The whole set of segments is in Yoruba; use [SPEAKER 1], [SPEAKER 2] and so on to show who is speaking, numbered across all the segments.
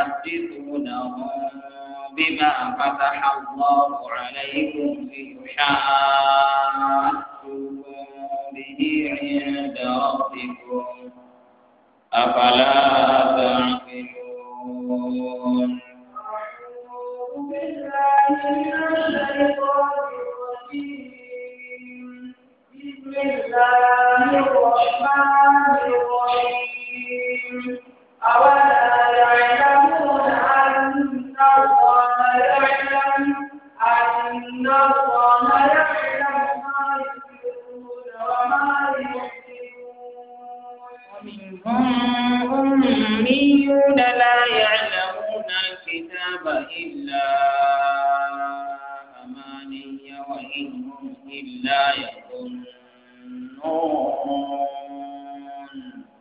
[SPEAKER 1] يحدثونهم بما فتح الله عليكم ليحاجوكم به عند ربكم أفلا تعقلون بسم الله الرحمن
[SPEAKER 2] الرحيم
[SPEAKER 1] إلا يظنون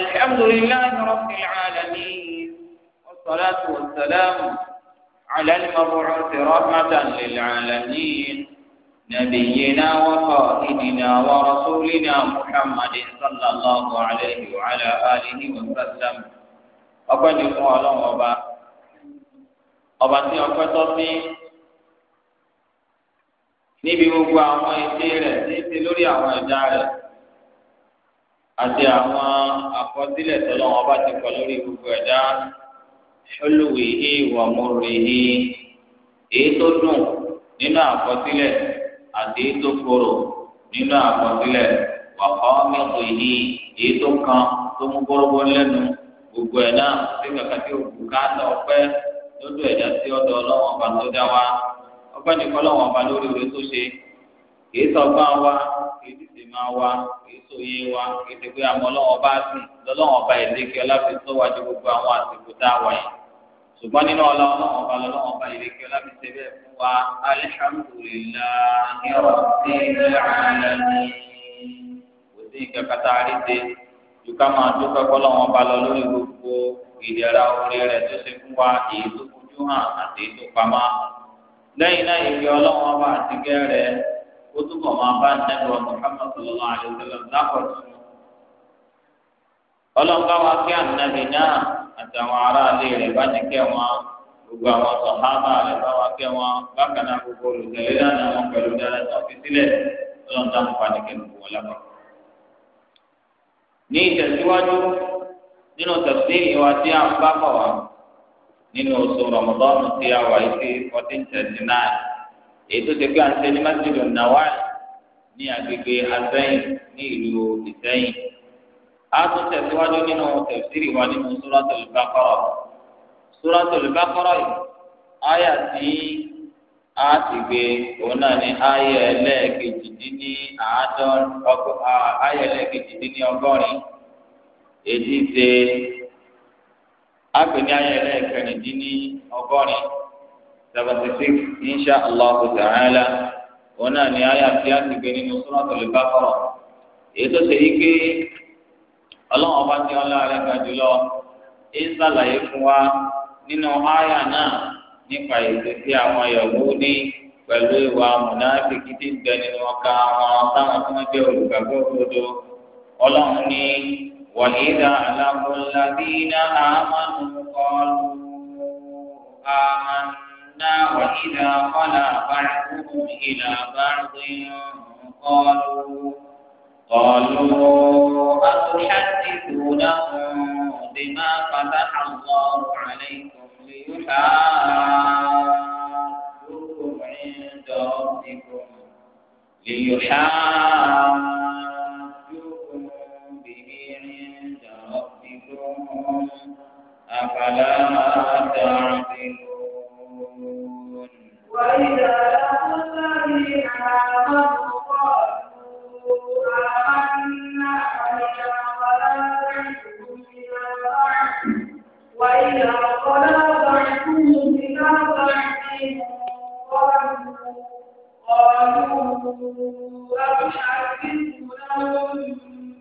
[SPEAKER 1] الحمد لله رب العالمين والصلاة والسلام على المبعوث رحمة للعالمين نبينا وقائدنا ورسولنا محمد صلى الله عليه وعلى آله وسلم ọpẹ́ ní fún Ọlọ́run ọba ọba tí ọpẹ́ tọ́ sí níbi gbogbo àti àwọn àkọsílẹ̀ tọ́lọ́wọ́n bá ti kọ gbogbo ẹ̀dá ṣọlùwì hí wà múre èyí tó dùn nínú àkọsílẹ̀ àti èyí tó korò nínú àkọsílẹ̀ wà kọ́ mẹ́kọ̀ hí èyí tó kan tó mú gbọ́rọ́gbọ́ gbogbo ẹ̀ náà kàkà òkú ẹ̀dá ọ̀dọ̀ ọlọ́wọ́n tó dá wa kìí sọgbà wa kìí tètè máa wa kìí sòye wa kìí tètè pé àmọ́ ọlọ́wọ́n bá sìn lọ́lọ́wọ́n bá ìlékè ọláfi sọ́wájú gbogbo àwọn àsìkò tá a wà yìí ṣùgbọ́n nínú ọlọ́wọ́n bá lọ́lọ́wọ́n bá ìlékè ọláfi ṣe bẹ́ẹ̀ fún wa alihamudulilayi rabbil alamin kò sí ìkẹ́kẹ́ tá a rí ṣe ju ká máa dúpẹ́ kọ́lọ́wọ́n bá lọ lórí gbogbo ìdẹ̀ra orí rẹ̀ tó ṣe fún wa èyí tó kújú hàn àti èyí tó lẹ́yìn náà ìgbé ọlọ́wọ́n bá àtìgẹ́ rẹ̀ ó túbọ̀ máa bá nẹ́bọ̀ Muhammad sallallahu alayhi wa sallam lápọ̀jù.
[SPEAKER 2] ọlọ́nkà wa kí ànábì náà
[SPEAKER 1] àtàwọn aráalé rẹ̀ bá ní kẹ́ wọn gbogbo àwọn sọ̀hábà rẹ̀ bá wa kẹ́ wọn bákan náà gbogbo olùtẹ̀lé lánàá wọn pẹ̀lú dáadáa fi sílẹ̀ ọlọ́nkà wọn bá ní kẹ́ gbogbo wọn lápọ̀. ní ìtẹ̀síwájú nínú tafsiri ìwà tí a ń bá bọ̀ wá nínú oṣù Ramadan tí a wà yìí sí fourteen thirty nine. èyí tó ti pé àṣẹ ní ní agbègbè asẹ́yìn ní ìlú ìsẹ́yìn a tún tẹ̀síwájú nínú tafsiri wa nínú suratul baqara suratul baqara yìí àyà tí a ti òun náà ní àyà ẹlẹ́ẹ̀kejì dín ní àádọ́rin àyà ẹlẹ́ẹ̀kejì dín ní ọgọ́rin èyí ti àgbẹ̀ seventy six insha allah ta'ala òun náà ni ayé àti àti gbé nínú suratul Baqara èyí tó ṣe yíké ọlọ́run ọba tí ọlá rẹ̀ ga jùlọ ń ṣàlàyé fún wa nínú ayé náà nípa ìṣesí àwọn Yahudi pẹ̀lú ìwà mùnáfíkì tí ń bẹ nínú ọkà wọn táwọn tí wọ́n jẹ́ olùgbàgbọ́ òdodo ọlọ́run ní wàhídà alábọ̀lá bí iná حتى وإذا خلا بعضهم إلى بعض قالوا قالوا أتحدثونهم بما فتح الله عليكم ليحاجوكم عند ربكم ليحاجوكم به عند ربكم أفلا تعقلون وإذا لقوا الذين آمنوا قالوا آمنا فإذا خلا بعضهم إلى بعض وإذا خلا بعضهم إلى بعض قالوا قالوا أتحدثونهم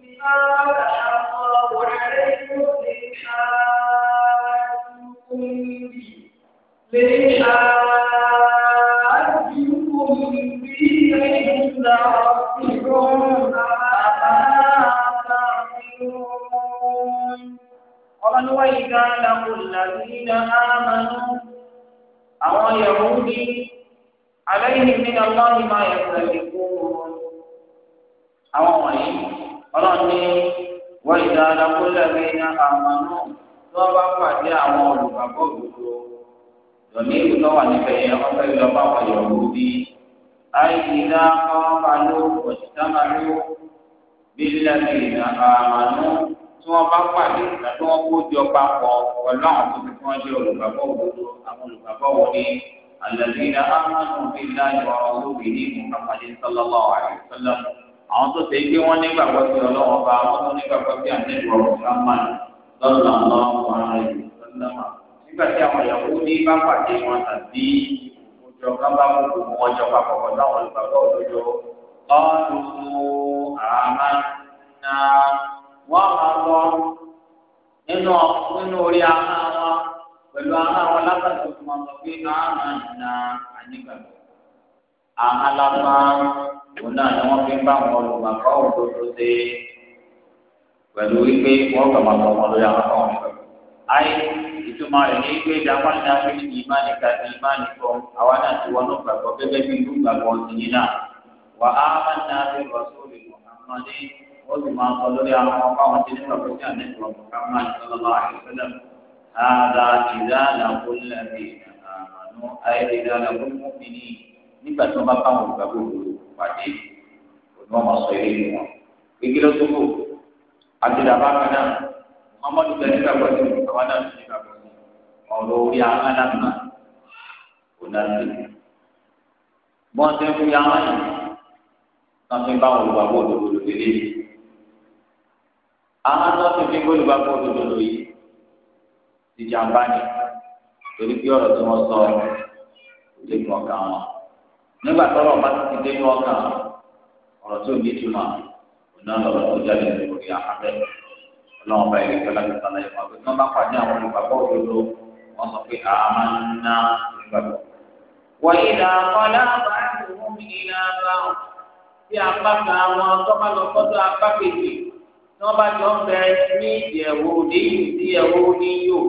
[SPEAKER 1] بما فتح الله عليكم ليحاجوكم به ليحاجوكم وإذا لقوا الذين آمنوا أو يهود عليهم من الله ما يستحقون أو ọlọ́ni وإذا لقوا الذين آمنوا tí wọ́n bá pàdé àwọn olùgbàgbọ́ òdodo lọ́ní ìlú tó wà níbẹ̀ yẹn wọ́n fẹ́ lọ أي إذا قابلوا واجتمعوا بالذين آمنوا tí wọ́n bá pàdé tàbí wọ́n kó jọ papọ̀ pẹ̀lú àwọn tó fi wọ́n jẹ́ olùgbàgbọ́ òdodo àwọn olùgbàgbọ́ wò ní الذين آمنوا بالله ورسوله محمد صلى الله عليه وسلم àwọn tó ṣe pé wọ́n nígbàgbọ́ sí ọlọ́wọ́ bá wọ́n tó nígbàgbọ́ sí àtẹ̀wọ̀ muhammad lọ́nà lọ́wọ́ àwọn ẹ̀yìn sọ́lọ́mà nígbà tí àwọn ìyàwó ní bá pàdé wọn tàbí jọ̀kan bá mú gbogbo wọn jọ papọ̀ pọ̀ táwọn olùgbàgbọ́ òdodo ọ̀dùn àmà na wọ́n máa lọ nínú nínú orí àmà wọn pẹ̀lú àmà wọn látàkì tó máa sọ pé àmà na ànígbàgbọ́. àmà lápá òun náà ni wọ́n fi bá àwọn olùgbàgbọ́ òdodo ṣe
[SPEAKER 2] pẹ̀lú wípé wọ́n kà máa sọ wọn lórí àmà
[SPEAKER 1] wọn ìtumọ̀ rẹ̀ ní pé ìdáwọ́ náà fi ní ìmánì ká ní ìmánì kan àwa náà ti wọnú gbàgbọ́ gẹ́gẹ́ bí irú gbàgbọ́ ìyìn náà wà á máa náà fi rọ̀ sórí Muhammadu ó sì máa sọ lórí àwọn ọkọ àwọn tí nípa pẹ̀lú àná ìwà Muhammad sallallahu alaihi wasallam ààrà ìdáàlà kólẹ̀ bí àmàlú ayé ìdáàlà kólẹ̀ mú mi ní nígbà tí wọ́n bá báwọn gbàgbọ́ òdodo pàdé ọ̀rọ̀ orí aládàmà kò dájú. bọ́n ti ń fi àwọn yìí wọ́n fi bá wọn olùgbàgbọ́ òdodo lélẹ̀ yìí. àwọn tó ti fi olùgbàgbọ́ òdodo yìí ti jàǹbá ni torí pé ọ̀rọ̀ tí wọ́n sọ kò dé inú ọkàn wọn. nígbà tọ́rọ̀ bá ti dé inú ọkàn ọ̀rọ̀ tí ò ní ìtumọ̀ ọ̀nà lọ́rọ̀ tó jáde lórí àhábẹ́ ọlọ́run bá ẹ̀rí kọ́lá tó sọ wọ́n sọ pé àmàna ìgbàgbọ́.
[SPEAKER 2] wọ́n ìlà ọ̀la
[SPEAKER 1] bá ìwọ̀n mi ìlà bá wọn tí apá kan àwọn tọ́ba lọ sọ́dọ̀ apá kejì tí wọ́n bá jọ ń bẹ ní ìyẹ̀wò ní ìyẹ̀wò ní yò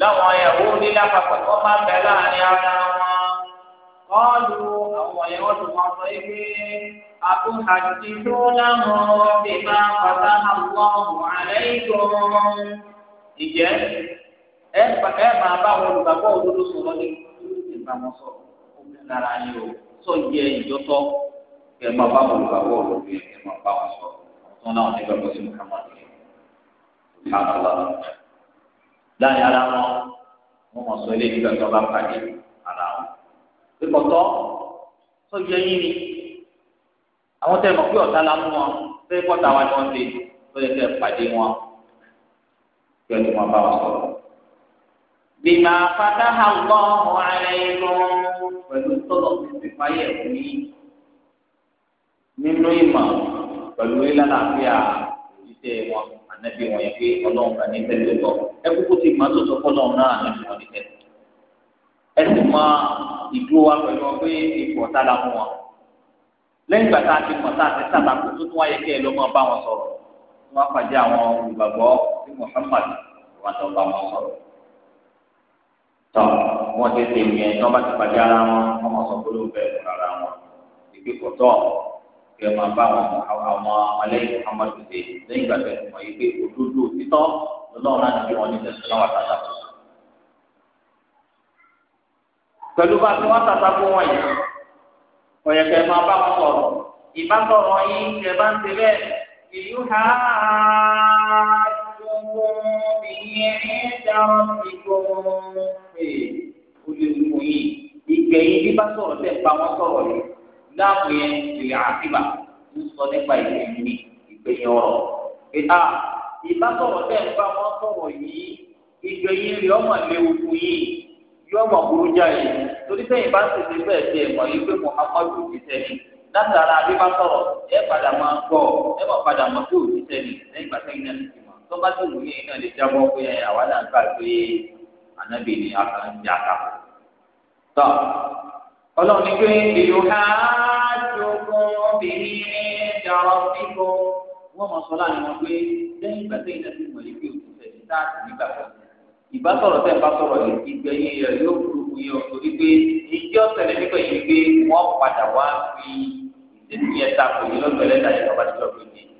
[SPEAKER 1] láwọn ìyẹ̀wò ní lápapọ̀ tí wọ́n bá bẹ láàrin ara wọn kọ́ọ̀lù àwọn ìyẹ̀wò tó máa sọ yìí pé àtúnhàjìdúnlámọ̀ bíbá pàtàkì àwọn ọ̀hún àlẹ́ ìjọ ìjẹ́ ẹ máa bá wọn olùgbàgbọ́ òdodo sọ̀rọ̀ ní kí n bá wọn sọ̀rọ̀ omi lára yín o sọ yẹ ìjọtọ kẹ máa bá wọn olùgbàgbọ́ òdodo yẹ máa bá wọn sọ̀rọ̀ ọ̀tún náà ní gbàgbọ́ sí muhammad subhanallah láàyè ara wọn wọn mọ̀ sọ ilé ìgbà tó bá pàdé ara wọn ìkọ̀tọ́ sọ yẹ yín ni àwọn tẹ̀ mọ̀ pé ọ̀tá la mú wọn fẹ́ kọ́ta wa ni wọ́n ti lọ́yẹ̀ kẹ́ pàdé wọn kẹ́ ẹ̀ tó máa bá wọn sọ̀rọ̀ bima fataha Allahu alaykum pẹ̀lú tọ́lọ̀ ti fàyẹ̀ wí nínú ìmọ̀ pẹ̀lú ìlànàfíà ìṣe wọn ànábì wọn yẹn pé ọlọ́run kan ní tẹ́lẹ̀ lọ ẹ kúkú ti máa tó sọ fọlọ́run náà ànábì wọn ní tẹ́lẹ̀ ẹ sì mọ ìdúró wa pẹ̀lú ọ pé ipò ọ̀tá la fún wọn lẹ́yìn ìgbà tá a ti mọ̀ tá a ti sábà kó tó tún wáyé kí ẹ ló máa bá wọn sọ̀rọ̀ wọn pàdé àwọn olùgbàgbọ́ bí Muhammad wọn tó bá wọn sọ̀rọ̀ tọ wọn ti ṣe ìwé ẹni wọn bá ti pàdé ara wọn wọn mọ sọ gbólóhùn bẹ́ẹ̀ fún ara wọn ìgbé kò tọ kí ẹ máa bá àwọn àwọn ọmọlẹ́yìn ọmọ tètè lẹ́yìn ìgbà tẹsí wọn yìí pé òdodo títọ́ lọ́wọ́ náà níbi wọn ní tẹsán náà wà tàtà kù. pẹ̀lú bá tí wọn tàtà kù wọn yìí wọn kẹ máa bá wọn sọ̀rọ̀ ìbátọrọ yìí kẹ bá ń ṣe bẹ́ẹ̀ ìlú ha. به عند ربكم olùkùn yìí ìgbẹ̀yìn bí bá sọ̀rọ̀ tẹ̀ pa wọ́n sọ̀rọ̀ yìí láàbù yẹn ìrìn àtìmá ń sọ nípa ìgbẹ̀yìn mi ìgbẹ̀yìn ọ̀rọ̀ pé a ìbá sọ̀rọ̀ tẹ̀ pa wọ́n sọ̀rọ̀ yìí ìgbẹ̀yìn rẹ̀ ọmọ ilé olùkùn yìí yóò mọ̀ burú jáde torí sẹ́yìn bá ń tètè bẹ́ẹ̀ tẹ̀ mọ̀ yìí pé Muhammadu ti tẹ̀lé látara bí bá sọ̀rọ̀ ẹ padà máa gbọ́ bọ̀ padà mọ̀ pé òtítẹ́ ni ti tó bá tó lùmí náà lè jábọ́ pé àwa náà gbà pé ànábì ni a kàn ń jà kà. tọ́ ọlọ́run ní pé èyí ha jogun obìnrin ní ìjọba fífọ́ wọ́n mọ̀ sọ́lá ni wọ́n pé lẹ́yìn ìgbà tẹ́yìn náà ti mọ̀ lé pé òkúta ẹ̀sìn táàtì nígbà kan. ìbá sọ̀rọ̀ tẹ́ bá sọ̀rọ̀ ìgbẹ̀yìn rẹ̀ yóò burúkú yẹn ọ̀tọ̀ wípé ìjọ tẹ̀lé nígbà yìí pé wọ́n padà wá fi ìṣèlú yẹn ta kò ní lọ́gbẹ̀lẹ́ta yẹn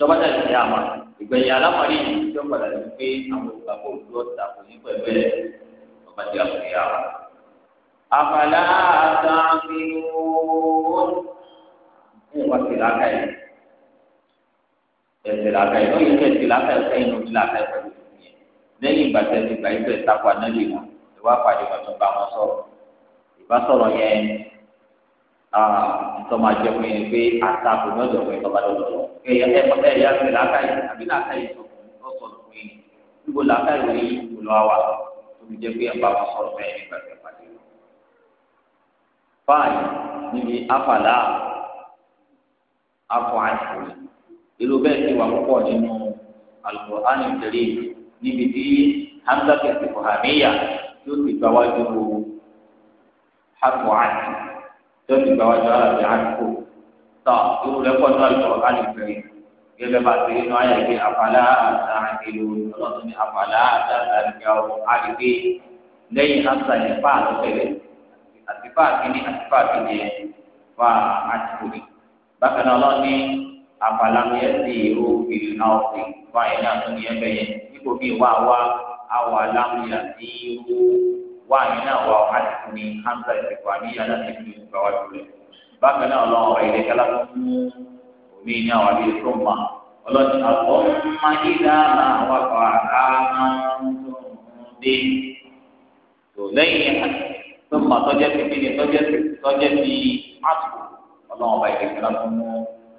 [SPEAKER 1] sọ́bàtà lè ní àmà ìgbẹ̀yìn alámọ̀rí yìí tí ó padà lè pé àwọn òkúta kò tó ọ̀tà kò ní pẹ̀lú ẹ̀ ọba tí a kò yà wá. àfàlà àtàkìrún ní ìwà sí làákà yìí
[SPEAKER 2] ẹsẹ̀ làákà yìí lóyún kí ẹsẹ̀ làákà yìí sẹ́yìn ojú
[SPEAKER 1] làákà yìí pẹ̀lú ìyẹn lẹ́yìn ìgbà tẹ̀sí ìgbà yìí bẹ̀rẹ̀ takò ànáyè wọn ìwà pàdé wọn tó bá wọn sọ̀rọ̀ ìbá ntọ́mọ àjẹmọ́ yẹn pé àtàkù ní ọ̀dọ̀ ọ̀gbẹ́ tọ́ba lọ́dọ̀ ẹ̀yà ẹ̀yà ti làákàyè àbí làákàyè ọ̀sọ̀rọ̀ fún yìí níbo làákàyè yìí kò lọ́ wa tóbi jẹ́ pé ẹ̀bá wa sọ̀rọ̀ bẹ́ẹ̀ nígbà tẹ̀ pàdé lọ. fáàyè níbi afàlà afọ àìsàn ìlú bẹ́ẹ̀ ti wà púpọ̀ nínú Al-Qur'an Al-Karim níbi tí hamza kẹsì fòhàmíyà yóò ti gbáwájú afọ àìsàn tí ó ti gbà wájú ara rẹ̀ àdúgbò tọ́ irú rẹ̀ pọ̀ ní àlùkò alùpùpù gẹ́gẹ́ bá ti rí inú ayé pé àfàlà àtà ìlú ọlọ́run ní àfàlà àtà àlùkò alùpùpù lẹ́yìn àtà ìfà àtọ́tẹ̀lẹ̀ àtìfà kìíní àtìfà kìíní ẹ̀ fà àtìkùnì bákan náà ọlọ́run ní àfàlà mi ẹ̀ sí ìró ìlú náà ọ̀sìn fà ẹ̀ ní àtúnyẹ̀ bẹ́yẹn níbo mi wá wá àwọ̀ alámúyà sí ìró wá àmì náà wà láti fún ní hamza ìsìnkú àníyàn láti fi ìgbà wá jùlọ bákan náà lọ ọ̀rọ̀ ilé kẹlá tó fún omi ní àwọn abiyẹ tó mà ọlọ́ni àpò máa yí dáná wà kọ́ àdáná tó ń dé tó lẹ́yìn tó mà tọ́jẹ́ sí kí ni tọ́jẹ́ sí tọ́jẹ́ sí àtò ọlọ́run ọba ilé kẹlá tó mú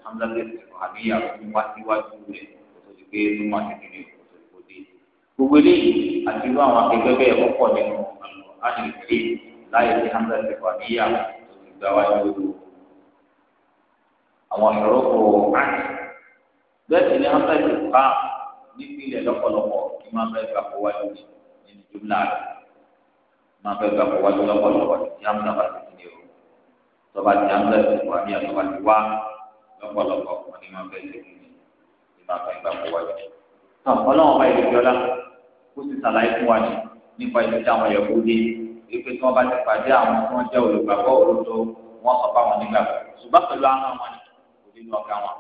[SPEAKER 1] hamza ìsìnkú àníyàn tó wá síwájú rẹ̀ kó tó di pé tó máa ti ni gbogbo eléyìí àti irú àwọn akẹgbẹ́ bẹ́ẹ̀ ọ̀pọ̀ nínú àlọ́ القرآن الكريم لا يأتي حمزة الفقهية زواج àwọn ìrọ́pò àti bẹ́ẹ̀ sì ni hamza yorùbá nípìnlẹ̀ lọ́pọ̀lọpọ̀ kí máa bẹ́ẹ̀ gbà kó wájú ní nínú jùmlá rẹ̀ máa bẹ́ẹ̀ gbà kó wájú lọ́pọ̀lọpọ̀ tí hamza bá ti ti ní o tọ́ba ti hamza yorùbá ní àtọ́ba ti wá lọ́pọ̀lọpọ̀ wọn ni máa bẹ́ẹ̀ lẹ́yìn ní ní máa bẹ́ẹ̀ gbà kó wájú. tọ́ ọlọ́wọ́n bá yẹ kí kó sì sàlàyé fún wa ní nípa ìlú táwọn yẹ̀wò dé wípé tí wọ́n bá ti pàdé àwọn tí wọ́n jẹ́ olùgbàgbọ́ òdodo wọ́n sọ fáwọn nígbà ṣùgbọ́n pẹ̀lú àwọn àwọn ni kò nínú ọ̀gá wọn.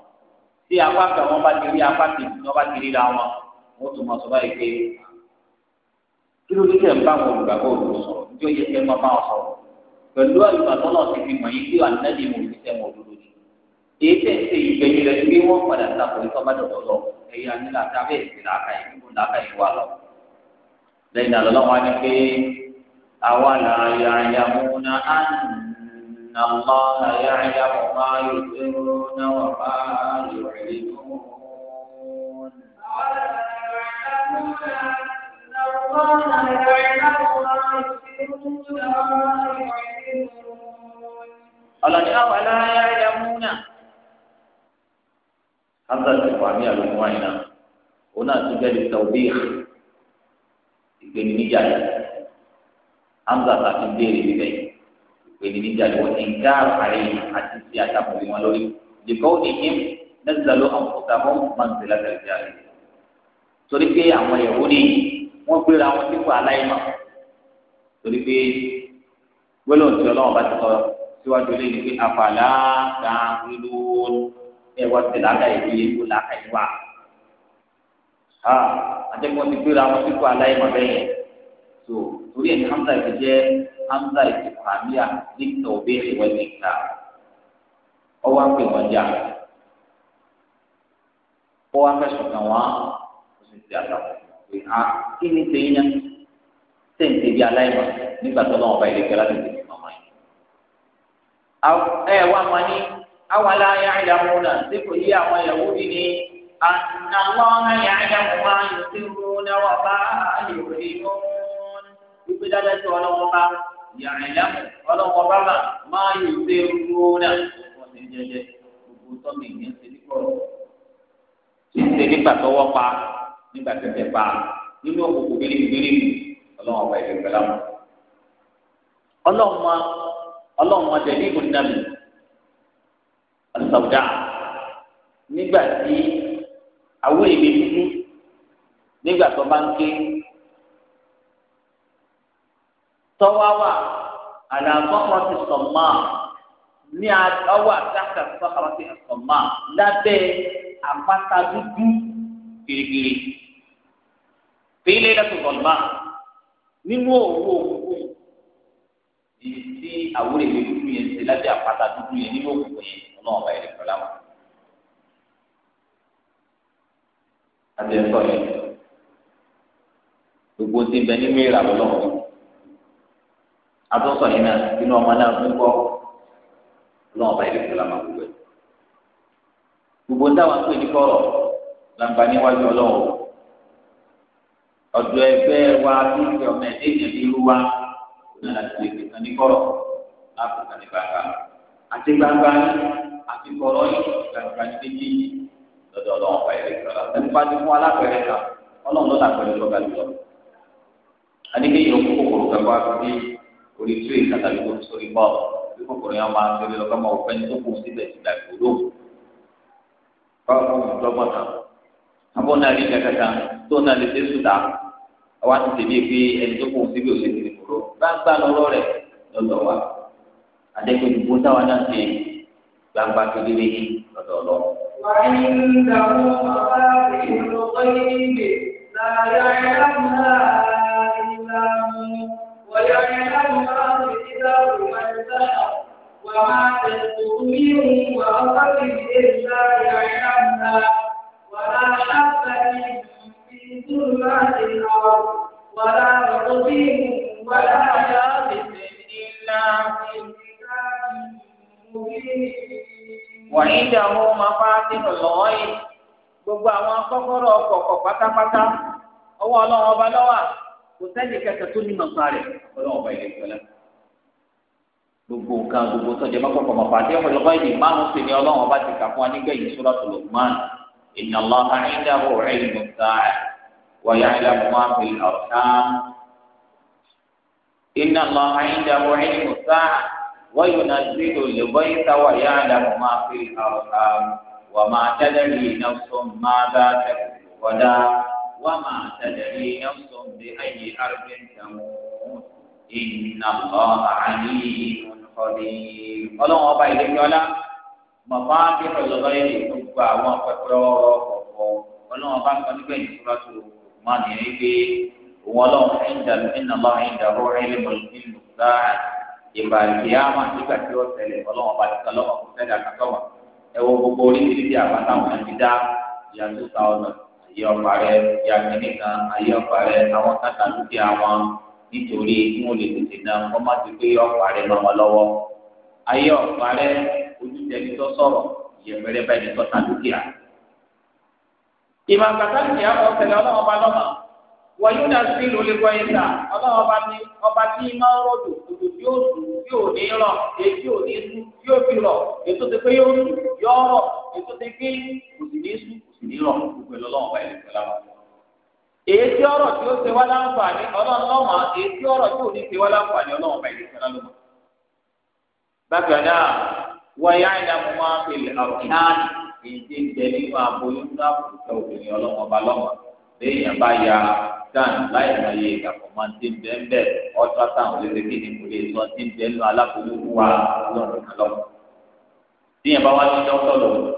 [SPEAKER 1] tí apá kan wọn bá ti rí apá kejì tí wọ́n bá ti rí ra wọn wọ́n tún mọ̀ sọ báyìí pé kí ló dé tẹ̀ ń bá àwọn olùgbàgbọ́ òdodo sọ̀rọ̀ níjọ́ yẹ kẹ́ mọ́ ṣe ìgbẹ̀yìn rẹ̀ bí wọ́n padà ta kò ní ẹ̀yà nílà tábẹ́ẹ̀sì làákàyè níbo làákàyè wà lọ́wọ́ lẹ́yìn náà lọ́wọ́ ni pé àwa là yàyàmúna ànà lọ́ yàyàmú máa yòtúrú náà wà máa yòrí nù. Ọlọ́ni àwọn aláyáyá múnà. Hazard ti wà ní àlùmọ́ àyìnà. Òun náà tún bẹ́ẹ̀ ní Tàwbíyà ìpèníjà yìí hamza tàbí béèrè níbẹ̀ ìpèníjà yìí wọ́n ti ń dá àárẹ̀ yìí àti sí àtàkùnrin wọn lórí lèkọ́ ní him nẹ́sàlọ́ àmọ́tàbọ́n mọ̀nsẹ̀lá tẹ̀lẹ́jà rẹ̀ torí pé àwọn ẹ̀wọ́ ni wọ́n gbéra wọn sípò aláìmọ̀ torí pé gbólóhùn tí ọlọ́wọ́n bá ti sọ síwájú lé ní pé àfàlà dàrú ẹ̀wọ́ ti àtẹkùn ti gbéra wọn sípò aláìmọ̀ bẹyẹ tó torí ẹni hamza ti jẹ hamza ìtìkàmíà nígbà òbí ìwé nìka ọwọ àpè wọn jà ọwọ afẹsùn kan wọn oṣù tí a dàpọ̀ pé a ah, kí ni tẹ̀yìn náà tẹ̀ǹtẹ̀ bí aláìmọ̀ nígbà tó náà ọba ìdẹ́gbẹ́ láti tẹ̀lé mọ́mọ́ yìí. ẹ wá wọn ní àwọn aláya ìdààmú náà sípò yí àwọn ìyàwó yìí ní. أن الله يعلم ما يسرون وما يعلنون يبدأ ولوما يعلم ولوما ما يسرون وسجد وقوتهم يسرقون
[SPEAKER 2] sísèlè pàtọwọ
[SPEAKER 1] pa nígbà tẹtẹ pa nínú òkùnkùn bíríbírí ọlọ́run ọba ìlú pẹ̀lú àwọn ọlọ́run ọlọ́run ọdẹ ní ìbùdó nàbì ọsàwùdà nígbà tí àwọ èmi dúdú nígbà tó bá ń ké tọ́wáwà àlàkọ́kọ́ ti sọ̀mà ní ọwọ́ àtàkà sọ́kọ́rọ́ ti sọ̀mà lábẹ́ àpáta dúdú gírígírí fi lé lẹ́tọ̀ bọ̀lùmá nínú òwò òwò èyí tí àwòrán èmi dúdú yẹn ti lábẹ́ àpáta dúdú yẹn nínú òwò yẹn ọlọ́run bá yẹn lè fẹ́ àti ẹ̀kọ́ yẹn gbogbo ti bẹ nínú ìràwọ̀ lọ́wọ́ atọ́sọ̀ yìí náà inú ọmọ náà ń bọ̀ lọ́wọ́ bá ìrètí la máa gbogbo ẹ̀ gbogbo ń dáwà pé ní kọ́rọ̀ làǹbà níwájú ọlọ́wọ́ ọ̀dọ̀ ẹgbẹ́ wa tó ń fẹ́ ọmọ ẹ̀ déjì ní irú wa náà láti lè fi kan ní kọ́rọ̀ ní gbangba àti gbangba àti kọ́rọ̀ yìí gbangba ní méjèèjì lọ́dọ̀ ọlọ́run ọ̀pá ẹ̀rí ìgbàlá ẹni bá ti fún alápẹ̀rẹ̀ kan ọlọ́run ló lápẹ̀rẹ̀ lọ́gà jùlọ. àníkè yìí òkú kòkòrò kẹfà fi orí tú èyí kàtàkì tó sórí bọ́ bí kòkòrò yẹn máa ń tẹ̀lé lọ́gà máa wọ́pẹ́ ní tó kù síbẹ̀ síbẹ̀ kúrò. báwo ni lọ́gbọ̀n kan abọ́ náà rí kẹkẹta tó náà lè dé sùdà àwa ti tẹ̀lé pé ẹni tó kù síbẹ̀ òṣèlú kúrò gbangba lọ́rọ̀ rẹ̀ lọ́dọ̀ wa àdẹ́gbẹ̀dùgbò táwa náà ṣe gbangba kedere lọ́dọ̀ ọlọ́run وعنده مفاتح الغيب لا يعلمها إلا هو ويعلم ما في كتاب من وما تسقط منه ورقة إلا يعلمها ولا حبة في ظلمات الأرض ولا نقصيه ولا يابس إلا في كتاب مبين wàyíǹde àwọn ọmọ afáàdé lọ́wọ́ yìí gbogbo àwọn akọ́kọ́rọ́ ọkọ̀ọ̀kọ̀ pátápátá ọwọ́ ọlọ́run ọba lọ́wọ́ kò sẹ́ni kẹta tó ní màmá rẹ̀ ọlọ́run ọba ilé ìfẹ́ lẹ́nu. gbogbo nǹkan gbogbo tọ́jú ẹ̀ma kọ́kọ́ mọ̀ pàdé ọmọ ìlọ́wọ́ yìí márùn-ún sì ni ọlọ́run ọba ti kà fún wa nígbẹ̀yìn Suratu Luqman inna Allaha indahu ilmu sa'a wa ya'lamu ma fil arham inna وينزل الغيث ويعلم ما في الأرحام وما تدري نفس ماذا تكسب غدا وما تدري نفس بأي أرض تموت إن الله عليم خبير ọlọ́run ọba ìdẹ́jọ́lá mọ̀fá bí ọ̀lọ́lọ́ yẹn lè fún gbogbo àwọn pẹpẹ ọ̀rọ̀ ọ̀pọ̀ ọlọ́run ọba kan níbẹ̀ ní fúlàtò máa nìyẹn pé òun ọlọ́run ẹ̀ ń dàlú ẹ̀ ń nàlọ́ ẹ̀ ń dàrú ẹ̀ lè mọ̀ ní ìlú sáà ìgbà ìgbéyàwó nígbà tí ó tẹ̀lé ọlọ́wọ́n bá nìkan lọ́wọ́ kò tẹ̀lé àkàtọ́wà ẹ wo gbogbo oríṣiríṣi bí àwọn táwọn ti dá ìyá two thousand ayé ọ̀pá rẹ ìyá kìíní kan ayé ọ̀pá rẹ àwọn tàkà dúkìá wọn nítorí kí wọ́n lè tètè ná wọ́n má ti gbé ọ̀pá rẹ lọ́wọ́ lọ́wọ́ ayé ọ̀pá rẹ ojútẹ̀ ní tó sọ̀rọ̀ ìyẹ̀pẹ̀rẹ̀ bá ẹni tó ta dúkìá. ìmọ̀ àgbàtà wọ́yún náà sí lólégbọ́ ìta ọlọ́run ọba ní ọba tí ń máa ń rọ̀dù òdò tí ó sùn tí ò ní rọ̀ èyí tí ò ní sùn tí ó fi rọ̀ èyí tó ti pé yóò sùn yọ rọ̀ èyí tó ti pé kò sì ní sùn kò sì ní rọ̀ gbogbo ìlọ́lọ́run ọba ìlú ìlú láwọn. èyí tí ọ̀rọ̀ tí ó ṣe wá láǹfààní ọlọ́run èyí tí ọ̀rọ̀ tí ò ní ṣe wá láǹfààní ọlọ́run kan láì mọ iye ìdàpọ̀ máa ń ti ń bẹ́ẹ̀ bẹ́ẹ̀ ultrasound lè ṣe kí ni kò lè sọ ti ń bẹ́ẹ̀ lọ alákòókò wa lọ́rùn kan lọ́wọ́. tíyẹn bá wá ní dókítà lò òun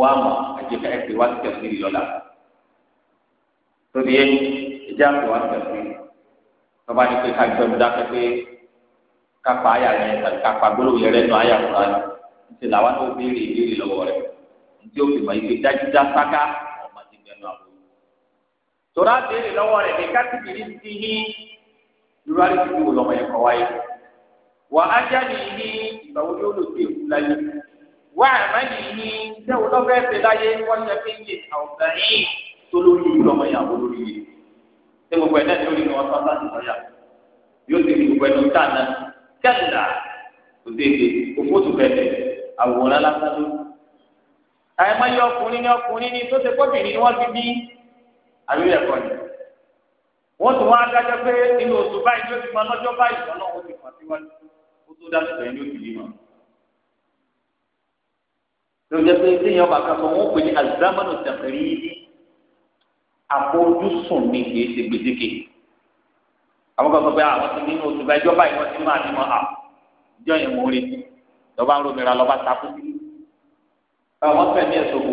[SPEAKER 1] wá mọ̀ ẹ̀jẹ̀ ká ẹ̀sìn wá tẹ̀ sí ìyọ́lá. torí ẹjẹ́ àpò wá tẹ̀ sí tọ́ba ní pé ká gbẹ̀mú dákẹ́ pé ká pa àyà yẹn tàbí ká gbólóhùn yẹn lẹ́nu àyà fúnra ní ti làwọn tó tora béèrè lọ́wọ́ rẹ̀ ní kátìkìrì ti hí irú àdìsí wò lọ́mọ yẹn kọ́ wáyé wà á jáde ní ìgbàwó yóò lò sí èkú láyé wà á má yìí ní sẹ́wọ́n lọ́fẹ́ fẹ́ láyé wọ́n ṣe fi ń lè àwùjọ yìí tó lórí ìlú lọ́mọ yẹn àwọn olórí gbogbo ẹ̀ náà ni ó rí wọn sọ́ọ́ láti yóò ti rí gbogbo ẹ̀ ló ń tà náà kẹ́ńdà kò tètè òfó tó bẹ̀rẹ̀ àwòrán lásán ló. àìmọye ọkùnrin ni ọkùnrin ni tó ṣe ni wọ́n ti àbí ẹ̀kọ́ ni wọ́n tún wá dájọ́ pé inú oṣù báyìí ló ti mọ lọ́jọ́ báyìí lọ́nà ó ti pàṣẹ wájú ó tó dájú pé ní ó ti bí mọ́ ló jẹ́ pé téèyàn bá kan sọ wọ́n pè ní azámánù tẹ̀kẹ́rì àfojúsùn ní kìí ṣe gbèdéke àwọn kan sọ pé àwọn ah, ti nínú oṣù báyìí jọba ìwọ́n ti máa ní mọ́ à jọ yẹn mò ń retí lọ́ba ń romira lọ́ba takú sí àwọn fẹ̀mí ẹ̀ sọ́kò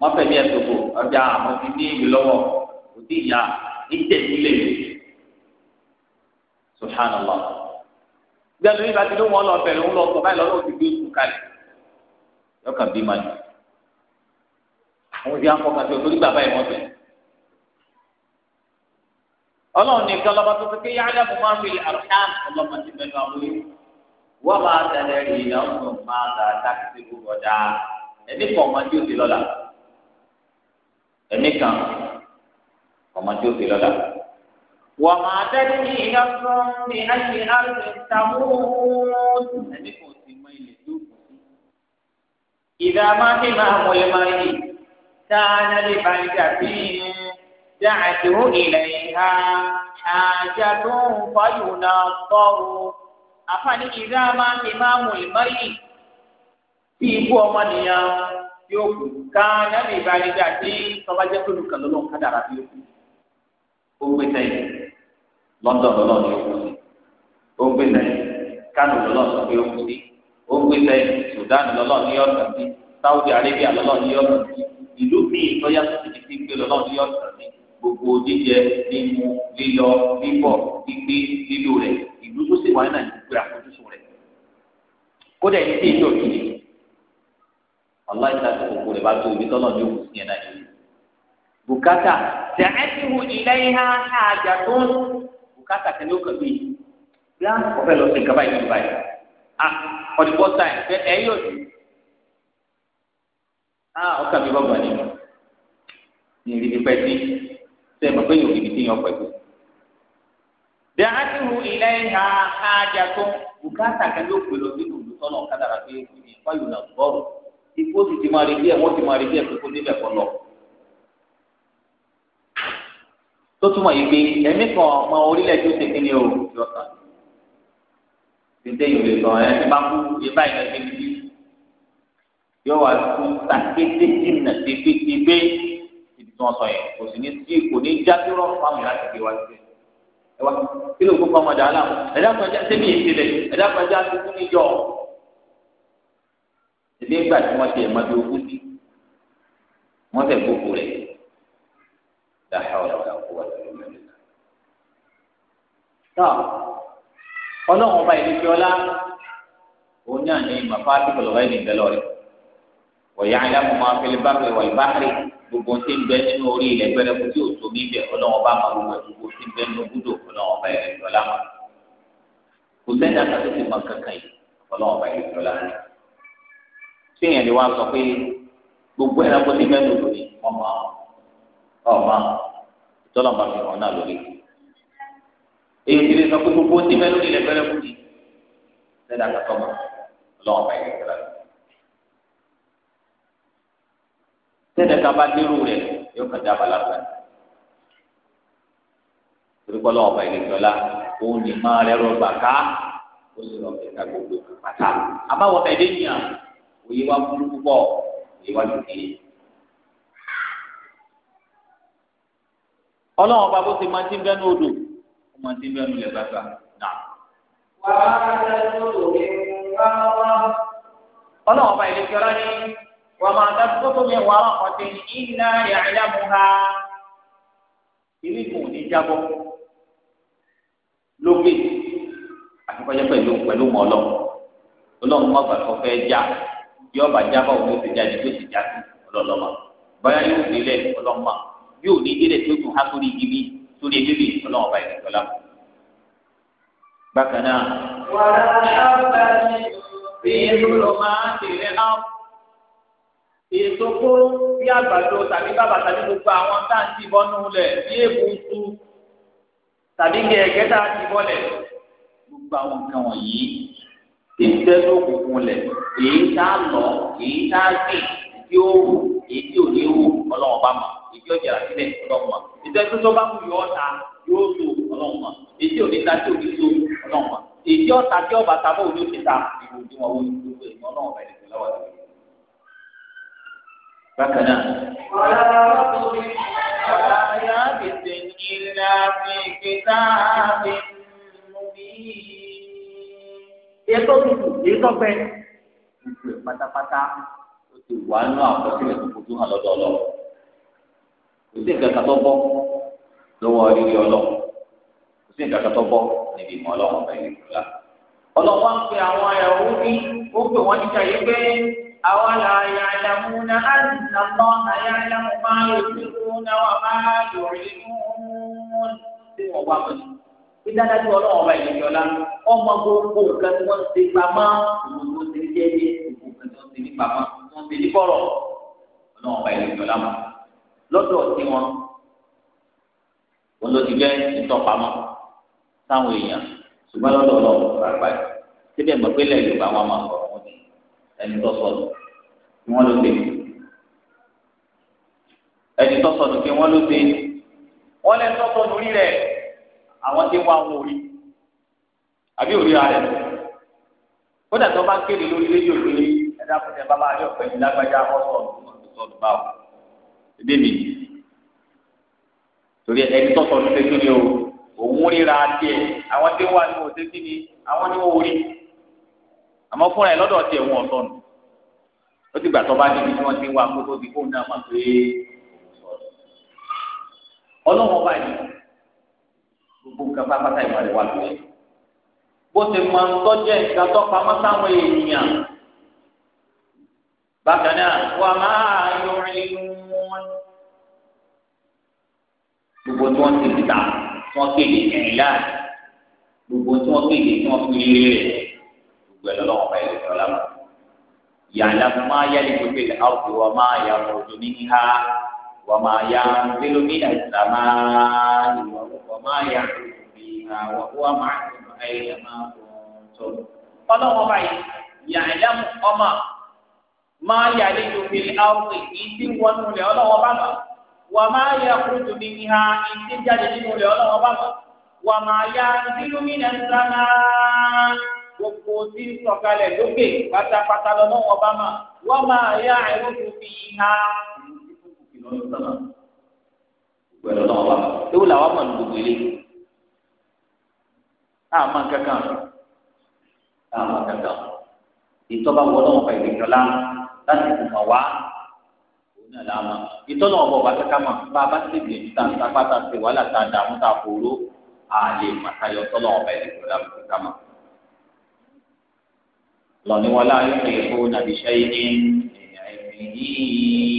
[SPEAKER 1] wọ́n fẹ̀mí ẹ̀ sọ́kò ọjà àwọn ti dé ìlú lọ́wọ́ kò tí ì yá ìtẹ̀sílẹ̀ subhanallah gbẹdọ yìí bàtí ló wọn lọ bẹ̀rẹ̀ wọn lọ sọ báyìí lọ́wọ́ ti gbé oṣù kalẹ̀ yọkà bí ma ní àwọn ti akọ kàtó torí bàbá yìí wọn bẹ Ọlọ́run nìkan lọba tó fi ké yára mo máa ń fi àrùn ọlọmọ ti bẹnu àwọn yìí wọn máa tẹ́lẹ̀ rí ìyàwó gbogbo dáa ẹni kọ ọmọ tí ó ti lọ ẹ̀mí kan ọmọ tí ó fi lọ́la. wà á máa dẹ́ni ní iná fún mi láti àrùn ìtàmúhùn. ẹ̀mí kan ti mọ ilé tó kù sí. ìdá máa fi máa mọ ẹ máa yìí táànà lè bá ń jà sí i dàdú ilẹ̀ ìhà àjà tó náà tọ́wọ́. àfààní ìdá máa fi máa mọ ẹ máa yìí. bí ikú ọmọnìyàn yóò kú káàná ní ìbáraẹni àti tọ́bajẹ́ tó lùkà lọ́lọ́ kádàrà bí ó kú. ó gbé sẹ́yìn London lọ́lọ́ ni ó kú sí. ó gbé sẹ́yìn Kánò lọ́lọ́ sọ pé ó kú sí. ó gbé sẹ́yìn Sudan lọ́lọ́ ní ọ̀sán sí. Saudi Arabia lọ́lọ́ ní ọ̀sán sí. ìlú míì lọ́yà tó ti fi gbé lọ́lọ́ ní ọ̀sán sí. gbogbo jíjẹ mímu lílọ bíbọ̀ gbígbé lílo rẹ̀ ìlú tó sì wáyé náà ní gbé àfojúsùn rẹ̀ kódà ẹni tí èyí ọlọ́ọ̀ ìta tó kòkó rẹ̀ bá tó ibi tọ́lọ̀ ní òkú yẹn náà yìí. bùkátà tẹ̀ẹ́tìwù ilẹ̀ ìhà àjà tó ń bùkátà kẹ́lẹ́ ó kẹ́lẹ́ yìí. bí a ọ̀fẹ́ lọ sí gaba ìlú báyìí ah ọ̀dìbọ̀ táì fẹ́ ẹ yóò di. ah ọkà mi bọ́gbà ni ìrìbí pẹ́ sí sẹ́ẹ̀ mọ̀ pé yóò rí ibi tí yàn pẹ̀ sí. tẹ̀ẹ́tìwù ilẹ̀ ìhà àjà tó bùkátà kẹ́lẹ́ ó kẹ́lẹ́ ikú ó sì ti máa rí bí ẹ wọ́n ti máa rí bí ẹ kókó níbẹ̀ kọ́ lọ. tó túmọ̀ yìí pé ẹ̀mí kan ọmọ orílẹ̀ tó ṣe kí ni o yọ ọ̀tà. tètè ìwé sọ ẹ ẹ bá kú ẹ bá ìlẹ̀ bí bí yóò wá kú takété jìnnà tẹ́gbẹ́tẹ́gbẹ́ ibi tí wọ́n sọ yẹn kò sì ní sí kò ní já dúró fáwọn ìlànà ìgbé wá sí ẹ wá kí ló kó fọmọdé aláwọ ẹ dákun ẹjá sẹbi èsì rẹ ẹ dákun ẹjá tuntun níjọ ebi ńgbà tí wọ́n ti ẹ̀ máa bí ogún sí wọ́n fẹ́ gbogbo rẹ̀ dáhà ọ̀rọ̀ àkókò wà lórí mẹ́rin náà. náà ọlọ́run ọba ìlú fiọ́lá òun náà ní màfá àtìkọ̀ lọ́wọ́ ẹ̀dín bẹ́ẹ̀ lọ́rẹ̀ wọ̀nyá alámọ̀ máa fi lè bákìlẹ̀ wọ̀ ìbákìlẹ̀ gbogbo ti ń bẹ nínú orí ilẹ̀ gbẹrẹ kó tí o tó mi bẹ ọlọ́run ọba máa wọ gbogbo ti ń bẹ nínú gúdò ọlọ́run ọba ìlú fiọ́lá kò sẹ́ni àtàkùn ti mọ kankan yìí ọlọ́run ọba ìlú fiọ́lá rẹ̀ tíyẹn lè wá sọ pé gbogbo ẹranko ní mẹ́nu lórí ọmọ ọmọ ìtọ́lọ̀ máa fi hàn náà lórí. èyí ti lè sọ pé gbogbo ní mẹ́nu lórí lẹ́gbẹ́rẹ́ kù ní lẹ́dà kàtọ́ mọ́ ọlọ́wọ́n bá yẹn kẹ́rẹ́. tẹ́lẹ̀ ká bá dérú rẹ̀ yóò kàn dá abala fún ẹ. torí pé ọlọ́wọ́n bá yẹn kẹ́rẹ́ òun ní máa rẹ̀ rọgbà ká ó sì rọgbà ká gbogbo pátá. àbáwọ̀ ẹ̀dẹ́ yìí hàn òye wa burú púpọ̀ òye wa lòdì yìí. ọlọ́run bá bó ti máa ti ń bẹ́nu odò ó máa ti ń bẹ́nu ilẹ̀ gbàgbà náà. wàá tẹ̀sán òkè wá wá. ọlọ́run bá ilé kíọ́lá ní wọ́n máa dá tótó mi wà á kọ́tí iná yàrá mu ha. ìrìkùn ní jábọ́ lókè àti kọjá pẹ̀lú mọ́ ọlọ́run ọlọ́run má gbàgbọ́ fẹ́ já yọ ọba jábọ̀ òun ó ti jáde tó ti jáde ọlọ́lọ́mọ báyà yóò délẹ̀ ọlọ́mọ yóò ní délẹ̀ tó tún há sórí igi mi sórí ebí mi ọlọ́mọba bákan náà.
[SPEAKER 2] wàrà àbá mi fi ìrùlọ máa
[SPEAKER 1] tẹ̀lé náà. èso bí àgbàdo tàbí bàbà tàbí gbogbo àwọn tá à ń tìbọn nù lẹ̀ bí èkó tàbí kẹ̀kẹ́ tá à ń tìbọn lẹ̀ gbogbo àwọn nǹkan wọ̀nyí ìtẹ́lẹ̀ òkùnkùn lẹ̀ èyí tá a lọ èyí tá a gbìn èyí ó wù èyí tí ò ní wù ọlọ́run bá mọ̀ èyí ọjà sílẹ̀ ọlọ́run mọ̀ ìtẹ́lẹ̀ tó bá wù yọ ọ̀tá yóò tó ọlọ́run mọ̀ èyí tí ò ní ta tí ò ní tó ọlọ́run mọ̀ èyí tí ọ̀tá tí ọba ta bóun ló ti ta ìwò tí wọn wọ ìdúró ìmọ̀ ọlọ́run bá ìdílé lọ́wọ́ rẹ̀. bákan náà. ọ̀la èyí tó tutù èyí tó fẹ́ gbogbo ẹ̀ pátápátá ó ti wà nínú àkọsílẹ̀ gbogbo tó hàn lọ́dọ̀ ọlọ́run kò sí nǹkan kan tó bọ́ lọ́wọ́ rírí ọlọ́run kò sí nǹkan kan tó bọ́ níbi ìmọ̀ ọlọ́run ọ̀bẹ ìlú la ọlọ́run wá ń pe àwọn ẹ̀rọ ní ó pè wọ́n níta yìí pé àwọn làyà ìlàmúnà àdìsàmọ́ àyà ìlàmúnà máa ń lò sí ìlú náà wà máa lò rí mú un tí wọ́n wá pẹ̀lú dídájú ọlọ́run ọba ìlú yọlá ọmọ gbogbo nǹkan tí wọ́n ti pamọ́ gbogbo ti ní jẹ́ẹ́dẹ́ gbogbo nǹkan tí wọ́n ti ní pamọ́ wọ́n ti ní kọ́rọ̀ ọlọ́run ọba ìlú yọlá mọ́ lọ́dọ̀ tí wọn wọn ló ti jẹ́ ìtọ́pamọ́ táwọn èèyàn ṣùgbọ́n lọ́dọ̀ ọlọ́run ọba àgbà yìí síbẹ̀ mọ̀ pé lẹ́yìn ìgbà wọn máa kọ̀ wọn ni àwọn tí wọn wọn ò rí àbí òrí ara rẹ kódà tó bá ń kéde lórí rédíò pé ẹ̀dá fúnjẹ bàbá rẹ ọ̀pẹ yìí lágbájá ọ̀sọ̀ ọ̀dùnmọ̀ ọ̀dùnmọ̀ báwò ẹbí mi torí ẹni tọ́tọ̀ ló ṣe ni o òun ríra tiẹ̀ àwọn tí wọn ò ṣe kí ni àwọn ni wọn ò rí àmọ́ fúnra ẹ̀ lọ́dọ̀ tiẹ̀ wọn ọ̀sọ̀ nù ó ti gbà tó bá níbi tí wọ́n ti wá kótó di fóun náà mà pé ọlọ́wọ́n báyìí gbogbo nǹkan pápátá ìmọ̀ rẹ̀ wà lóye. bó ti mọ tọ́jú ẹ̀ka tó pamọ́ sáwọn èèyàn bákan náà wà máa yọ ìlúwọ́n. gbogbo tí wọ́n ti ta tí wọ́n kéde ẹ̀yìn láàyè gbogbo tí wọ́n kéde tí wọ́n fi lé rẹ̀ gbogbo ẹ̀ lọ́wọ́ ọ̀pá ẹ̀ lọ́wọ́ lábàá. yàrá máa yá gbogbo ilẹ̀ áwùjọ wa máa yà ọ̀rọ̀ ní ha wà máa yá ọ̀má yàtọ̀ bí àwọn ọ̀wá máa ń tún ayẹyẹ máa tó. ọlọ́wọ́n báyìí yàrá ọmọ máa yàrá ìdòfin àwọn èyí tí wọ́n nù lẹ̀ ọlọ́wọ́n bá mọ̀ wà máa yà kúròtò bí i ha ìdí jáde nínú rẹ̀ ọlọ́wọ́n bá mọ̀ wà máa yà gbogbo tí ń sọ̀kalẹ̀ lókè pátápátá lọ́wọ́n bá mọ̀ wà máa yà ẹ̀rọ fi ha ìdí tó kù kìlọ̀ lọ́sọ̀rọ̀ pẹ̀lú náà wà ewu làwọn mọ̀ ní gbogbo ilé náà mọ̀ kankan náà mọ̀ kankan ìtọ́ba wọ náà fà ìdíjọ la láti kù mọ̀ wá òun náà làá mọ̀ ìtọ́ náà bọ̀ wá kankan mọ̀ bá a bá ti bìí ta ta pátá ti wàhálà ta dààmú ta kóró àlè màtayọ̀ tọ́ náà fà ìdíjọ la kankan mọ̀ lọ́ni wọlé ayé kìí nàbí sẹ́yìn ní ẹ̀mí yìí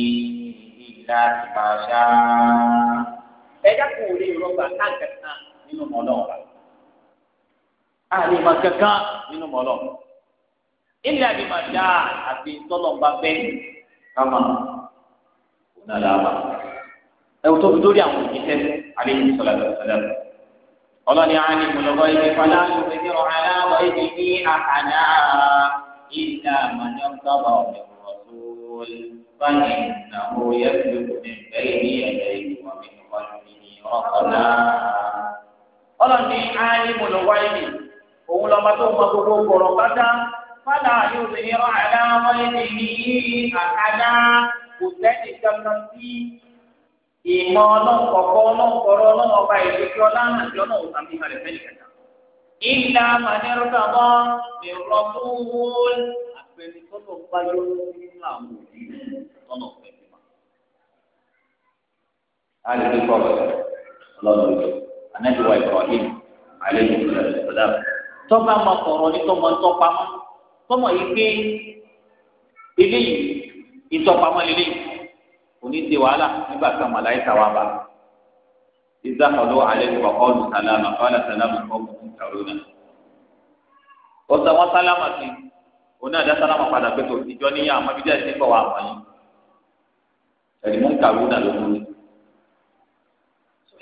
[SPEAKER 1] láti máa ṣáá ẹ̀dá kò lè rọgbà kankan nínú mọ́lọ́wọ́ rà àlè má kankan nínú mọ́lọ́wọ́ ilẹ̀ àbí má dá àti tọ́lọ̀mbà bẹ́ẹ̀ kama kò náà dáa ẹ̀wù tó fi dórí àwọn òjì tẹ́lẹ̀ àlè yìí sọ̀rọ̀ àlọ́ ọlọ́ni àánì mọ̀lọ́gọ́ ibi fọlá ló fi ní ọ̀hán aláwọ̀ ibi ní àkànná ìdá àmàlẹ́ ọ̀gbọ́n ọ̀gbìn rọ̀tún fáyìn náà ó yẹ kí o ní bẹ́ẹ̀ ní ẹ̀yẹ ìwọ̀n mi ọ̀kọ̀lá. ọlọ́ni alimul ghaibi òun lọ́mọ tó mọ gbogbo kọ̀rọ̀ pátá fádà yóò fi ní ọ̀hádá wáyé ní àkádá kò sẹ́ni kankan sí ìmọ̀ ọlọ́nkọ̀kọ́ ọlọ́nkọ̀rọ̀ ọlọ́nkọ̀ba ìdókè ọlọ́nà àti ọ̀nà òsàmì ìhàlẹ̀ fẹ́lẹ̀ kẹta. ìlà màdìrúkàbọ̀ mi rọ̀ fún wọn. àpẹẹrẹ tó lọ bá yọ nínú alìbí kọlọ lọ́dọ̀ yìí anabi wa ibrahim aleyhi salam tọba ma kọ̀rọ̀ ní tọmọ ntọpamọ tọmọ yìí pé eléyìí ìtọpamọ eléyìí òní ti wàhálà nígbà tí àwọn aláìsà wa bá ìdáhọlọ aleyhi wa kọlu salama kọlá salama kọlu ìtàlónà ọsàn wọn sálámà sí òní àdá sálámà padà pé kò sí jọ níyà àmọ́ bídẹ sí kọ wà wọ̀nyí ẹni mú kàwé náà ló mú mi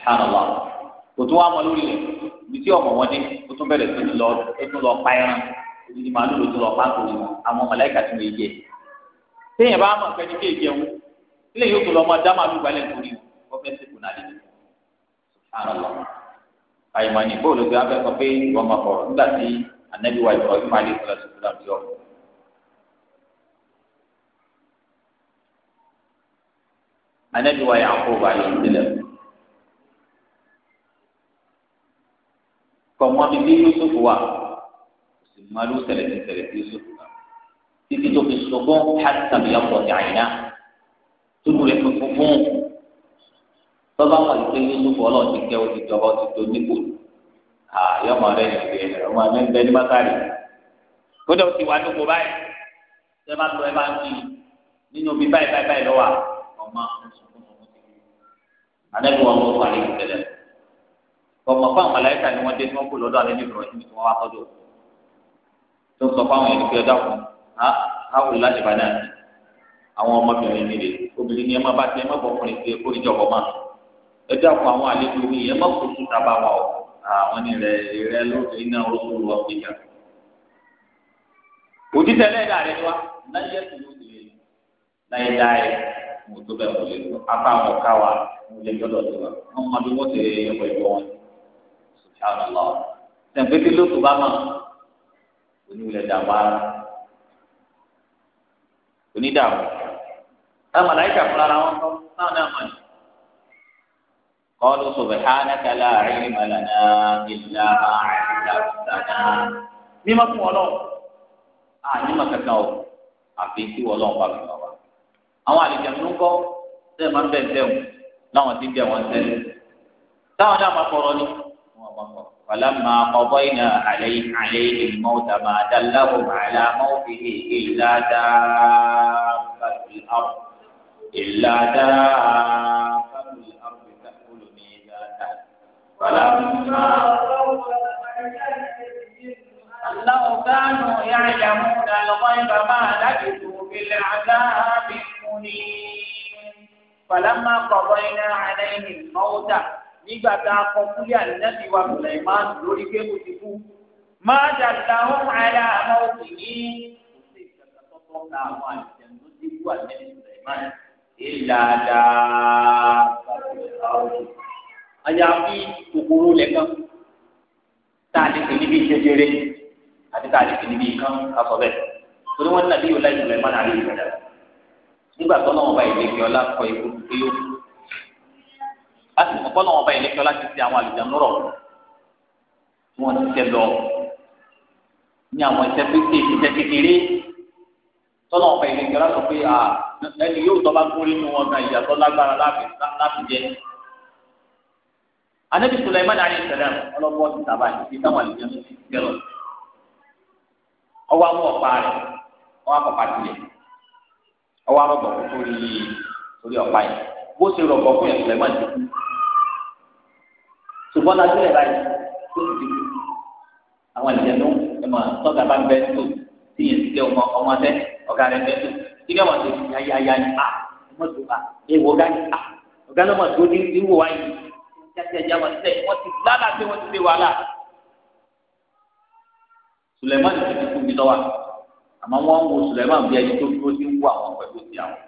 [SPEAKER 1] subhanallah kò tún wá mọ lórí rẹ̀ ibi tí ọmọ wọn dé ó tún bẹ̀rẹ̀ sí lọ ó tún lọ pa ẹran ìdí màálù ló tún lọ pa kò ní àwọn mọ̀láìkà tún lè jẹ téèyàn bá mọ̀ pẹ́ni kéè jẹun ilé yóò tó lọ mọ dá màálù gbalẹ̀ nítorí wọ́n fẹ́ sèkú náà lè subhanallah àyèmọ̀ ní bóòlù bí wọ́n fẹ́ sọ pé ìwọ́n máa bọ̀ nígbà tí anabi wa ìbọ̀rọ̀ yìí máa lè sọ̀rọ̀ sọ̀rọ̀ láti anabi wa yà kó ba yìí kọmọbi bí Yusuf wà sì malu ṣẹlẹ̀ ti ṣẹlẹ̀ ti Yusuf wà títí tó fi sọgbọn hàtàbí ọkọ ní àyìnà tóbi rẹ funfun fún bàbá wà lóde Yusuf Ọlọ́run ti kẹ o ti jọba o ti tó nípò àyọmọ rẹ nìyẹn ọmọ rẹ ń bẹ ní bàtàrí kódà o ti wà ní kò báyìí ṣé bá lọ ẹ bá ń fi nínú bí báyìí báyìí lọ wà ọmọ ànẹ́bí wọn ló parí ìṣẹ̀lẹ̀ kọmọ fún àwọn ẹlẹ́ta ni wọ́n dé tí wọ́n kú lọ́dọ̀ alẹ́ níbi ìrọ̀jú tí wọ́n wá tọ́jú
[SPEAKER 2] tó sọ fún àwọn ènìyàn ẹ̀dá kan
[SPEAKER 1] áwò láti bá náà àwọn ọmọbìnrin nílé obìnrin ni ẹ má bá ti ẹ má bọkùnrin sí epo ìjọba ọmọ ẹ̀dá kan àwọn àlejò mi ẹ má kó tún tábà wà ó àwọn ìrẹ ìrẹ lóde iná olóko lọ sí ìjà. òtítẹ lẹ́ẹ̀dá rẹ wá láyé tó ló ti láyé dá ẹ mo tó lè lọ apá àwọn ọ̀ká tó wa ṣáàlù lọ tẹ̀m̀pẹ́tì ló tó bá mọ̀ oníwìlẹ̀ dàbọ̀ ara onídàbọ̀ táwọn màláìkà fúnra ara wọn kọ́ táwọn náà mọ̀ ní. قالوا سبحانك لا علم لنا إلا ما علمتنا mímọ̀ fún Ọlọ́run a nímọ̀ kankan o àfi tí Ọlọ́run bá fi wá wa àwọn àlejò ń kọ sẹ́ẹ̀ máa ń bẹ̀ ń tẹ̀wọ̀n láwọn tí ń bẹ̀ wọ́n tẹ́lẹ̀ táwọn náà máa fọ̀rọ̀ ni papọ̀. Fàlámà ọ̀bọ iná àlẹ́ àlẹ́ ìmọ̀ ọ̀dàmà àdàláwò màálà mọ́fì ìlà dáàbàtì àrùn. Ìlà dáàbàtì àrùn ìta kúlù ní ìlà dáà. Fàlámà Aláwọ̀ gánú yá ìyàmú ìdàlọ́wọ́ ìbámá láti tù bílẹ̀ àdáhà bí kúni. Fàlámà kọ̀ọ̀bọ̀ iná àlẹ́ ìmọ̀ ọ̀dàmà nígbà tá a kọ kúlẹ̀ ànábì wa Sulaiman lórí pé kò ti kú. máa dàgbà wọn ara àwọn òsì ní òsì ìjọba tó tọ́ ka àwọn àjẹm tó ti kú ànábì Sulaiman. ìlà dáa àyàfi kòkòrò lẹ́kàn tá a lè fi níbi jẹjẹrẹ àti tá a lè fi níbi kan kásọ bẹ́ẹ̀ torí wọn nàbí yóò láyé Sulaiman àlè ìgbàdà nígbà tó náà wọn bá ìlẹ̀kẹ̀ ọlá kọ ikú a sì mọ̀ kọ́lọ́ wọn bá ilé kíọ́lá ti ti àwọn àlùjáde rọ̀
[SPEAKER 2] tí wọ́n ti tẹ lọ
[SPEAKER 1] ní àwọn iṣẹ́ pété iṣẹ́ kékeré tọ́lọ́ wọn bá ilé kíọ́lá sọ pé ẹni yóò tọ́ bá kúrò nínú wọn gan ìyàtọ̀ lágbára láti jẹ. anabi sulaiman alayhi salam ọlọ́wọ́ ti tàbá ti táwọn àlùjáde ti tẹ lọ ọwọ́ àwọn ọ̀pá rẹ̀ ọwọ́ àpapà tilẹ̀ ọwọ́ àrọ̀bọ̀ kó sórí ọ̀pá yẹn bó ṣe rọ̀bọ̀ fún yẹn sulaiman ti kú ṣùgbọ́n lajú rẹ̀ báyìí tó ti dìbò àwọn ìjẹ̀nu ẹ̀mọ̀ tọ́ka bá ń bẹ tó tíyẹn ti jẹ́ ọmọ ọmọ tẹ́ ọ̀gá rẹ̀ bẹ tó kíkẹ́ wọn ti yáyáyá ni a wọ́n tó a ah, èèwọ̀ ọ̀gá ni a ah, ọ̀gá ló mọ̀ tó ní ìwò wáyé jáde wọn tẹ wọn ti lára pé wọn ti dé wàhálà Suleman àmọ́ wọ́n ń wo Suleman bí ẹni tó dúró sí ń wọ àwọn pẹ̀lú ti àwọn.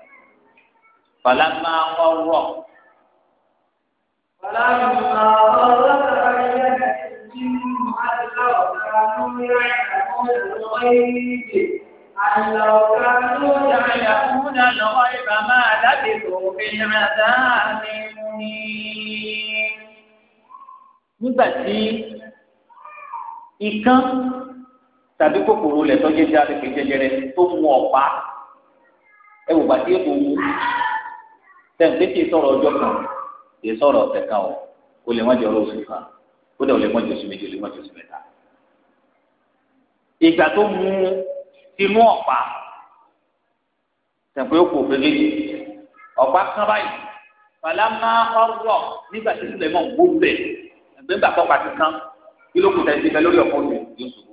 [SPEAKER 1] Fàlámà wọ́n rọ̀ nígbà tí ikán tàbí kòkòrò lẹ̀ tọ́jú ẹja lè pè jẹjẹrẹ tó mu ọ̀pá ẹ̀wùgbà tí èkó wù tẹ̀ ń pèsè sọ̀rọ̀ ọjọ́ kan yìí sọ̀rọ̀ ọ̀tẹ̀ kan o kò lè mọ́jọ ọ̀rọ̀ oṣù kan kó dẹ̀ ò lè mọ́jọ oṣù méjì ò lè mọ́jọ oṣù mẹ́ta. ìgbà tó mú ti mú ọ̀pá tẹ̀pẹ́ ó kò fẹ́lẹ́ ọ̀pá kan báyìí falama ọ̀rọ̀ nígbà tí sílẹ̀ mọ̀ gbó bẹ̀ ẹgbẹ́ ńgbà pọ̀ pàtó kan kí ló kù tẹ̀ síbẹ̀ lórí ọ̀pọ̀ òṣù yóò ṣubú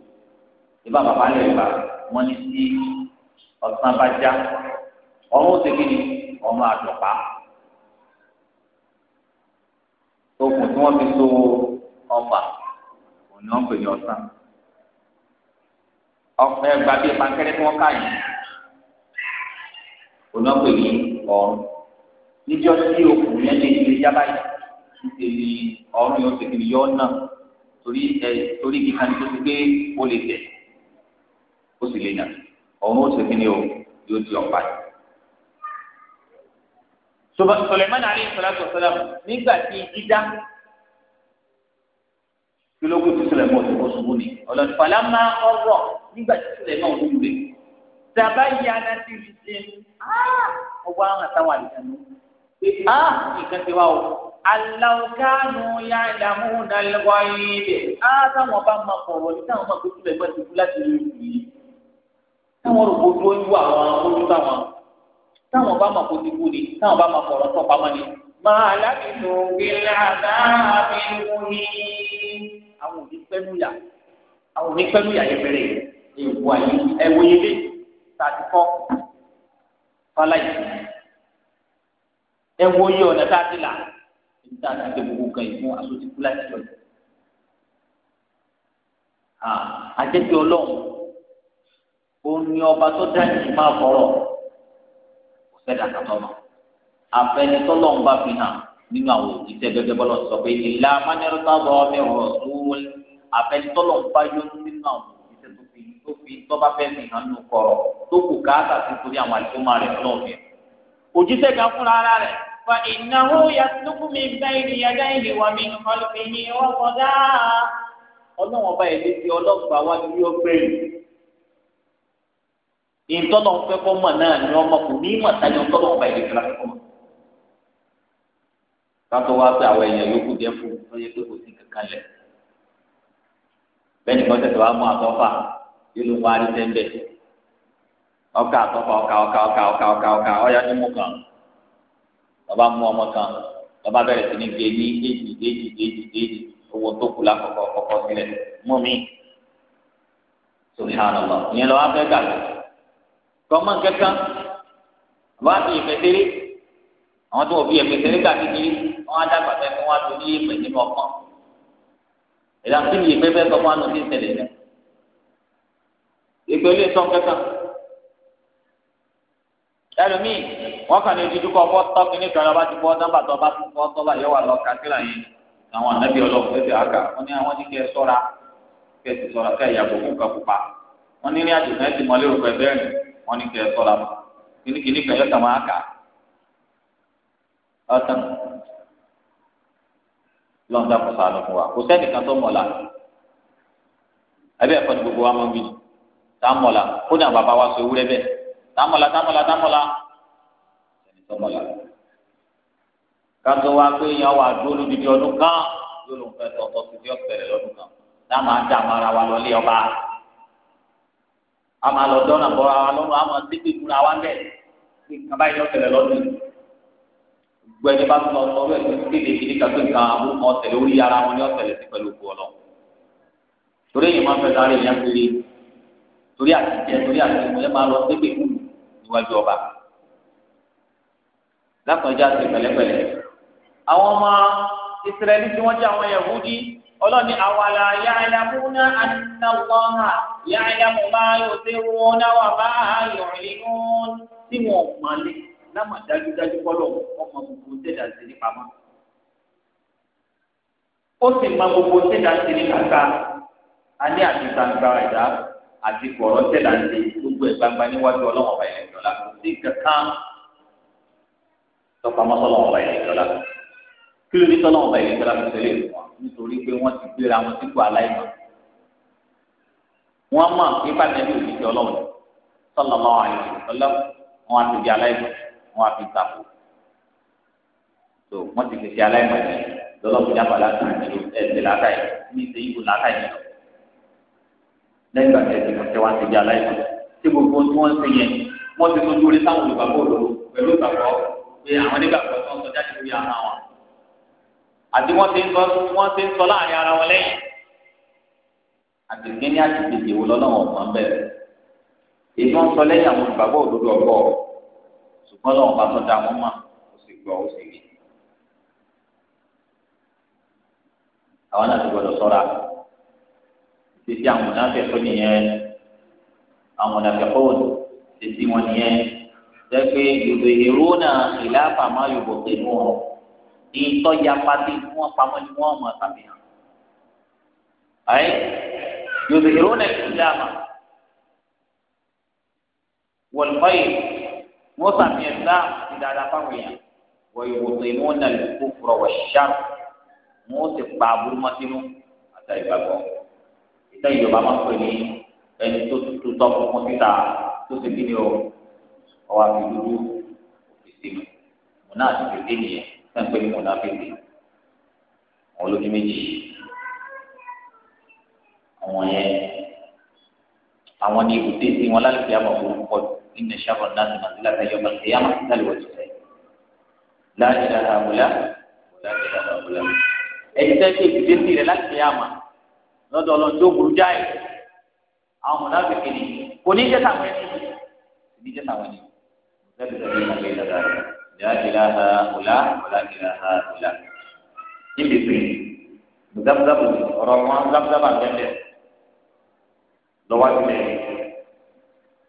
[SPEAKER 1] ìbá bàbá lẹ̀ bá wọn ní sí ọ̀sán bá já ọ̀run ó okùn tí wọ́n fi so ọfà òní wọ́n pè ní ọ̀sán ọ̀pẹ ẹgbà bíi pankẹ́rẹ́ tí wọ́n ká yìí òní wọ́n pè ní ọ̀run níjọ́ tí okùn yẹn lè ṣe yá báyìí níṣẹ́ ni ọ̀run yóò ṣe kí ni yọ náà torí ẹ torí kíkà ní tó ti gbé ó lè tẹ̀ ó sì lè yàn ọ̀run ó ṣe kí ni o yóò di ọ̀pá yìí. Sulaiman alayhi salatu wa salam nígbà tí jíjá kílógún tí Sulaiman ti kó ṣubú ni ọlọ́dún falama ọ̀rọ̀ nígbà tí Sulaiman wù lé sábà yà á láti rí sí ọwọ́ àwọn àtàwọn àlùjáde pé ah! nǹkan ti wá o aláwòkánu ya ìdààmú nàlẹ́wà yìí á táwọn bá máa kọ̀rọ̀ ní táwọn máa kó Sulaiman ti kú láti rí ìlú táwọn rògbòdó yíwọ àwọn ojú táwọn táwọn bá máa kó ti kú ni táwọn bá máa fọ̀rọ̀ tó pamọ́ ni. máa lábìlú gíga dáàbí wúni. àwọn òní pẹ́nu yà àwọn òní pẹ́nu yà yẹn bẹ̀rẹ̀ èèwọ̀ ayé ẹ̀wọ̀ yẹn lé tàbí kọ́ fáláyé ẹ̀wọ̀ yẹ ọ̀nà tá a ti là a ti gbé gbogbo kan yìí fún asòtìkú láti jọ àjẹjọ ọlọ́run òun ni ọba tó dá yìí máa fọ̀rọ̀ fẹ́ẹ́dà kàtọ́mọ̀ àfẹnitọ́lọ́ ń bá fi hàn nínú àwọn òjíṣẹ́ gẹ́gẹ́ bọ́lá sọ pé ìlà amánirọ́tàbọ̀ mẹ́rọ̀ rúwọ́l àfẹnitọ́lọ́ ń bá yọ nínú àwọn òjíṣẹ́ tó fi tó fi tọ́ba fẹ́ fi hàn nínú kọ̀rọ̀ tó kù káàkà sí torí àwọn àlùfọ́mà rẹ̀ lọ́ọ̀fẹ́ òjíṣẹ́ kan fúnra ara rẹ̀ fa ìnáwó yasúkú mi bẹ́ẹ̀ ni yàrá ìlú wa mi nìkan ló fi yín wọ́n kọjá ọlọ́wọ́n bá ìlú ti ọlọ́gbà wá sí ìtọ́nà fẹ́ kọ́ mọ̀ náà ni ọmọ kò ní mọ̀ táyọ̀ tọ́nà ọba ìdíkìlá fẹ́ kọ́ mọ̀. kátó wá pé àwọn èèyàn yòókù jẹ́ fún tó yẹ pé kò sí kankan lẹ̀. bẹ́ẹ̀ ni wọ́n tẹ̀sẹ̀ wá mú àtọ́fà nínú wa rí tẹ́ńbẹ̀. ọkà àtọ́fà ọkà ọkà ọkà ọkà ọkà ọkà ọyá ní mú kan. bàbá mú ọmọ kan bàbá bẹ̀rẹ̀ sí ní gbé ní èjì èjì èjì èjì owó tó kù lákọ̀ọ́kọ́ sílẹ̀ mú mi.
[SPEAKER 2] subhanallah ìyẹn lọ wá fẹ́ gbàgbé
[SPEAKER 1] kọ́mọ kankan àbá fi ìfẹsẹ̀rẹ̀ àwọn tó wọ́n fi ìfẹsẹ̀rẹ̀ káàkiri wọ́n á dàgbà fẹ́ fún wa tó ní ìfẹ́ nínú ọkàn ìlà kí ni ìfẹ́ fẹ́ sọ fún àánú ní ìṣẹ̀lẹ̀ náà ìgbẹ́ ilé sọ kankan ẹlòmíì wọn kàn lè dúdú kọ fọ tọkì ní ìkànnì ọba ti fọ nọ́mbà tó ọba fọ tọba yẹ wà lọ kàkílà yẹn àwọn ànábì Ọlọ́run fẹsẹ àkà wọn ní àwọn ní kẹ ṣọ́ra wọn ní kẹ ẹ tọ́ra mọ́ kìnnìkìnnì kan yọ̀ọ̀tàn máa kà ọ̀tàn lọ́ńdà kò sànù fún wa kò sẹ́nìkan tó mọ̀ la ẹbí ẹ̀kọ́ ni gbogbo wa máa ń wí tá a mọ̀ la kó ní àwọn bàbá wa sọ ewúrẹ́ bẹ́ẹ̀ tá a mọ̀ la tá a mọ̀ la tá mọ̀ la sẹ́ni tó mọ̀ la kátó wa pé yẹn wà dúró lódìdí ọdún kan yóò lóun fẹ́ tọ́tọ́ sí ti ọ̀sẹ̀ rẹ̀ lọ́dún kan tá a máa wa lọ ọba
[SPEAKER 2] àmà lọ dọ́nà bọ́ra wa lọ́rùn
[SPEAKER 1] àmà tètè múra wa lẹ̀ kí nǹkan báyìí lọ́tẹ̀lẹ̀ lọ́dún gbogbo ẹni bá tún ọtọ bẹ́ẹ̀ tó ti kéde kí ní kàtó nǹkan àbúkọ ọ̀tẹ̀lẹ̀ orí ara wọn ní ọ̀tẹ̀lẹ̀ sí pẹ̀lú òkú ọlọ
[SPEAKER 2] torí èyí máa ń sáré èèyàn péré
[SPEAKER 1] torí àtijẹ torí àtijẹ ẹ máa lọ tètè mú níwájú ọba lákànjá sí pẹ̀lẹ́pẹ̀lẹ́ àwọn ọmọ Ísírẹ́lì tí wọn jẹ àwọn Yẹhudi ọlọ́ni àwàlà ya'lamuna anna Allaha ya'lamu ma yusirruna wa ma yu'linun tí wọn ò máa lé lámà dájúdájú kọ́lọ̀ ọmọ gbogbo tẹ̀dá sí ní pamọ́. ó sì máa gbogbo tẹ̀dá sí ní kàkà alẹ́ àti gbangba ẹ̀dá àti kọ̀ọ̀rọ̀ tẹ̀dá sí gbogbo ẹ̀ gbangba níwájú ọlọ́wọ́n ọba ìrìnàjò la kò sí kankan tọpamọ́ ọlọ́wọ́n ọba ìrìnàjò la kò sí kí ló ní tọ́lọ́ ọba ìlú ìjọba fi tẹ̀lé wọn nítorí pé wọ́n ti gbéra wọn sípò aláìmọ̀ wọ́n mọ̀ nípa nẹ́bí òjijì ọlọ́run sọ́lọ́ lọ́wọ́ àyè ọlọ́ wọn ti di aláìmọ̀ wọn àfi tàkù tó wọ́n ti fi di aláìmọ̀ yẹn lọ́lọ́kùn jábọ̀ látàn nílò ẹ̀sẹ̀ látàyè ní ìṣe ìbò látàyè lọ
[SPEAKER 2] lẹ́yìn ìgbà tẹ̀sí wọn tẹ́ wọn ti di
[SPEAKER 1] aláìmọ̀ àti wọ́n ti ń sọ wọ́n ti ń sọ láàrin ara wọn lẹ́yìn àtìkí ní àtìkèjì wo lọ́nà ọ̀sán bẹ́ẹ̀ èyí wọ́n sọ lẹ́yìn àwọn ìgbàgbọ́ òdodo ọ̀pọ̀ ṣùgbọ́n lọ́wọ́ bá tó da wọn mà ó sì gbọ́ ó sì rí àwọn náà ti gbọdọ̀ sọ́ra títí àwọn onáfẹ́ tó nìyẹn àwọn onáfẹ́ kọ́wọ́n títí wọn nìyẹn jẹ́ pé ìròyìn rúnà ìlàpàmọ́ yòókù nínú ọ̀rọ̀ ìtọ́ ya pàdé tí wọ́n pamọ́ ni wọ́n mọ̀ tàbí hàn. ayé yòtò ìró náà kì í lé àmà wọ́n lọ́ yìí wọ́n sàmì ẹ̀dá ìdáadáa fáwọn èèyàn wọ́n yóò wọ́n ìmú náà lè kó fúrọ̀ wọ́n ṣáà wọ́n ti pa aburú mọ́ sínú àti ìgbàgbọ́. ìtọ́ ìjọba máa pè ní ẹni tó tutù tọ́ fún kọ́mpútà tó ti bí ní o ọwọ́ àbí dúdú òfìsì mọ̀ náà ti fi dé nìyẹn sáńpé ní mọ̀nàfíìsì àwọn olójú méjì àwọn yẹn àwọn ní ibùdó sí wọn lálẹ́ fìyàmọ̀ fún pọ̀ nínú ìṣàkóso náà ti máa ti láti ayọ̀ bàtí yàmà lálẹ́ wọ́n ti sẹ́yìn láti dára àbúlá láti dára àbúlá ẹni tẹ́tí ibùdó sí rẹ̀ láti fìyàmọ̀ lọ́dọ̀ ọlọ́dún burú jáì àwọn mọ̀nàfíìsì kò ní jẹ́ sàwọn ẹni kò ní jẹ́ sàwọn ẹni la ilaha ula wala ilaha ula níbi pé zamzam ọ̀rọ̀ wọn zamzam àgbẹ̀dẹ̀ lọ́wọ́ sílẹ̀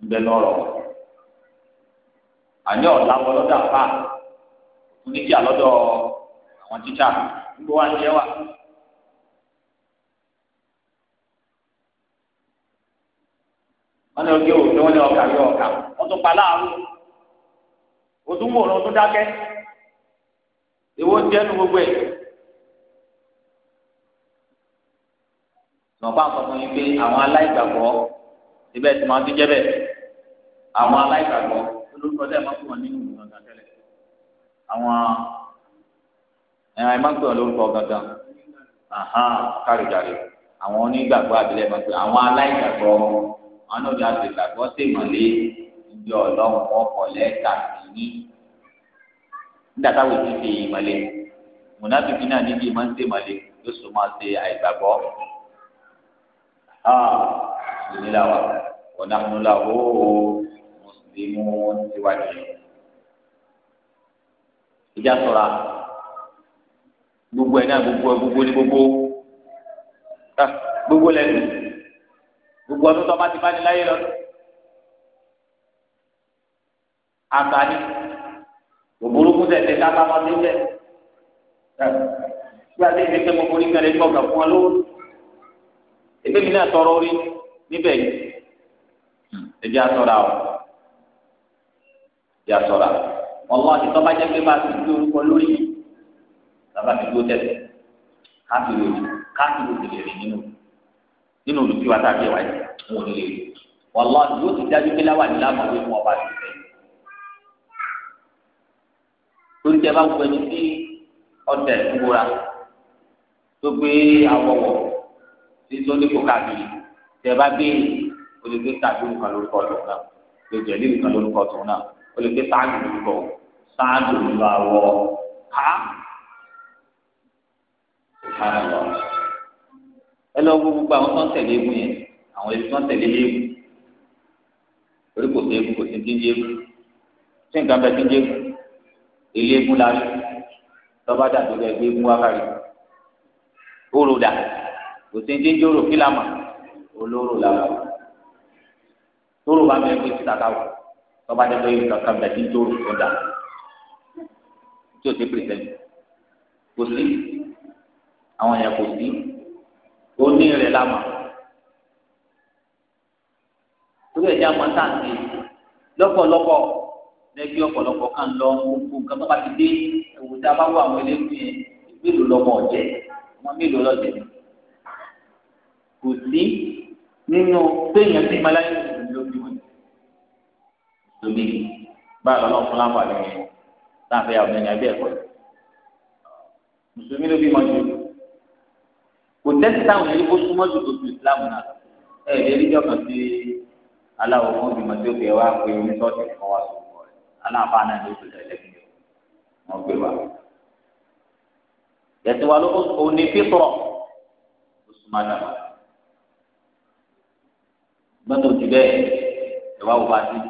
[SPEAKER 1] ńbẹ lọ́rọ̀ àní ọ̀la wọ lọ́dọ̀ àpá oníjà lọ́dọ̀ àwọn títà gbogbo wa ń jẹ́ wa. wọ́n ní ọjọ́ òjò wọ́n ní ọkà yọ ọkà wọ́n tún pa láàrú òtúnwò ọ̀rọ̀ tó dákẹ́ ìwọ ń jẹ́ nu gbogbo ẹ̀. nọ̀bá àkọ́kọ́ yìí pé àwọn aláìgbàgbọ́ ibẹ̀ tí wọ́n ti jẹ́ bẹ̀ àwọn aláìgbàgbọ́ olórúkọ tẹ̀ máa ń pọ̀ nínú ìlú ọ̀gá tẹ́lẹ̀ àwọn ẹ̀ máa ń pè ọ́ lórúkọ gangan kárìkárì àwọn onígbàgbọ́ abilẹ̀ máa ń pè àwọn aláìgbàgbọ́ àwọn náà ní àti ìgbàgbọ́ sí ìmọ̀lẹ́ ìdí ọlọ́run ọkọ̀ lẹ́ẹ̀ka sí ní. nígbà táwọn èdè ṣe ìmọ̀lẹ̀ mùnàbíbí náà níbi máa ń ṣe ìmọ̀lẹ̀ yóò sọ máa ṣe àìgbàgbọ́. ìní ah, la wa ọ̀nà múnula ooo mùsùlùmí tiwájú. ìjà sọ̀ra gbogbo ẹ̀ náà gbogbo ẹ̀ gbogbo ní gbogbo ah, gbogbo lẹ́nu gbogbo ọdún tó bá ti bá ní láyé lọ́dún àǹfààní òbúrúkú tẹ̀sẹ̀ kápá wọn ti tẹ̀. Bí a ti ṣe pé mo borí kẹrẹ gbọ́ ọ̀gá fún wọn lówó. Ebi mi náà tọrọ orí níbẹ̀ yìí. Ẹ̀jẹ̀ àtọ̀rà o. Ẹ̀jẹ̀ àtọ̀rà. Ọlọ́ àti tọ́ba jẹ́ pé máa ti gbé orúkọ lórí. Bàbá mi gbó tẹ̀sẹ̀. Káàkiri òjì káàkiri òjì lè rí nínú nínú olùkí wa tàbí ẹ̀wà yìí. Wọ́n ò lè rí. Ọlọ́ àti yóò ti dájú pé láwà ní láàmú ọ̀gbẹ́ fún ọba àti torí tẹ bá gbogbo ẹni tí ọtẹ ìwúra tó gbé awọwọ tí tó ní kó káàkiri tẹ bá gbé olùgbé káàkiri kan lórúkọ tó náà lójú ẹlẹ́rì kan lórúkọ tó náà olùgbé sáàdù lórúkọ sáàdù lórúkọ àwọ ká ìfànàwọ ẹ lọ gbogbo àwọn tó ń tẹ̀lé ewu yẹn àwọn èso tó ń tẹ̀lé ewu orí kò sí ewu kò sí díndín ewu tí nǹkan bẹ díndín ewu eléegun la rí lọ́ba dàbí rẹ̀ gbé mú wákàrí oró dà kò sí ní jóró fílàmà olóró la wà tóró bá mi ẹgbẹ́ síta káwọ́ lọ́ba dàbí rẹ̀ kankan bẹ̀ sí jóró tó dà tí o ti pèsè kò sí àwọn yẹn kò sí ó ní rẹ̀ lámà torí ẹ̀jẹ̀ àmọ́ sáà ń ṣe lọ́pọ̀lọpọ̀ lẹ́bí ọ̀pọ̀lọpọ̀ kan lọ gbogbo nǹkan tó bá ti dé ẹ̀wù tá a bá wọ àwọn eléwu yẹn mélòó lọmọ ọ̀jẹ̀ wọn mélòó lọ́jẹ̀ kò sí nínú téèyàn ti máa láyé lójú wọn lóbi báyìí lọ́nà fún láǹfààní yẹn láǹfààní àwọn ènìyàn ẹgbẹ́ ẹ̀kọ́ mùsùlùmí ló bí mọ́jú kò tẹ́sí táwọn èyí kó súnmọ́ ju ojú ìsìlámù náà ẹ̀ẹ́dẹ́gbẹ́jọ́ kan sí aláwọ̀ fún ìgbìmọ̀ tí ó fẹ́ wá pé oníṣọ́ọ̀tì kan wá sọ aláǹfà náà ló gbèdà lẹ́yìn wọn gbé wa. yẹtùwà ló òní fífọ̀ osùnmọ́ náà gbọ́dọ̀ jù bẹ́ẹ̀ ìwà wo bá ti ṣe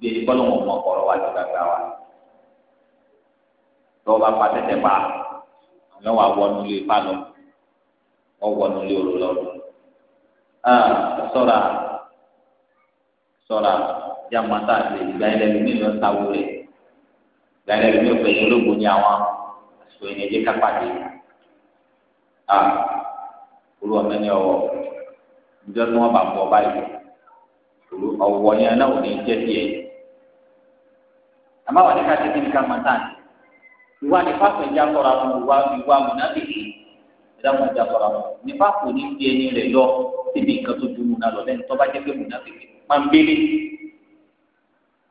[SPEAKER 1] bí ẹni kọ́lọ́ wọn mọ ọ̀rọ̀ wa ti gbàgbà wa tọ́wọ́ bá pa tẹ́tẹ́ pa àwọn wà wọnú ilé ipá lọ wọ́n wọnú ilé òrò lọ́dún. Ah, sọ́ra sọ́ra já máa tà sí ìgbà ilẹ̀ lómi lọ sáwó rẹ̀ ìgbà ilẹ̀ lómi òpè yẹn ológun ní àwọn àsìkò yẹn ẹ̀jẹ̀ kápáde à olú ọmọ ẹni ọwọ́ ìjọ tí wọ́n bá fọ báyìí olú ọwọ́ yẹn náà ò ní jẹ́ tiẹ̀ àmọ́ àwọn ẹ̀ka ti kíni ká máa tà sí ìwà nípa pẹ̀já kọ́ra fún ìwà ìwà mùnádìrí ẹ̀dá wọn jà kọ́ra fún nípa kò ní fi ẹni rẹ̀ lọ síbi nǹkan tó dùn mùnà lọ lẹ́nu tó bá jẹ́ pé mùnádìrí máa ń bélé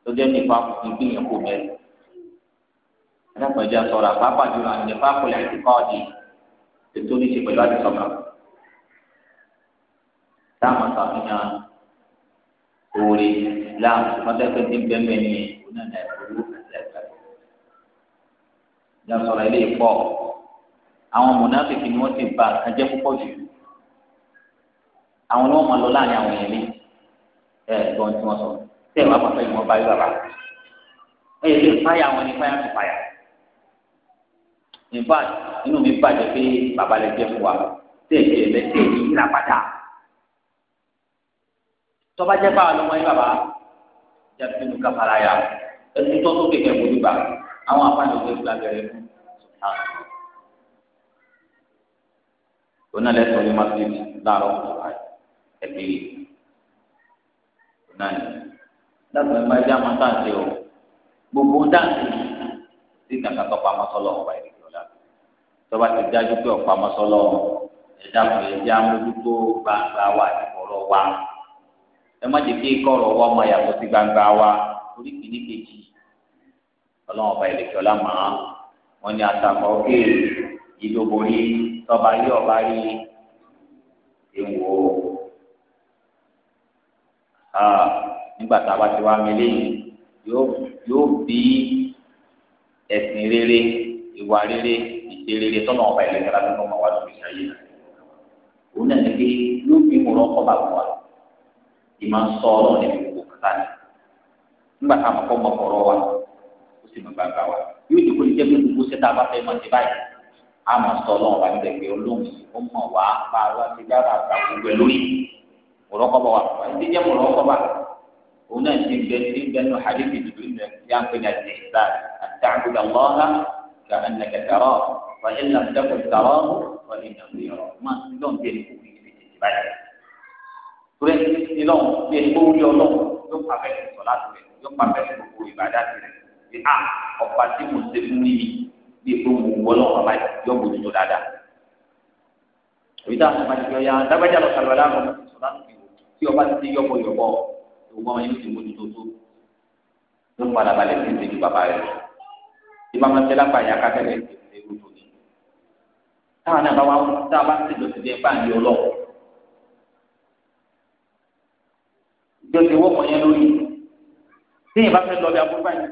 [SPEAKER 1] tó jẹ́ nípa kùtù bí yẹn kò bẹ̀rẹ̀ ẹ̀dàpọ̀ ẹ̀jẹ̀ sọ̀rọ̀ àpapọ̀ àjùlọ àti nípa kùlẹ̀ àti kọ́ọ̀dì ètò oníṣe pẹ̀lú àti sọ̀rọ̀ táwọn sàfihàn Islam mọ́tẹ́kẹ́ ti ń ní onáná ìpolówó àti ẹ̀ka ìjà ilé pọ̀ àwọn mọ̀nàfíkì ni wọ́n ti ba nǹkan jẹ́ púpọ̀ jù àwọn ni wọ́n máa lọ láàrin àwọn yẹn ní ẹ̀ẹ́dọ́n tí wọ́n sọ̀rọ̀ tẹ wàá pàpẹ ìmọ̀ báyìí bàbá ẹ yẹ lè fáyà wọn ni fáyà tó fáyà nípa inú mi bàjẹ́ pé bàbá lè jẹ́ fún wa tẹ̀ ẹ̀ lẹ́ tẹ̀ ẹ̀ yíra padà tọ́ba jẹ́ báwa lọ́mọ yín bàbá jẹ́ fún mi ká fara ya ẹtú tó tó kékeré kò ní bá àwọn afáàní òkè fúlà bẹ̀rẹ̀ fún ona lẹ sọ ní masiri láàárọ̀ ọ̀sán ẹbí ona ni dábàá ẹ máa jẹ àwọn táǹtì o gbogbo dáǹtì sí kàkà tó pamọ́ sọ́lọ́ ọ̀pá ìrìkì ọ̀la tọ́ba ti dájú pé ọ̀pá mọ́ sọ́lọ́ ẹ̀dá kan ẹ̀dá mójútó gbangba wa àti kọ̀rọ̀ wa ẹ má jẹ́ kí kọ̀rọ̀ wa máa yàtọ̀ sí gbangba wa orí kìíní kejì ọlọ́wọ́n ọba ìrìkì ọ̀la máa wọn ni àtàkọ́ kéè ìdòbòrí tọ́ba yí ọba rí ewu o. Ah nígbà tá a bá ti wá mi léyìn yóò bí ẹ̀sìn rere ìwà rere ìṣe rere tọ́nà ọba ìlẹ́kẹ̀ láti fún ọmọ wa lórí ìṣayé náà òun náà ní pé yóò bí mo rọ́kọ̀ bá wà ìmọ̀ sọ ọ́ ní gbogbo kàtà ni nígbà tá a mọ̀ kọ́ mọ̀ kọ́rọ́ wa ó sì mọ̀ gbàgbà wa yóò dìbò ní jẹ́pẹ́ gbogbo sẹ́ta bá fẹ́ mọ̀ sí báyìí a mọ̀ sọ ọlọ́run wa nígbà olóhùn òun náà ti bẹ ti bẹ nù hadithi dùdú nù tí a ń pè ní àti ìgbà àti àgùdà lọ́ha kà á nà kẹtẹrọ wà ní nà dẹ́kù tàrọ wà ní nà ń yọrọ má ń lọ́n bẹ ní kókò yìí ti báyìí. Turẹ̀ ti lọ́n bẹ ní kókò yọ lọ́n yóò pa bẹ́ẹ̀ sọ láti rẹ̀ yóò pa bẹ́ẹ̀ gbogbo ìbàdà ti rẹ̀ bí a ọ̀pá tí mo ṣe fún mi bí epo mo wọ́ lọ́wọ́ bá yọ bò nínú dáadáa. Òyìnbá àti màjìkì ọ̀yà dábàjá lọ sàlùwàlá mọ̀ sọ̀rọ̀ láti fi wò tí ọba ti yọ̀bọ̀ yọ̀bọ̀ gbogbo ọmọ yìí ti mójútó tó ló ń padà balẹ̀ sí ìdíjú bàbá rẹ̀ tí bá máa ń tẹ́lá pa ìyá kákẹ́lẹ́ ìdílé rú tó ní. táwọn náà bá wá tá a bá ti lọ sí ẹgbẹ́ àǹdí ọlọ́wọ́ ìjọ ti wọ́pọ̀ yẹn lórí téèyàn bá fẹ́ lọ bí abúlé báyìí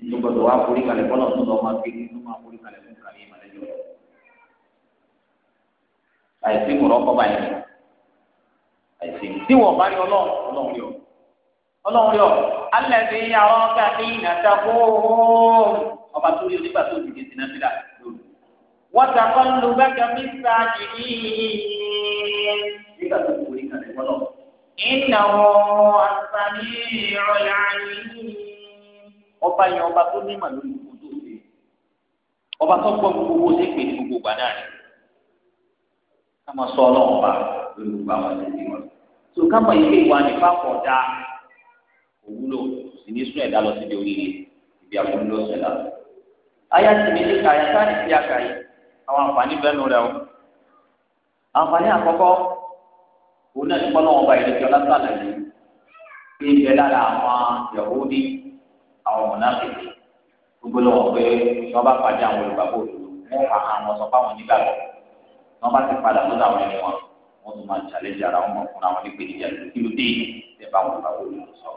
[SPEAKER 2] nínú gbọdọ̀ wá forí kalẹ̀ fọlọ́ tó lọ́ máa
[SPEAKER 1] gbé nínú máa forí kalẹ̀ fún kàmí ìmọ̀lẹ́jọ́ àìsí mùrọ̀ kọ́ báyìí àìsè tí wọn bá rí ọlọ́run ọlọ́run yọ ọlọ́run yọ alẹ́ fi yà ọ́ ká ní ìnàta kóòó ọba tó rí onígbà tó dìde sí nàfìlà lóru wọ́n ta kọ́ ń lu bẹ́ẹ̀ kẹ́mí sáàjì ní nígbà tó kù ní
[SPEAKER 2] kàlẹ́ wọ́n lọ. ìnáwó
[SPEAKER 1] àtàní ìrọ̀lẹ́ ayé ọba yẹn ọba tó ní màlúù ìkú tó ṣe ọba tó gbọ́ gbogbo ṣe pé ní gbogbo gbàdá rẹ̀ ká máa sọ ọlọ́run bá lórí gbogbo àwọn ẹ̀sìn wọn tó kápá ilé ìwà nípa pọ̀ dá òwúlò sì ní sún ẹ̀dá lọ síbi oríire ibi àbúrò ló sún ẹ̀dá lọ. ayá ti mi níka ẹ̀ sáà ní ti àkà yìí àwọn àǹfààní bẹ́nu rẹ o. àǹfààní àkọ́kọ́ òun náà ní kọ́nà ọba ìrètí ọlásàlà yìí kí n bẹ lára àwọn Yahudi àwọn ọ̀nà àpèjì gbogbo lọ́wọ́ pé wọ́n bá pàdé àwọn olùgbàgbọ́ òdòdó wọ́n fà hàn wọ́n wọn tún máa challenge ara wọn mọ fún àwọn nípa ìdíje àti kí ló dé ẹ bá wọn bá wọlé lọ sọ.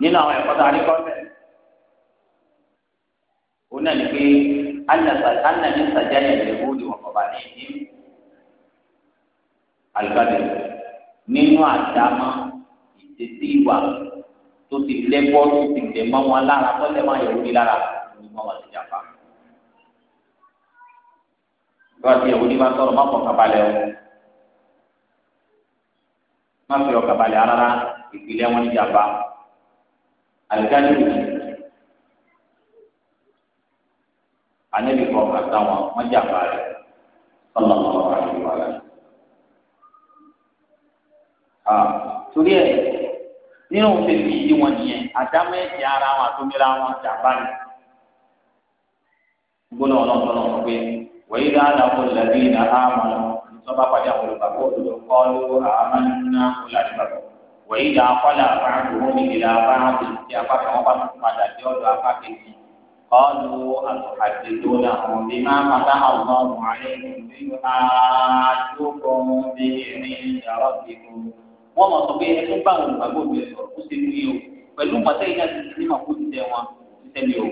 [SPEAKER 1] nínú àwọn ẹ̀kọ́ tá a rí kọ́ńtẹ̀ ó náà ní pé anàmí sàjáyà lè wọlé wọn bàbá ní ìdí àlùbádẹ nínú àdámọ́ ìdètè ìwà tó ti lẹ́gbọ́ tó ti lẹ̀ mọ́ wọn lára tó lẹ̀ máa yẹ̀wò ní lára ní mọ́ wọn ti jà.
[SPEAKER 2] ìwà tí ìyàwó ní bá sọ̀rọ̀ má kọ̀ kabalẹ̀
[SPEAKER 1] o má fi ọ̀ kabalẹ̀ rárá ìpìlẹ̀ wọn ní jàmbá àlùkáyé wò anabi kọ àtàwọn wọn jàmbá rẹ ọlọmọ àdúrà rẹ. torí ẹ nínú òun tẹ̀lé yìí wọn nìyẹn àdámẹ́jì ara wọn àtòmíra jàmbá rẹ gbọ́dọ̀ ọlọ́run lọ́wọ́ pé. وإذا لقوا الذين آمنوا سبق يقول فقولوا قالوا آمنا ولا نبقوا وإذا خلا بعضهم إلى بعض سياقك وقد قد جود أفاكه قالوا أتحدثونهم بما فتح الله عليكم ليحاجوكم به عند ربكم وما صبيه تبان المقول بالفرق سنويه pẹ̀lú pàtẹ́yìn náà ti sinimá kó wọn ti tẹ̀lé o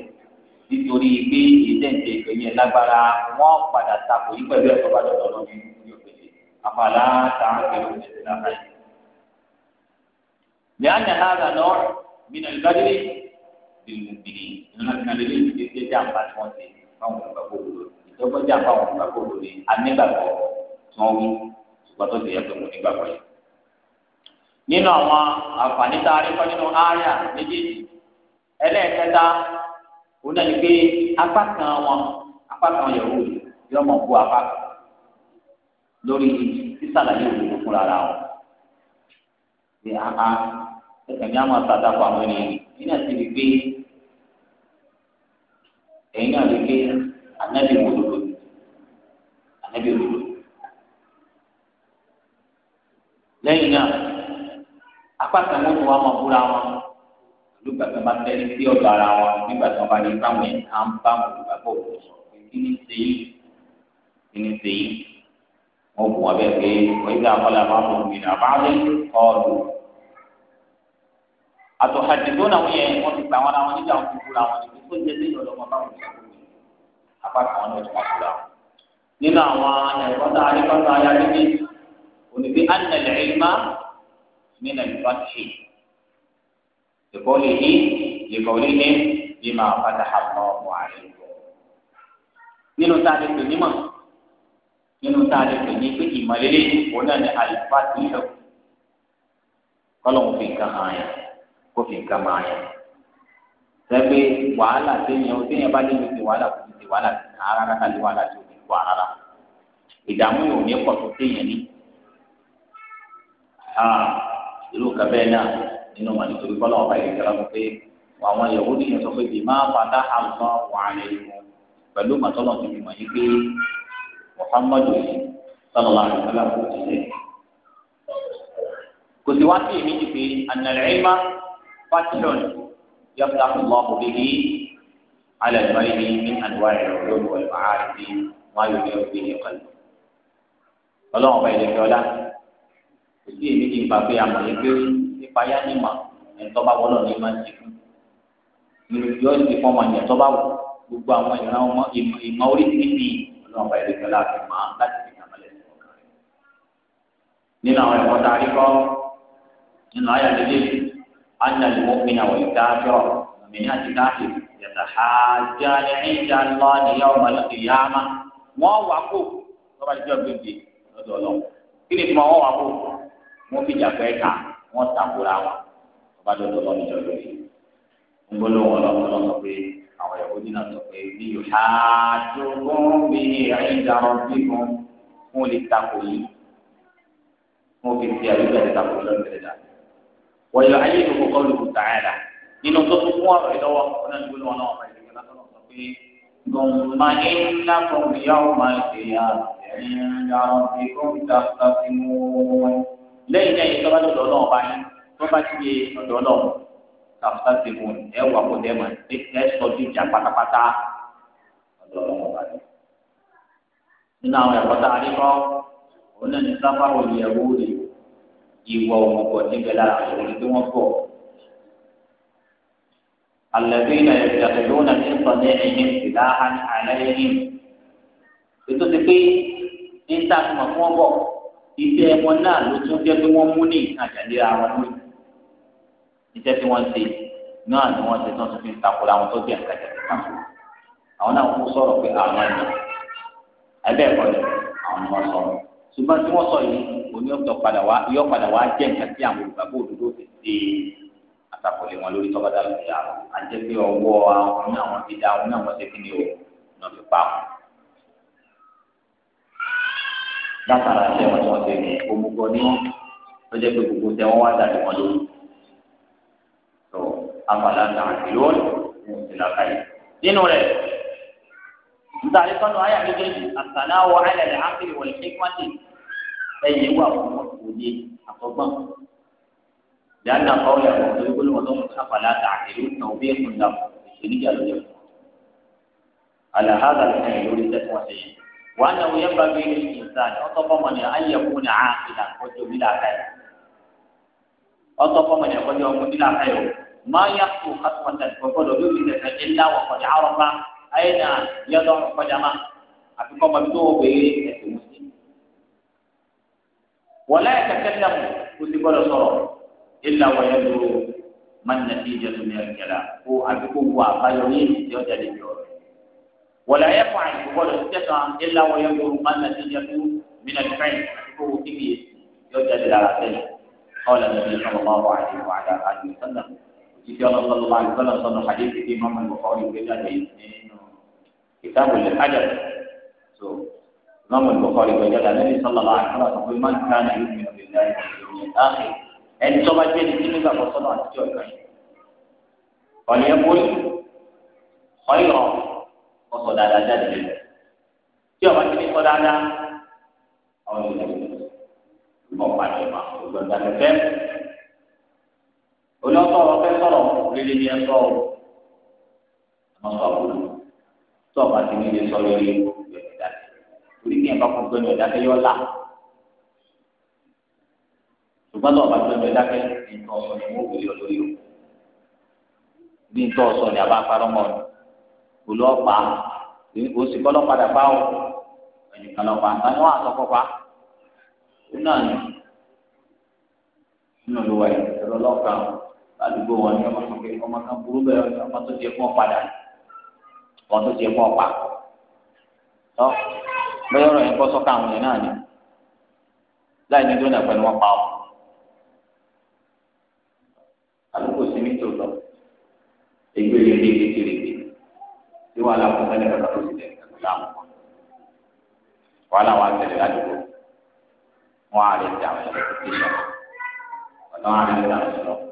[SPEAKER 1] nítorí pé ìdẹ́ǹtẹ̀ ìgbẹ̀yìn lágbára wọn padà takò yí pẹ̀lú ẹ̀kọ́ bá dọ̀dọ̀ lọ́wọ́ ní yóò fèsì àfàlà táwọn kiri òun ẹ̀sìn náà láyé. lẹ́yìn àhàgà náà mìíràn ìbádìrí bìrìmù bìrì ìrìnàjò lélẹ́ ìdíje jàǹbá tí wọ́n ti fáwọn olùgbàgbọ́ òdo ìjọba jàǹbá àwọn olùgbàgbọ́ òdo ni anígbàgbọ́ tí wọ́n wí ṣùgbọ́n tó ti yẹ pé mo nígbàgbọ́ yìí. nínú àwọn àǹfààní tá a rí kọ́ nínú ááyà méjèèjì ẹlẹ́ẹ̀kẹta ó náà pé apá kan wọn apá kan yẹ̀wò yọ ọmọ bu apá lórí sísàlàyé òwúrò fúnra ra wọn. ṣe àhá ẹ̀mí àwọn àtàtàkọ àwọn ènìyàn nínú àti ibi pé ẹ̀yin náà lè gbé
[SPEAKER 2] anábì wòlòlò
[SPEAKER 1] anábì wòlòlò. lẹ́yìn náà apá kan wọn tó wà máa búra wọn olùgbàgbọ́ máa tẹ́lẹ̀ sí ọ̀dọ̀ ara wọn nígbà tí wọ́n bá ní káwọn yẹn ń bá olùgbàgbọ́ òkú sọ̀rọ̀ kíni sèyí kíni sèyí wọn bù wọn bẹ pé wọn yìí dáa kọlá máa mú mi náà bá lè kọ ọdún àtò àdìgbò náà wọn yẹn wọn ti gbà wọn náà wọn nígbà wọn ti kúra wọn ni kó jẹ sí ìrọlọmọ bá wọn sọ fún mi apá wọn ni wọn ti máa kúra nínú àwọn ẹ̀kọ́ tá a rí kọ́tà ayálégbé oníbi anàlẹ̀ ìmá nínú ìfà tì yìí ìkọ́lé ní bí máa fàtà àpọ̀ ọmọ àrẹ ìgbọ̀ nínú tá a lè pè ní mọ̀ nínú tá a lè pè ní pé ìmọ̀lélẹ́ ìdìbò náà ni àlùfáà ti yẹ kọ́lọ́hún fi nǹkan hàn yẹn kó fi nǹkan máa yẹn
[SPEAKER 2] sẹ́gbẹ́ wàhálà téèyàn téèyàn bá débi
[SPEAKER 1] ti wàhálà kò ní ti wàhálà rárá rárá lé wàhálà tó ní wà rárá ìdààmú yóò ní pọ̀ tó téèyàn ní. ìlú kẹfẹ́ náà nínú wọn nítorí kọ́lọ́hún bá yẹ kí wọ́n pé àwọn yòówù nìyẹn sọ pé bí máa pẹ̀lú màtọ́lọ̀ tó fi mọ̀ yí pé Muhammadu sallallahu alaihi wasallam kò sí lẹ̀. kò sí wá sí èmi jù pé ànàlẹ́yìnmá fashion yọ̀ọ̀ta ọ̀gbọ́n kò bí kí alẹ́ ìgbà yìí ní àdúrà ìrọ̀lẹ́ olùwẹ̀ màá rí wọn yóò ní òbí ní ọ̀kan. ọlọ́run ọba ìlẹ̀kẹ́ ọlá kò sí èmi jù nípa àmọ̀ yí pé nípa yá ní mà ẹ̀ńtọ́ bá bá wọ̀ gbogbo àwọn ìran ọmọ ìmọ̀ oríṣiríṣi ọlọ́run bá ìrètí ọlá àti màá láti fi hàn mọ́lẹ̀ nínú ọkàn rẹ̀. nínú àwọn ẹ̀kọ́ tá a rí kọ́ nínú ayé àdéhùn ányàlè wọ́n fi àwọn ìta àjọ ọ̀mìnira ti káàkì yàtà àjà ní ìjà lọ níyà ọmọ lọ́sẹ̀ yá má wọ́n wà kó lọ́ba ìjọ gbèdé lọ́dọ̀ ọlọ́run kí ni tuma wọ́n wà kó wọ́n fi jà fẹ́ ká wọ́n takora wọn lọ́ba ìjọ lọ́dọ̀ ọlọ́run ìjọ lórí ń gbọ́dọ̀ wọn lọ́wọ́ lọ́sọ̀ pé àwọn ìyàwó nínú àtọ pé bí yóò ṣá dúró bí ẹ̀yin darọ bí wọn fún lè takò yìí wọn fi ti àlùkò àti takò lọ bẹ̀rẹ̀ dà wọ́n yọ ayé ìlú kọ́kọ́ lù kù tààlà nínú tó tún fún ọ̀rọ̀ ìlọ́wọ́ ọ̀rọ̀ náà nígbà wọn náà wọ́n fẹ́ẹ́ lọ́wọ́ sọ pé gbọ̀ngbà ní nàkùn ìyàwó máa ń ṣe yá ẹ̀yin darọ bí wọn tàbí mú lẹ́yìn náà ìjọba lọ́dọ̀ ọlọ́run bá tàbùtà ti mú ẹ wà kó dẹ́ mà ẹ sọjú ìjà pátápátá ọ̀dọ̀ ọlọ́wọ́ bá dé. nínú àwọn ẹ̀kọ́ tá a rí kọ́ òun náà ní sábà olùyẹ̀wò rè ìwọ òmùgọ̀ níbẹ̀ lára òun tí wọ́n pọ̀. الذين يتخذون من صنيعهم سلاحا عليهم ètò ti pé ní sáà tí wọn fún ọ náà ló tún jẹ pé wọn mú ní àjàlé ara wọn iṣẹ́ tí wọ́n ṣe náà ni wọ́n ṣe tí wọ́n tún fi ń takora àwọn tó bí àkàtà ti kàn fún àwọn náà kó sọ̀rọ̀ pé àwọn ẹ̀nà
[SPEAKER 2] ẹgbẹ́ ẹ̀kọ́ ni àwọn ni wọ́n sọ
[SPEAKER 1] ṣùgbọ́n tí wọ́n sọ yìí òní ọ̀tọ̀ padà wá yọ padà wá jẹ́ nǹkan tí àwọn olùgbàgbọ́ òdodo ti ṣe àtàkùnlé wọn lórí tọ́kadà lórí àwọn àjẹ́ pé ọwọ́ àwọn ní àwọn ti dá àwọn ní àwọn ṣe kí ni o náà fi pa wọn.
[SPEAKER 2] látara ẹ̀ṣẹ̀ wọn tí wọ́n ṣe ní omugọ ní
[SPEAKER 1] wọn ló jẹ́ pé gbogbo tẹ wọ́n wá dàbí wọn lórí afàlà tààtìló ní ìlàkà yìí. nínú rẹ̀ nítorí kọ́nù ayé àgbégbèjì àtàláwọ̀ ayẹlẹ̀ ákìlì wọ̀lẹ̀ kékwájì ẹ̀yẹ wà fún òye àtọ́gbọ́n. لأن قول أبو عبد يقول وضم أفلا تعقلون توبيخ لهم الشريك له على هذا الحال ولدت وحيه وأنه ينبغي للإنسان وتضمن أن يكون عاقلا وجميلا خيرا وتضمن أن يكون جميلا خيرا ما يخطو خطوة وقال يريد الرجل وقد عرف أين يضع قدمه أتكم بدو ولا يتكلم كتب الصلاة إلا ويدعو ما النتيجة من الكلام هو أتكم وغيرين يوجد الجواب ولا يفعل كتب الصلاة إلا ويدعو ما النتيجة من الفعل أتكم كبير يوجد الأرسل قال النبي صلى الله عليه وعلى آله وسلم ìfi ọlọ́sọ̀lọ́lá ìgbọ́lọ́sọ̀lọ́ àdéhùn ìdí mọ́mọ́ ìwọ̀kọ́ ìgbé jáde nínú ìtàbùn lè hájà so mọ́mọ́ ìwọ̀kọ́ ìgbé jáde àlẹ́ ìsọ̀lọ́lá àkọ́lá sọ pé má ń ká ní ìlú mi lè dá ìròyìn láàrin ẹni tó bá jẹ́ ní kí nígbà kan sọ́nà àtijọ́ ìgbà yìí ọ̀lẹ́ ẹ̀kọ́ ọ̀yọ̀ ọ̀sọ̀ dáadáa jáde lẹ́nu tí ọba ti ní kọ́ dáadáa àwọn ènìyàn olóńtọ̀ wọn fẹ́ sọ̀rọ̀ líle ní ẹ̀sọ́ o àmọ́ sọ àbúrò tó ọba ti nílé sọ lórí ìgbẹ́ni dáadé torí ní ẹ̀ka kún gbẹ́ni ọ̀dákẹ́ yọ là ṣùgbọ́n tó ọba gbẹ́ni ọ̀dákẹ́ ní nǹkan ọ̀sọ̀ ni wọ́n wúlò lórí o ní nǹkan ọ̀sọ̀ ni àbá parọ́ mọ́ olóòpá òsì kọ́ lọ́padà bá o kan àdúgbò wọn ni ọmọ kan pé ọmọ kan burú bẹ́ẹ̀ ọmọ tó jẹ fún ọ padà ọmọ tó jẹ fún ọ pa tọ́ bẹ́ẹ̀ ọ̀rọ̀ yẹn kọ́ sọ́kà àwọn yẹn náà ni láì ní dóná pẹ̀lú wọn pa ọ. àdúgbò sí ní tòótọ́ ègbè lè dé kékeré tí wàá làwọn ọmọ ẹni kàkà tó ti dẹ̀ kàkà láwọn kan wàá làwọn àtẹlẹ ládùúgbò wọn àrẹ ti àwọn ẹlẹ́kùn tí ìyá
[SPEAKER 2] wọn náà àrẹ ti àwọn
[SPEAKER 1] ẹlẹ́kùn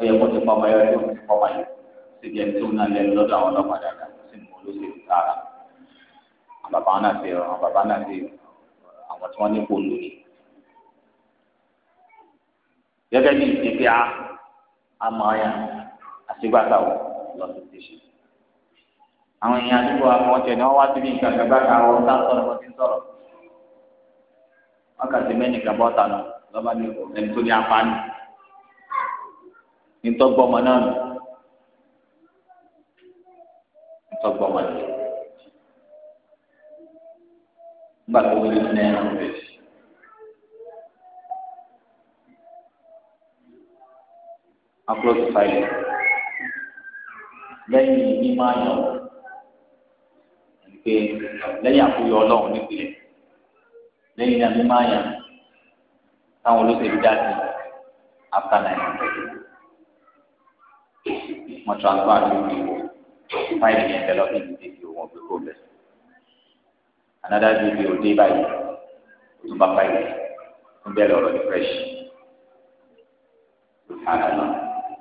[SPEAKER 1] ọyẹ kó ti pọmọ ẹyọ tó ti pọmọ yìí sì jẹ tó náà lẹ́nu lọ́dọ̀ àwọn ọlọ́pàá dáadáa kó sì mú olóṣèlú sára àwọn bàbá náà ti rọ àwọn bàbá náà ti àwọn tí wọn ní kó lórí. gẹ́gẹ́ bí ìdíje a àmọ́ ah, ya àṣegbàtà wọ lọ sí tẹsán àwọn èèyàn àdúgbò àwọn ni wọ́n wá síbi nǹkan kan ọ̀tá sọ̀rọ̀ wọ́n ti sọ̀rọ̀ wọ́n kà bọ́ta náà lọ́ba ní ẹni tó ní apá ntọgbọmọ náà nù ntọgbọmọ nù nígbà tó wọlé nínú ẹran rẹ sí. Upload file lẹ́yìn mímọ́ àyàn pé lẹ́yìn àkóyọ ọlọ́run nípìnlẹ̀ lẹ́yìn náà mímọ́ àyàn táwọn olóṣèlú dá sí after nine wọn transfer fifty wo five yẹn tẹ́lẹ̀ ọdún yìí dèbí wọn gbé kó lẹ another dèbí o dé báyìí o tún bá five yẹn tún bẹ́ẹ̀ ní fresh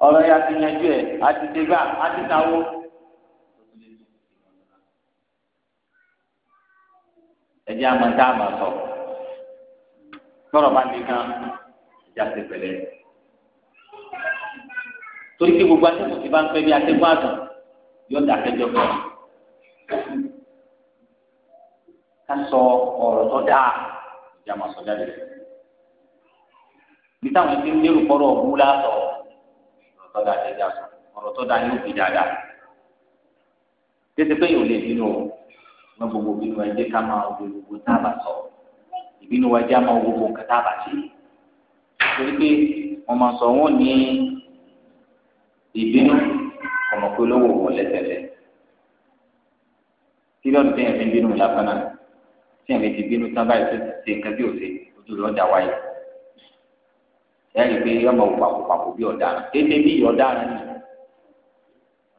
[SPEAKER 1] ọ̀rọ̀ yà ti yanjú ẹ̀ àti dèbà àti sáwó. ẹjẹ àmọ́ tá a máa sọ tọrọ bá lè gan ẹjẹ àti pẹ̀lẹ́ torí pé gbogbo atẹ́gùn ti bá ń fẹ́ bí atẹ́gùn àdùn yóò dà kẹjọ kan ká sọ ọ̀rọ̀ tó dáa ìjà máa sọ jáde bí táwọn ẹni ń lérò kọ́rọ̀ ọ̀hún lásọ̀ ọ̀rọ̀ tó dáa ẹja sọ ọ̀rọ̀ tó dáa yóò fi dáadáa tètè pé yóò lè bínú o wọn gbogbo bínú ẹ jẹ́ ká máa wo gbogbo tá sọ ìbínú wa jẹ́ máa gbogbo nǹkan tá a torí pé wọ́n máa sọ wọ́n ní ìbínú ọmọ pé olówó wọ lẹ́sẹ̀lẹ̀ kí lọ́dún tẹ́yìn fi bínú lásán náà tẹ́yìn fi ti bínú tán báyìí tó ti ṣe nǹkan bí òṣè ojú rẹ̀ ọjà wáyé ẹ̀rí pé ọmọ òpàpòpàpò bí ọ̀daràn kéde bí ọ̀daràn ni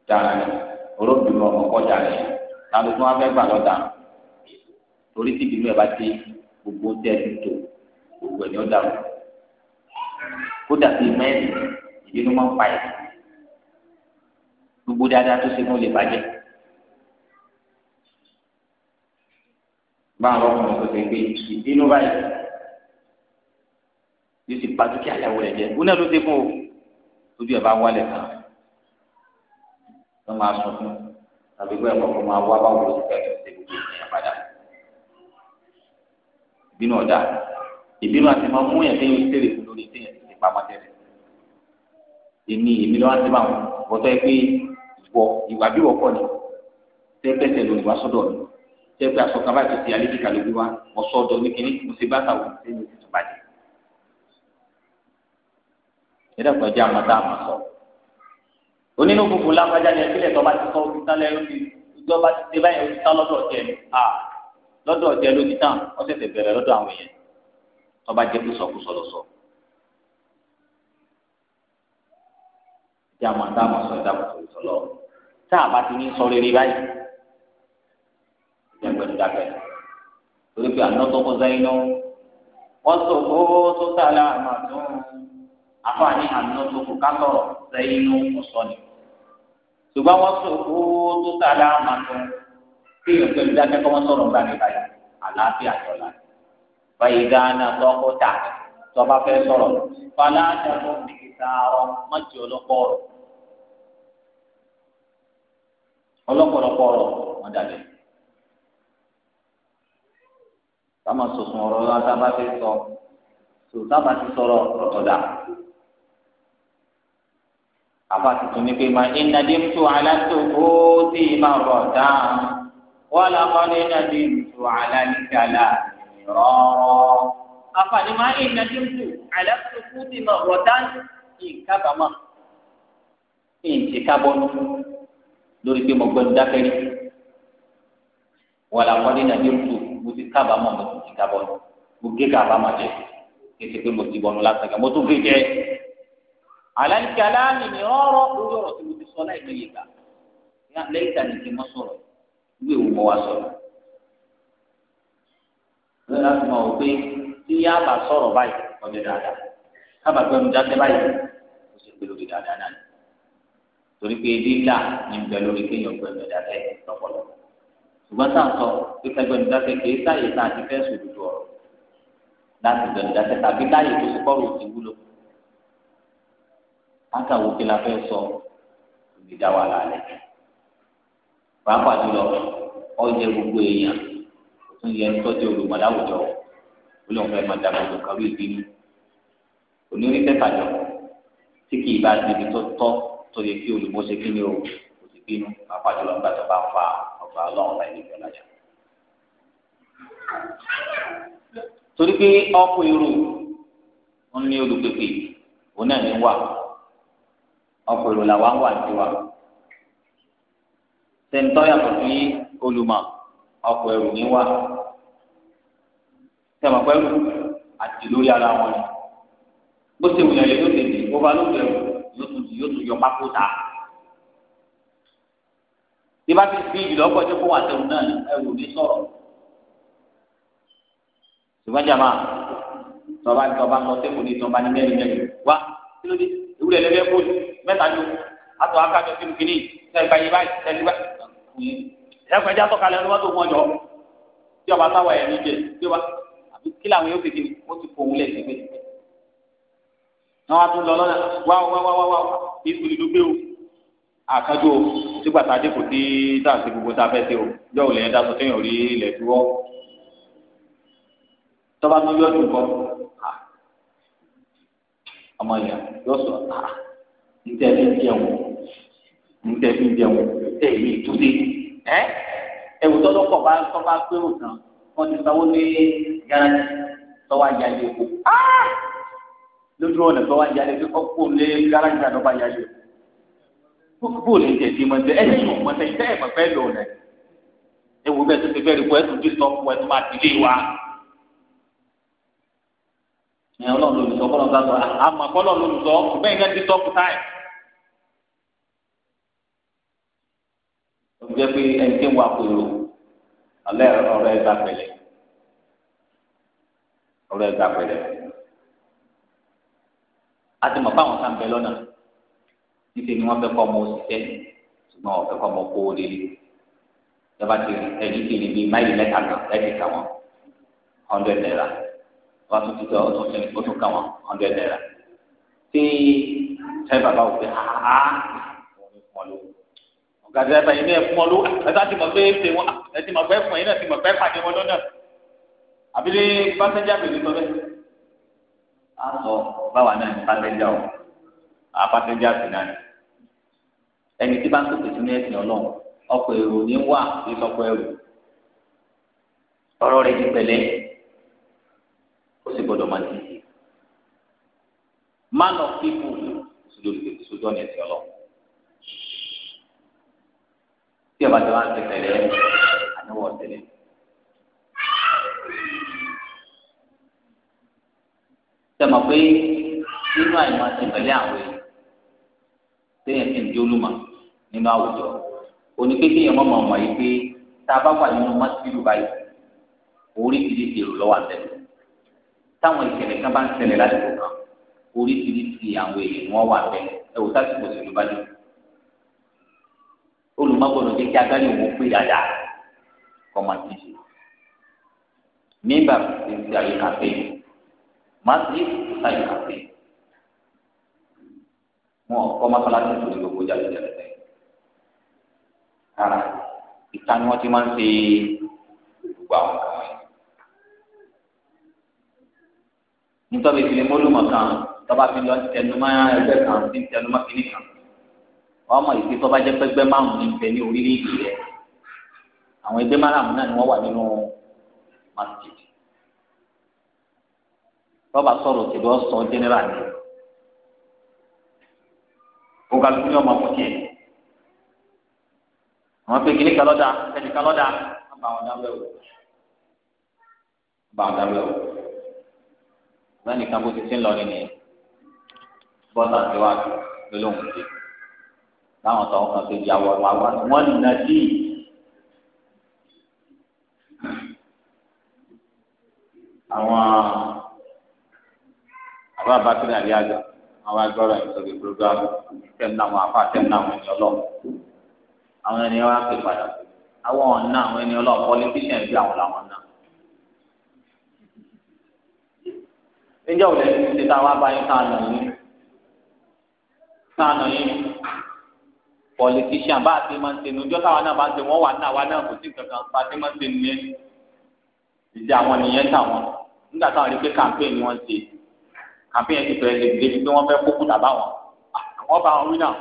[SPEAKER 1] ọ̀daràn ni olóbìnrin ọmọ kọjá rẹ̀ lálùkù wọn fẹ́ gbà lọ́dà torí tí ìbínú ẹ̀ bá ti gbogbo tẹ́ ẹ̀ tó gbogbo ẹ̀ ní ọ̀daràn kódà sí mẹ́rin ìbínú máa ń pa ẹ̀ gbogbo dáadáa tó ṣe mú lè bàjẹ́. báwọn ọkùnrin tó ṣe pé ìbínú báyìí yóò ti pa dúkìá ìyàwó rẹ̀ jẹ́ gbóná ló ṣe fún o lójú ẹ̀ bá wálẹ̀ kan wọ́n máa sọ fún tàbí bẹ́ẹ̀ kọ́kọ́ máa wá báwo ló ti fẹ́ tó ṣe gbogbo ìyẹn padà ìbínú ọ̀dà ìbínú àti máa mú yẹn téyìn tẹ̀lé fún lórí téyìn ti pamọ́ tẹ̀lé èmi èmi lọ́wọ́ ti máa wọ́n tọ́ ẹ pé wọ ìwà bí wọ́pọ̀ ni tẹ́gbẹ́sẹ̀ ló wá sọ́dọ̀ ni tẹ́gbẹ́ asọ́ka bá ti ti alẹ́kíkà ló wá wọ́n sọ́dọ̀ ní kínní mo ṣe bá tàwọn sẹ́yìn ti tún bàjẹ́. ìdàgbọ́n jẹ́ àmọ́ a máa sọ. onínú gbogbo lápájá ni ẹgbẹ́lẹ̀ tó bá ti sọ òkúta lẹ́yìn ti ìjọba ti ṣe báyìí òkúta lọ́dọ̀ ọ̀tẹ̀ ni lọ́dọ̀ ọ̀tẹ̀ ló ti tàn ó bẹ̀rẹ̀ lọ́dọ̀ àwọn èèyàn tó bá jẹ́ kó sọ tá a bá ti ní sọ rere báyìí ìjẹun pẹ̀lú dákẹ́ torí pé àná tó kó sẹ́yìn náà wọ́n tó kó tó tà láàmà tó àfààní àná tó kó ká sọ̀rọ̀ náà kò sọ ni ṣùgbọ́n wọ́n tó kó tó tà láàmà tó kí ìjẹun pẹ̀lú dákẹ́ kọ́ wọ́n sọ̀rọ̀ nígbà mi báyìí àlàáfíà jọlá báyìí gánà tó kó tà tó bá fẹ́ sọ̀rọ̀ fọlá àtàkùn nìkìtà ọ̀rọ̀ mọ́jọ́ lọ́pọ̀ ọ̀rọ̀. ọlọ́pọ̀lọpọ̀ ọ̀rọ̀ wọn dàbẹ̀. sábà sọ̀sùn ọ̀rọ̀ la sábà fi sọ tó sábà ti sọ̀rọ̀ ọ̀tọ̀dà. àbá tuntun ni pé máa ń nàdí tó aláǹtó ó sì máa rọ̀ dáa wọ́n là kọ́ ní nàdí tó aláǹkálá rọ́rọ́. àfààní máa ń nàdí tó aláǹtó ó sì máa rọ̀ dáa ní ìkábàámọ̀
[SPEAKER 2] ní ìtìkábọ́nù
[SPEAKER 1] lórí pé mo gbẹnu dákẹ́ rí wàlà kọ́ni nàbí rúdù mo ti kábàámọ̀ mo ti kábọ̀nù mo gé kábàámọ̀ jẹ kété pé mo ti bọ̀nù lásán kan mo tún gé jẹ àlàkàlà mi ni ọ̀rọ̀ lórí ọ̀rọ̀ tí mo ti sọ láì lóye gbà lẹ́yìn tani kí n mọ sọ̀rọ̀ ìwé ìwò mọ wa sọ̀rọ̀ lórí láti mọ wò pé tí yá bá sọ̀rọ̀ báyìí ọjọ́ dáadáa kábàgbẹnu dákẹ́ báyìí ó sì torí pé lílà ní bẹ lórí kéèyàn gbẹmí dákẹ́ lọ́pọ̀lọpọ̀ ṣùgbọ́n tá à ń sọ pé kẹgbẹmí dákẹ́ kì í sáyè tá à ti fẹ́ sòdodo ọ̀rọ̀ láti gbẹmí dákẹ́ tàbí láyè tó ti kọrò ti wúlò látàwọn kí la fẹ́ sọ ìdá wa lálẹ́ pàápàá jùlọ ọjẹ gbogbo èèyàn tún yẹ tọjú olùmọláwùjọ olóńgbẹ máa dàgbà tó kàwé ìbínú onírìnkẹtàjọ tí kì í bá ti di tó tọ́ tó yẹ kí olùkọ́ ṣe kí ni o kò sì bínú pàápàá jùlọ nígbà tó bá fa ọgbà ọlọ́run láì níbi ọ̀làjà. torí pé ọkọ̀ irú ń ní olùpèpè òun náà ní wà ọkọ̀ irú làwa ń wà ní wa tẹ̀ǹtọ́ yàtọ̀ sí olùmọ̀ ọkọ̀ ẹrù ní wà tẹ̀mọ̀ pẹ́lú àti lórí ara wọn bó ṣe wùyàn lè ló tètè ó bá lóde yóò tún yọ pákó ta tí bá ti fi ìlú ọgbọ́n tó kó wà sẹ́wọ̀n náà ẹrù ní sọ̀rọ̀ ṣùgbọ́n jàmá tọ́ba tọ́ba mọ sẹ́wọ̀n ní tọ́ba ní mẹ́rin mẹ́rin wá kí ló dé ìwúrẹ́ lẹ́gbẹ́ kó mẹ́ta ló àtọ̀ akájọ sínú kínní sẹ́gbà yìí báyìí sẹ́gbà ẹ̀fọ́ ẹja tọ́kalẹ̀ ló wá tó mọ́jọ tí ọba táwa ẹ̀ níjẹ tí ọba àbí kí làwọn yóò fi kí ni ó ti kó lẹ̀ sí náà wàá tún lọ lọ́nà wá wá wá wá wá ìdúgbé o àkájọ o sígbà tá a dé kò dé tá a ṣe gbogbo tá a fẹ́ ṣe o yọ ò lẹ́yìn dáṣọ téèyàn rí ilẹ̀ tó wọ́ tọ́ba tó yọ dùn kọ́ ọmọ yẹn yọ sọ ntẹ́ fi jẹun ntẹ́ fi jẹun ẹ̀ mi tó dé ẹ́ ẹ̀wù bá tọ́ba pé òtàn wọ́n ti sanwó ní garanti tọ́wọ́ ajá ní epo lójú ọ̀nà tó wá jáde pé ọ̀pọ̀ lé gáràjì àdọ́gba yáyọ. gbogbo ní tẹ̀sí mọ̀ ẹ́ ẹ́ yóò mọ̀ ẹ́ tẹ́ ẹ̀ mọ̀ fẹ́ lò rẹ̀. ẹ wo bẹ́ẹ̀ tó ti fẹ́ẹ́ rí pọ̀ ẹ̀ sọ fún ẹ máa ti lé wa. ẹ ọlọ́run lòlùsọ kọ́lọ́n bá sọ àmọ́ kọ́lọ́n lòlùsọ bẹ́ẹ̀ náà ti sọ fún táì. ó jẹ́ pé ẹni tí wàá pèrò alẹ́ ọ̀rọ̀ ẹ̀ àti mọ̀ fáwọn sáà ń bẹ lọ́nà níṣẹ́ ni wọ́n fẹ́ kọ́ ọmọ òṣìṣẹ́ ṣùgbọ́n wọ́n kọ́ ọmọ kó o lè lè yọba ti ẹni ti rí bíi máìlì mẹ́ta kan láti kà wọ́n hundred naira wọ́n tún ti tọ́ ọ tún ó tún kà wọ́n hundred naira tí ṣáì bàbá wò pé ha ah, ah, ah, wọ́n ní fún ọ lówó ọ̀gá dẹ́rẹ́bà yìí ní ẹ̀ fún ọ lówó ẹ̀ sá ti mọ̀ pé ẹ̀ ti mọ̀ pé fún ẹ̀yìn náà ti mọ̀ pé pàdé á sọ báwa náà ní pátẹ́jà o àpátẹ́jà sì náà ẹni tí bá ń tòkè sínú ẹ̀sìn ọlọ́run ọkọ̀ èrò ní wà ní sọ́kọ̀ ẹ̀rù ọ̀rọ̀ rẹ̀ ti pẹ̀lẹ́ ó sì gbọ́dọ̀ máa ti yé man of people sójú ọ̀nà ẹ̀sìn ọlọ́run tí ọba tí wọ́n á ti àníwọ̀ tẹ̀lé. sẹ́mọ̀ pé nínú àìmọ̀ ti pẹ̀lẹ́ àwọn èèyàn téèyàn ti ń di olúmọ̀ nínú àwùjọ oníkékè yẹn mọ̀mọ́ mọ̀ yìí pé tá a bá wà nínú mọ́sílù báyìí orí ti di èrò lọ́wọ́ àtẹ̀lẹ́ táwọn ìṣẹ̀lẹ̀ kan bá ń ṣẹlẹ̀ lásìkò kan orí ti di ti àwọn èèyàn ni wọ́n wà bẹ́ẹ̀ ẹ wò sásìkò sí yorùbá dùn olùmọ̀gbọ́dọ̀ jẹ́ kí agbárí òun pé dáadáa kọ́ máa ti nígbà tí ó ti àyè kàféyìn masjid saya hati mau kau masalah itu juga puja jalan saya karena kita mau cuma si bawa kami ini tapi film mulu makan tọba fi lọ tẹnumọ́ ẹgbẹ́ kan ti tẹnumọ́ kìíní kan ọmọ ìfi tọba jẹ pẹgbẹ márùn ní ini ní orílẹ̀-èdè rẹ̀ àwọn ẹgbẹ́ márùn náà ni wọn wà masjid tọ́ba sọ̀rọ̀ òṣèlú ọ̀sán jẹ́nẹ́rà ni ògàlùkù ni ọmọ fún tiẹ̀
[SPEAKER 2] àwọn pé kìnnìkan
[SPEAKER 1] lọ́dà ẹnìkan lọ́dà wọ́n bá wọn dáwọ́ ẹ̀wọ̀ bá wọn dáwọ́ ẹ̀wọ̀ lẹ́nu kan bó ti ti ń lọ nìyẹn bọ́tà ti wá lólóhùn sí láwọn tó ń kan tó di awọ ọmọ wọn nà dí. àwọn àwọn abakiri àrí àgbà àwọn agbọ́rọ̀ ìsọ̀rí program. tẹ̀ ní àwọn afa tẹ̀ ní àwọn ẹni ọlọ́ọ̀ àwọn ẹni wa pè padà àwọn ọ̀nà àwọn ẹni ọlọ́ọ̀ politician bí àwọn làwọn náà. níjọ́ òde ti táwọn abáyé tá a nà yín tá a nà yín politician bá a ti máa ń tẹnu ọjọ́ táwọn náà bá ń wọ́n wà náà wà náà kò sí kankan bá a ti máa ń tẹnu yẹn ìdí àwọn nìyẹn táwọn nígbà táwọn rí pé campaign àbí ẹni tó ẹni lè fi pé wọ́n fẹ́ kókó tàbá wọn àwọn bá wọn wí náà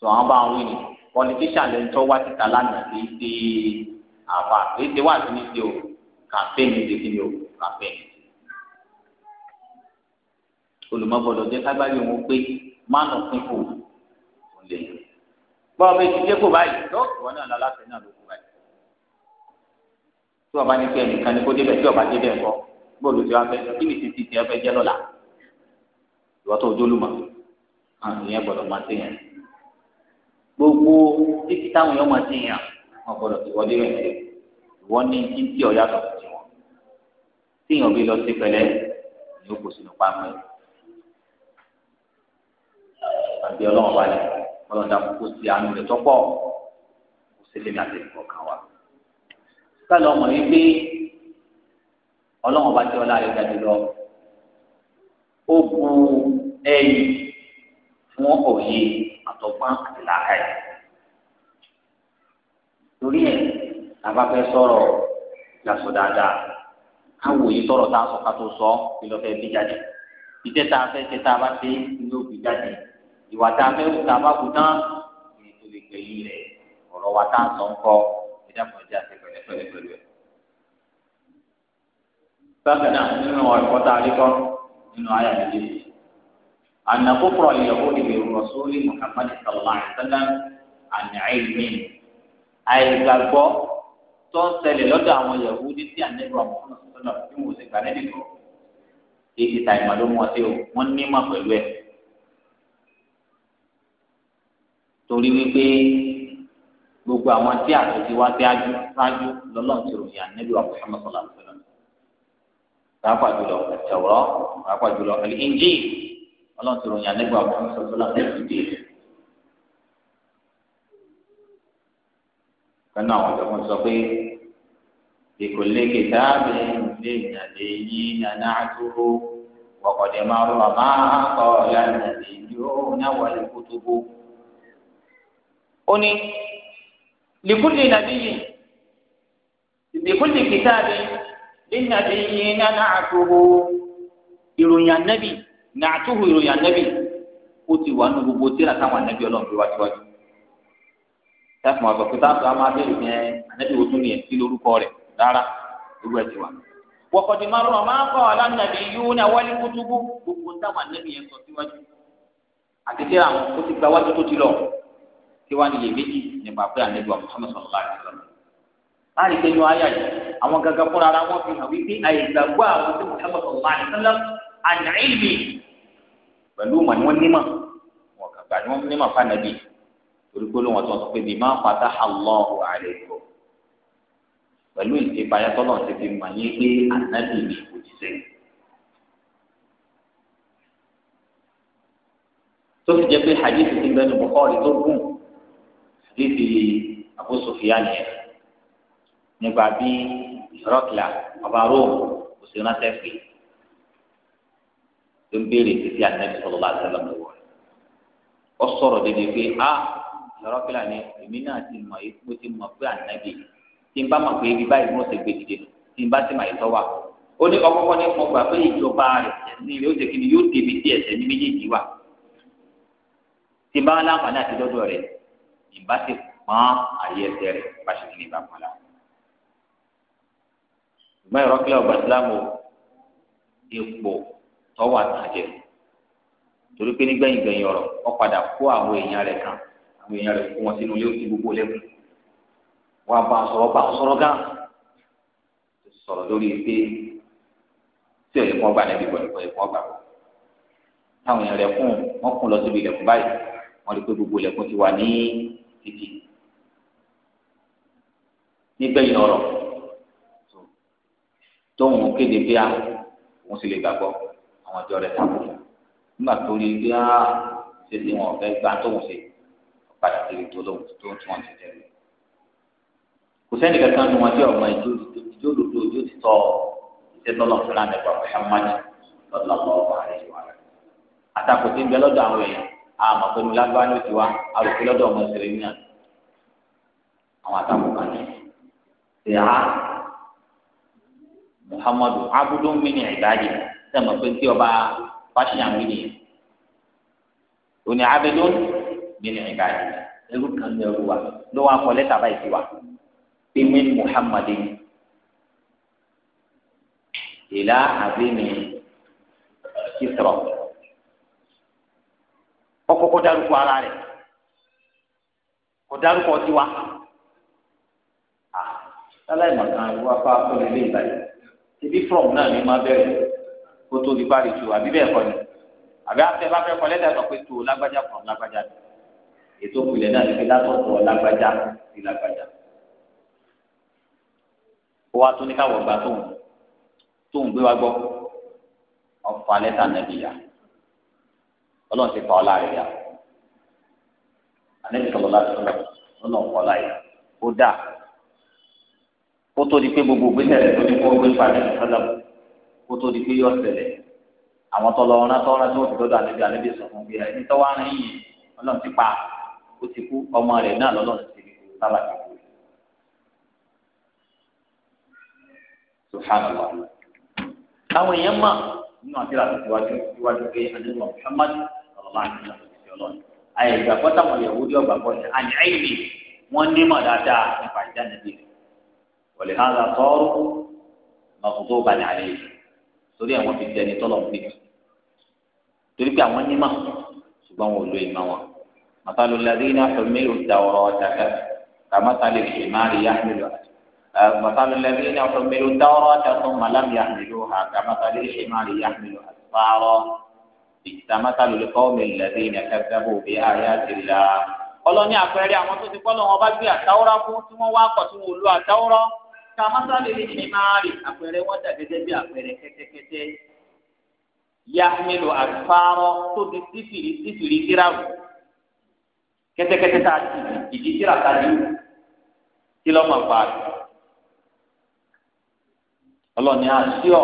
[SPEAKER 1] tó àwọn bá wọn wí ni politician lè ń tọ́ wá síta lánàá kì í ṣe àbá kì í ṣe wá sí ní ṣe o kàmpéènì ṣe kí ni o kàmpéènì olùmọ̀gbọ́dọ̀ jẹ́ kágbáyé wọn pé mánu pínkù lè bọ́ọ̀ bẹ́ẹ̀ ti dé kó báyìí tó wọn náà lọ́la fẹ́ náà ló kó báyìí tí ọba ní kí ẹnìkan ní kó débẹ̀ tí ọba débẹ̀ kọ́ bóòlù tí wàá fẹ́ kí ni títí tí wàá fẹ́ jẹ́ lọ́la ìwà tó ojú olùmọ̀ àwọn yẹn gbọ́dọ̀ máa ti yàn gbogbo títí táwọn yẹn máa ti yàn wọn gbọ́dọ̀ ti wọlé rẹ̀ ṣe ìwọ ní kí tí ọ̀yà tó ti wọn tíyàn bí lọ sí pẹ̀lẹ́ ni ó kò sínú pamọ́ ẹ̀ àbí ọlọ́run wà lẹ́yìn ọlọ́run dàpọ̀ kó sí àánú rẹ̀ tọ́pọ̀ kó sí lẹ́yìn àtẹ̀kọ̀ kan wa. sálọ ọmọ yìí pé
[SPEAKER 2] ọlọ́run bá tí ọlá rẹ̀ ga
[SPEAKER 1] jùlọ ó bu ẹyìn fún òye àtọ̀gbọ́n àti làákàyè torí ẹ̀ làbá fẹ́ sọ̀rọ̀ ìyàsọ̀ dáadáa káwọ yìí sọ̀rọ̀ tá a sọ ká tó sọ kí lọ́ọ́ fẹ́ bí jáde ìtẹ́ tá a fẹ́ tẹ́ tá a bá ṣe ní òbí jáde ìwà tá a fẹ́ wù tá a bá kú tán èyí tó lè gbẹ̀yìn rẹ̀ ọ̀rọ̀ wa tá a sọ ń kọ́ ìdàpọ̀ bákan náà nínú ẹ̀kọ́ tá a rí kọ́ nínú ayé àdìyẹ àná kókòrò ìyàwó ìbí rọ̀sọ́lì Muhammad sallallahu alayhi wa sallam àná ẹ̀mí àìgbàgbọ́ tó ń ṣẹlẹ̀ lọ́dọ̀ àwọn ìyàwó ní tí ànẹ́bí wa Muhammad sallallahu alayhi wa tí wọ́n ti gbà nẹ́bí kọ́ èyí ta ìmọ̀ ló mú ọtí o wọ́n ní mọ̀ pẹ̀lú ẹ̀ torí wípé gbogbo àwọn tí àtúntí wá sí ájú ṣáájú lọ́lọ́run pàápàá jùlọ ẹtẹwọrọ pàápàá jùlọ ẹlẹnjì Ọlọ́run ti ròyìn anẹgbà fún sọsọlá lẹsùdì kanú àwọn ọ̀jọ̀gbọ́n sọ pé èkó lékè dáàbẹ ìlé ìyàlẹ yìí nàná àtúrò wọkọdẹ máa rọ máa kọ lánàá èyí ó náwó alẹkùtùbù ó ní lìkúlì nàbí yìí lìkúlì kìtàbí inna diyina na'atuhu ìròyìn ànábì na'atuhu ìròyìn ànábì ó ti wà nù gbogbo tíra táwọn ànábì ọlọ́run fi wá síwájú táfù wọn sọ pé táfù wọn máa bẹ̀rẹ̀ yẹn ànábì wo tún ní ẹ̀sìn lórúkọ rẹ̀ rárá gbogbo ẹ̀ ti wà. wọ́kọ̀dì máa rọ̀ máa kọ́ alánàbì yóò náà wálé kútúbú gbogbo táwọn ànábì yẹn sọ síwájú àti tíra àwọn ó ti gba wájú tó ti lọ tí wàá nílé méjì nípa pé ànábì wa Muhammad sallallahu alaihi wasallam láàrin pé inú ayé yìí àwọn gangan fúnra ara wọn fi hàn wípé àìgbàgbọ́ àwọn tí Muhammad sallallahu alaihi wasallam àdáìlì pẹ̀lú mà ni wọ́n nímọ̀ wọn kàgbà ni wọ́n nímọ̀ fànàbí olùkóló wọn tó ń sọ pé máa pàtà Allahu alaykum pẹ̀lú ìṣèpáyà tọ́lọ̀ ti fi mà yín pé ànábì ni òjíṣẹ́ tó fi jẹ́ pé hadith ti ń bẹnu Bukhari tó gùn hadith Abu Sufyan yẹn nípa bí rọ́kìlà ọba róòmù kò sí ránṣẹ́ pé tó ń béèrè títí àtẹ́bí sọ̀rọ̀ bá sẹ́lẹ̀ mọ̀ wọ̀ ọ sọ̀rọ̀ dédé pé a rọ́kìlà ni èmi náà ti mọ̀ yìí mo ti mọ̀ pé ànábì tí n bá mọ̀ pé ibi báyìí mo ti gbé dìde tí n bá ti mọ̀ àyètọ́ wà ó ní ọkọ̀ọ̀kọ̀ ní mo gbà pé ìjọba rẹ̀ ẹ̀sìn rẹ̀ ó jẹ́ yóò débi tí ẹ̀sẹ̀ ní méjèèjì wà tí n bá láǹfààní àti dọ́dọ̀ rẹ̀ ìbá ti pọ́n àyè ẹsẹ̀ rẹ̀ bá ṣe kí ni ìbá pọ́n láwọn ṣùgbọ́n ìrọ́kílẹ̀ ọgbà ìsìlámù ipò tọ́wọ́ àtàjẹ torí pé nígbẹ̀yìn gbẹ̀yìn ọ̀rọ̀ ọ padà kó àwọn èèyàn rẹ̀ kan àwọn èèyàn rẹ̀ kó wọn sínú ilé òsì gbogbo lẹ́kùn wọn bá a sọ̀rọ̀ bá a sọ̀rọ̀ gán sọ̀rọ̀ lórí pé tí ò yẹ kó gbà níbi ìbọn ìbọn ìbọn gbà wọ́n táwọn èèyàn rẹ̀ kún wọn kún lọ síbi ilẹ̀kùn báyìí wọ́n rí pé gbogbo ilẹ̀kùn ti wà ní títì nígbẹ̀yìn ọ̀rọ̀ tóun kéde pé a ah, òun sì lè gbàgbọ́ àwọn ìjọ rẹ̀ tàbí nígbà tó rí pé a ah, ṣe ti wọn ọ̀fẹ́ gbà tóun ṣe padà kiri tó lóun tó tún wọn ti tẹ̀lé. kò sẹ́ni kankan nu wọn tí ọmọ ìjó lòdò ojú ti tọ́ ìṣẹ́tọ́lọ̀ fúnra nípa Muhammad lọ́dọ̀ lọ́wọ́ àrẹ ìwà rẹ̀. àtàkùn ti ń bẹ lọ́dọ̀ àwọn èèyàn àmọ́ pé mo lágbára ní tiwa àròkè lọ́dọ̀ ọmọ ìṣẹ̀lẹ̀ ní àwọn àtàkùn kan ní muhammadu abudu mini ibadi sẹ́mi pé tí ọba fásitì àmì nìyẹn òní abudu mini ibadi ẹrú kan ní ẹrú wa ló wá kọ lẹ́tà báyìí sí wa pé min muhammadu ìlà àbíní kisrọ ọkọ kó dárúkọ ara rẹ̀ kó dárúkọ tiwa ah sáláì màkàn ìwà fáwọn akọni lè báyìí ibi from náà ni máa bẹ̀rẹ̀ kó tó di báyìí tu àbí bẹ́ẹ̀ kọ́ ni àbí afẹ́ bá fẹ́ kọ́ lẹ́tà sọ pé tó lágbájá from lágbájá ni ètò ìpìlẹ̀ náà ni pé látọ̀tọ̀ lágbájá sí lágbájá ó wá tó ní káwọ̀ gba tóun tóun gbé wá gbọ́ ọ̀fà lẹ́tà nàbí yá ọlọ́run ti pa ọlá rẹ̀ yá àlẹ́ ìsọ̀lọ́lá ti sọ̀rọ̀ ọlọ́run kọ́ láyà ó dáa kó di pé gbogbo gbèsè rẹ tó ní kó gbé pàdé sọlọ kó di pé yọ ṣẹlẹ̀ àwọn tọlọ ọ̀nà tọ́ra tó fi lọ́dọ̀ àlejò àlejò sọ fún bí ẹni tọ́wọ́ arin yìí ọlọ́run ti pa ó ti kú ọmọ rẹ̀ náà lọ́lọ́run ti rí sábà subhanallah àwọn èèyàn mọ̀ nínú àti ìlànà ìwájú ìwájú pé àdéhùn Muhammad sallallahu alaihi wasallam àyè ìgbàgbọ́ táwọn yahudi ọgbàgbọ́ ni àyè àyè wọn ní mọ̀ dáadáa wọlé hàn án tọrọ mọkòtò balẹ̀ àlẹ́ yìí torí àwọn fi dẹni tọ́lọ̀ ń pèkì torí pé àwọn ní ma ṣùgbọ́n wọn ò lo ìmọ̀ wọn màtàlù ladina humilu tawrata kàmátàlì himari yahmilu màtàlù ladina humilu tawrata thumma lam yahmiluha kàmátàlì himari yahmilu asfara ìtàmátàlù liqawmi ladina kadzabu bi ayati llah ọlọ́ni àpẹẹrẹ àwọn tó ti kọ́ lọ́wọ́ bá gbé àtàwọ́rọ́ fún tí wọ́n wá kọ̀ tí wọ́n lo àtàwọ́rọ́ kàmásá lè ní ìmárì àpẹẹrẹ wọn dà gẹ́gẹ́ bí àpẹẹrẹ kẹ́tẹ́kẹ́tẹ́ yahmilu àfárọ tóbi sífìrí sífìrí gíráàmù kẹ́tẹ́kẹ́tẹ́ tá a ti ìdí síra ta ni kí ló máa fa àgbà ọlọ́ni àṣìọ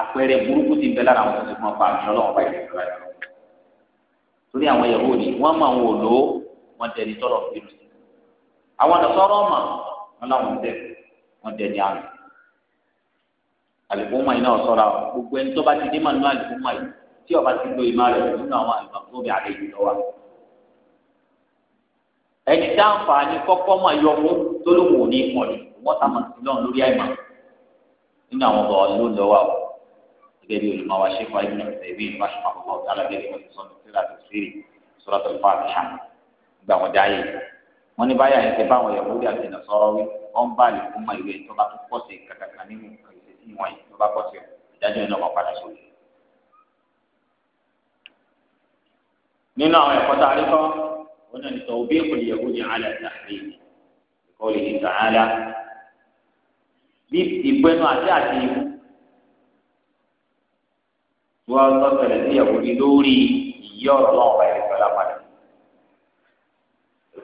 [SPEAKER 1] àpẹẹrẹ burúkú ti bẹ lára àwọn tó ti máa fa àgbà ọlọ́wọ́n bá yẹn lọ́la yẹn torí àwọn yẹ̀wò ni wọ́n máa wò ló wọ́n dẹni tọ́lọ̀ bínú
[SPEAKER 2] àwọn nàṣọ́rọ̀ mà
[SPEAKER 1] wọn làwọn ń dẹ́kun wọn dẹni àrùn àlùkùnmọ̀ yìí náà sọ̀rọ̀ gbogbo ẹni tó bá ti dé màánú àlùkùnmọ̀ yìí tí ọba ti lo ìmọ̀ rẹ̀ nínú àwọn àlùmọ̀tòbí àlẹ́ yìí lọ́wọ́ ẹni tí àǹfààní kọ́kọ́ mọ̀ yọ owó tó ló wò ní ìmọ̀lẹ̀ wọ́n ta mọ̀ sí lọ́run lórí àìmọ̀ nínú àwọn ọ̀bọ̀ ló ń lọ́wọ́ àwọn gẹ́gẹ́ bí olùmọ̀ wa ṣe fà ìmọ̀ ẹ̀bí ìmọ̀ ṣàkóso ọ̀tá ọ̀n bá lè fún ma ìwé tó bá tó pọ̀ sí kàkàkà nínú ìṣe sí ìwọ̀n yìí tó bá pọ̀ sí ìdájọ́ iná padà sórí.
[SPEAKER 2] nínú àwọn ẹ̀kọ́ tá a rí kọ́
[SPEAKER 1] wọn náà ní sọ òbí èkó ìyẹ̀wò ní alẹ́ àtàrí ìkọ́ lè ní sàálà bí ìgbẹ́nu àti àti ìwú tí wọ́n sọ sẹlẹ̀ sí ìyẹ̀wò ní lórí ìyẹ́ ọ̀rọ̀ náà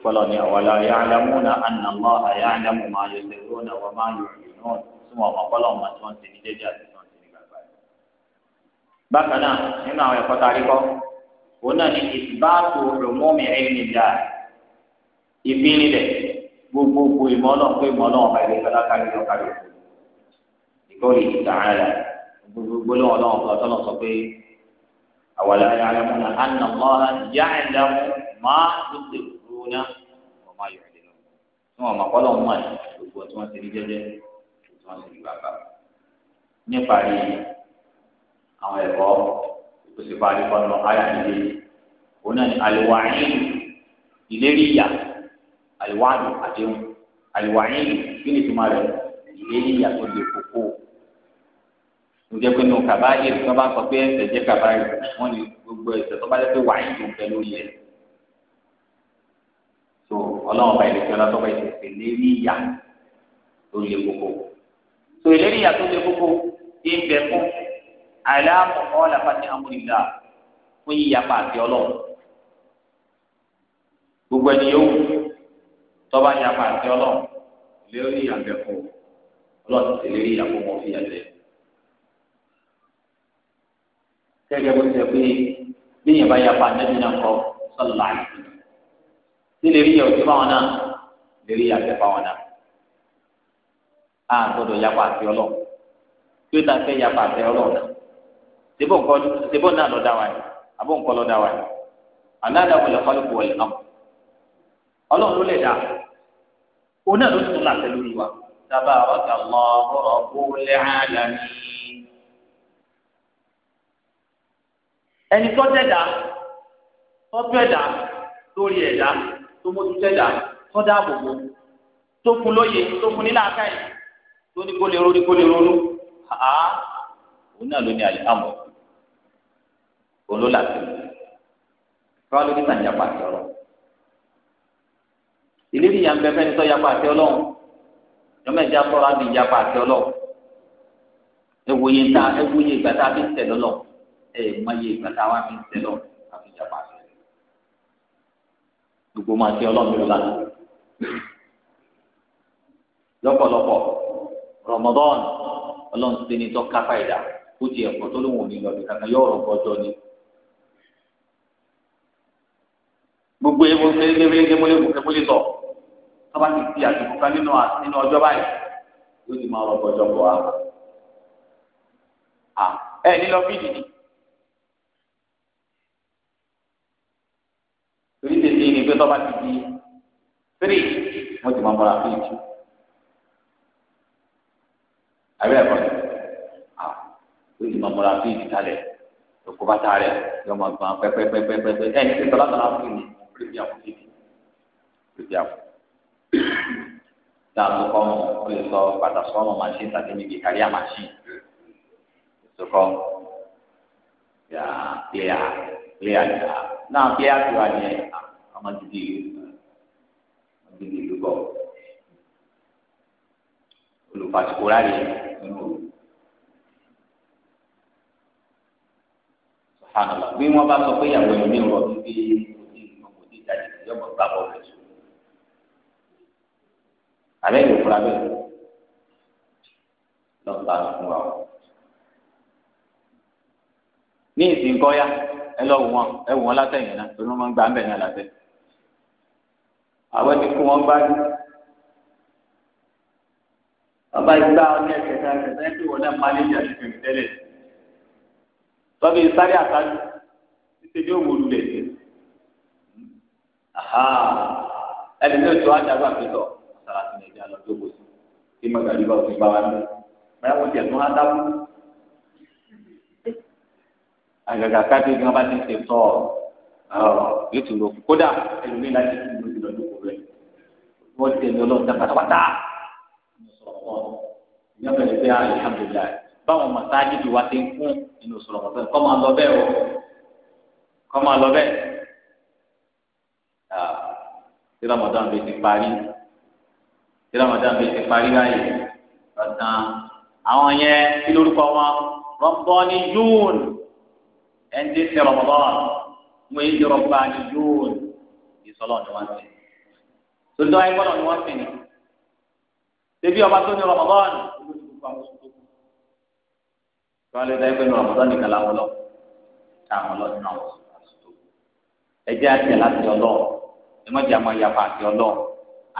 [SPEAKER 1] kọ́lọ̀ ní àwàlá yàlámù na ànàmọ́ àyàlámù máa yọ sẹ́kúrò náà wọ́n máa yọ ìlú náà súnmọ́ ọmọ kọ́lọ̀ ọmọ tí wọ́n ti ní dédé àti tí wọ́n ti ní gbàgbà. bákan náà nínú àwọn ẹ̀kọ́ tá a rí kọ́ òun náà ní ìsìbáàtò ròmọ́mì ẹ̀mí dà ìbírin rẹ̀ gbogbogbò ìmọ̀ náà pé ìmọ̀ náà ọba ìlú kọ́lá kárí lọ kárí òkú ìkọ́lé ìtàhálà gbogbogbò lọ́wọ́ náà ọba ọ̀tọ́ náà sọ pé àwàlá yàlámù na ànàmọ́ àyàlámù máa ya'lamuna wa ma yu'linun tí wọ́n mọ̀ kọ́lọ̀ ń mọ̀ ẹ̀ gbogbo tí wọ́n ti rí jẹ́jẹ́ tí wọ́n ti rí bàbá. nípa rí àwọn ẹ̀kọ́ tó ti parí kọ́nà ayáyílé òun náà ni àlùwàáyìn ìlérí ìyà àlùwàáyìn àdéhùn àlùwàáyìn kí ni ìtumọ̀ rẹ̀ ìlérí ìyà tó lè kókó. mo pé nù kàbáyé tí wọ́n bá sọ pé ẹ̀ṣẹ̀ jẹ́ kàbáyé wọ́n ní gbogbo ẹ̀ṣẹ̀ tó bá jẹ́ pé wàáyìn ń bẹ lórí ẹ̀ ọlọ́run ọba ìlẹ̀kẹ́ ọlọ́tọ́ba ìṣẹ̀ṣẹ̀ lérí ìyá tó lé koko tó ìlérí ìyá tó lé koko ti ń bẹ fún àìláàmọ̀mọ́ làfàtì amúnilá fún yíyapa àti ọlọ́run gbogbo ẹni yóò tọ́ba yapa àti ọlọ́run lérí ìyá bẹ fún ọlọ́run ti lérí ìyá fún wọn fi yà lẹ. gẹ́gẹ́ bó ti sẹ́ pé bí yẹn bá yapa nẹ́bí náà kọ́ sọ́lá àìsàn. tí lè rí yà òsì fáwọn náà lè rí náà a gbọ́dọ̀ yapa àti Ọlọ́run tí ó ta fẹ́ yapa àti Ọlọ́run náà sebo nǹkan sebo náà lọ dá wa yìí àbó nǹkan lọ dá wa yìí aláàdá wọlé kọlùkù wọlé náà Ọlọ́run ló lè náà ló tún láti lórí wa ẹni tó tó mójú tẹ́jà tó dáàbò bò tó fún lóye tó fún nílà káyì tó ní kó lè ronú kó lè ronú àá òun náà ló ní àlè àmọ̀ òun ló làtì fáwọn lórí sàǹjà pàṣẹ ọ̀rọ̀ ìlérí ìyá ń bẹ fẹ́ni tó yapa àti ọlọ́run yọmọ ẹja sọra bí ìyapa àti ọlọ́run ewòye ta ewòye ìgbà tá a ń tẹ lọlọ ẹ mọye ìgbà tá a wà fi ń tẹ lọlọ gbogbo máa ṣe ọlọ́run ló láti lọ́pọ̀lọpọ̀ Ramadan ọlọ́run ti ní tó kápá ìdá ó ti ẹ̀kọ́ tó lóun ò ní lọ ní kankan yóò rọ̀ gbọ́jọ́ ni. gbogbo ewu kékeré múlẹ̀kùnkẹ́múlẹ̀ sọ tọ́ba ti di àtìkù kan nínú ọjọ́ báyìí yóò ti máa rọ̀ gbọ́jọ́ bọ̀ wá. ẹ nílọ fídì ni. pé tọ́ba ti di three wọ́n ti máa múra fíìtì àbẹ́ ẹ̀kọ́ ni wọ́n ti máa múra fíìtì kalẹ̀ lóko bá ta rẹ̀ yọ máa gbọ́n pẹ́pẹ́pẹ́pẹ́pẹ́ ẹ̀ ṣe tọ́lá tọ́lá fún mi pèsè àpò fíìtì pèsè àpò dáàbò kọ́mọ ó lè sọ padà sọ́mọ machine tàbí níbi kárí àmàṣìn sọkọ yà pléyà pléyà yà náà pléyà tó wà ní ẹ̀ ọmọ gidi ìlú ọmọ gidi ìlú bọ̀ olùfàsìkò láre nínú òru. sọ̀hánàlá bí wọ́n bá sọ pé ìyàwó ẹ̀mí mi rọ̀ bíbí òdì ìgbọ̀n kò dé ìdájì ìdí ọmọ gbà bọ̀ rẹ̀ sùn. àbẹ́ ìlú fúra bẹ́ẹ̀ lọ́ọ̀tà fún wa. ní ìsìn kọ́yà ẹ lọ wọ́n ẹ wọ́n látẹ̀yìn náà torí wọ́n máa ń gbà ń bẹ̀ ní àlàfẹ́ àwọn ẹni kó wọn bá ní ọba ìgbà ọdún ẹ̀kẹta ẹ̀kẹta ẹ̀kẹta wọn náà máa léjì àti kẹ̀kẹ́ tẹ́lẹ̀ tọ́bi sáré àtàlù títí ní òwò lulẹ̀ sí ẹni náà tó àdàgbà fi lọ sara sí ẹ̀jẹ̀ àlọ́jọ́ bò sí tí màgàrí bá òfin bá wà ní báyà wọ́n jẹ̀ tún á dábò àgàgà káàdì gan bá ti ṣe tọ́ ọ yóò tún lò kódà ẹlòmíì láti kú wọ́n tẹ̀lé ọlọ́run pátápátá nínú sọ̀rọ̀ wọn ìyá bẹ̀rẹ̀ bẹ́ẹ̀ alihamudulilayi báwọn masáájì ti wá ti ń kún nínú sọ̀rọ̀ wọn kọ́ máa lọ bẹ́ẹ̀ o kọ́ máa lọ bẹ́ẹ̀ ah, tí ramadan bẹ ti parí tí ramadan bẹ ti parí báyìí lọ́sàn-án àwọn yẹn kí lórúkọ wọn rọ́bọ́ni yún ẹni tí ń sẹ́ rọ̀mọ́dọ́n wọ́n yé rọ́bọ́ni yún ìsọlọ́ọ̀ ni ti tòlítọ́ ayé gbọ́dọ̀ ni wọ́n sìn ní. Ṣébí ọba tó ní Ramadan ló ti kú àwọn oṣù tó kù. Wọ́n lè dá ẹgbẹ́ ní Ramadan nìkan láwọn lọ. Táwọn lọ nínú àwọn oṣù tó kù. Ẹ jẹ́ àti àláti ọlọ́ọ̀. Ẹ mọ̀jẹ̀ àmọ́ ìyàpá àti ọlọ́ọ̀.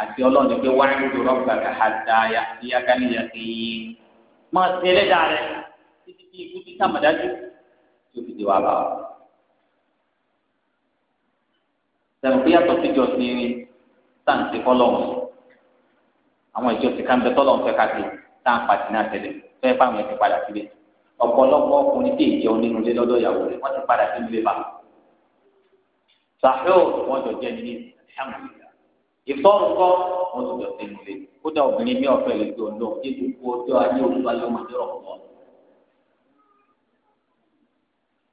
[SPEAKER 1] Àti ni pé wáyé ló rọ́gbà káhàtà yáká ní yàtí. Mọ̀ sí ẹlẹ́dàá rẹ̀ títí ti sàmọ̀dájú tó fi di wàhálà. Sẹ̀mùkú yàtọ̀ síjọ táǹtì fọlọ́wọ́n àwọn ìjọ ti káńtẹ tọ́lọ́wọ́n fẹ́ káàkiri táǹpà ti náà tẹ̀lé fẹ́ fáwọn ẹ̀sìn padà sílé ọ̀pọ̀lọpọ̀ ọkùnrin tí èjẹ onínú lé lọ́dọ̀ ìyàwó rẹ̀ wọ́n ti padà sí ilé bá sàfẹ́ wọn jọ jẹ́ ní alhamdulilayi ìfọ́rùn kọ́ wọn ti jọ sínú lé kódà obìnrin mi ọ̀fẹ́ lè fi ọ̀dọ́ kí gbogbo ọjọ́ ayé olúwa yóò máa dẹ́rọ̀ pọ̀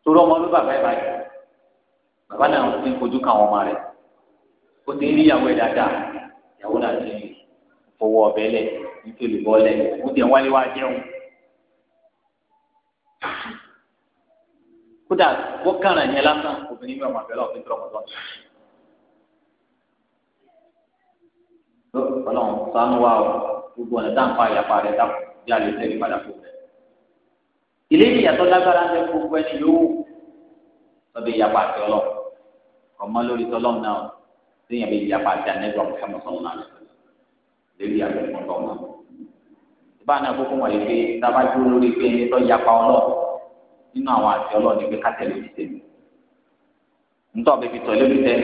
[SPEAKER 1] torí ọmọ ló bàbá ẹ̀ báyìí bàbá náà ń fojú kan ọmọ rẹ̀ ó ti rí ìyàwó ẹ̀ dáadáa ìyàwó náà ti fọwọ́ ọbẹ̀ lẹ̀ nítorí bọ́ọ̀lẹ̀ ó ti wáyé wá jẹun. kódà ó kàn án yẹn lásán obìnrin mi ọmọ àbẹ̀lẹ̀ ọ̀fìn tó ọmọdé ọlọ́run ṣàánú wa o gbogbo ọ̀nà dáńfà ìyàpá rẹ̀ dákú bí a lè tẹ̀lé padà fún rẹ̀. ilé ìyàtọ̀ lágbára ń bẹ gbogbo ẹni yòówù lọ́dọ̀ ìyàpá àti ọlọ́run ọmọ lórí tọ́lọ́run náà téèyàn bẹ yapa àti anabi ọmọ fẹmọ sọmọ náà lẹ lórí àgbẹfọ tọmọ ìbá náà kókó wọn yìí pé tába dúró lórí pé lọ yapa ọlọ nínú àwọn àti ọlọ ní pé kátẹlẹ ti tẹmí ntọ́ bẹ fi tọ́ lórí tẹ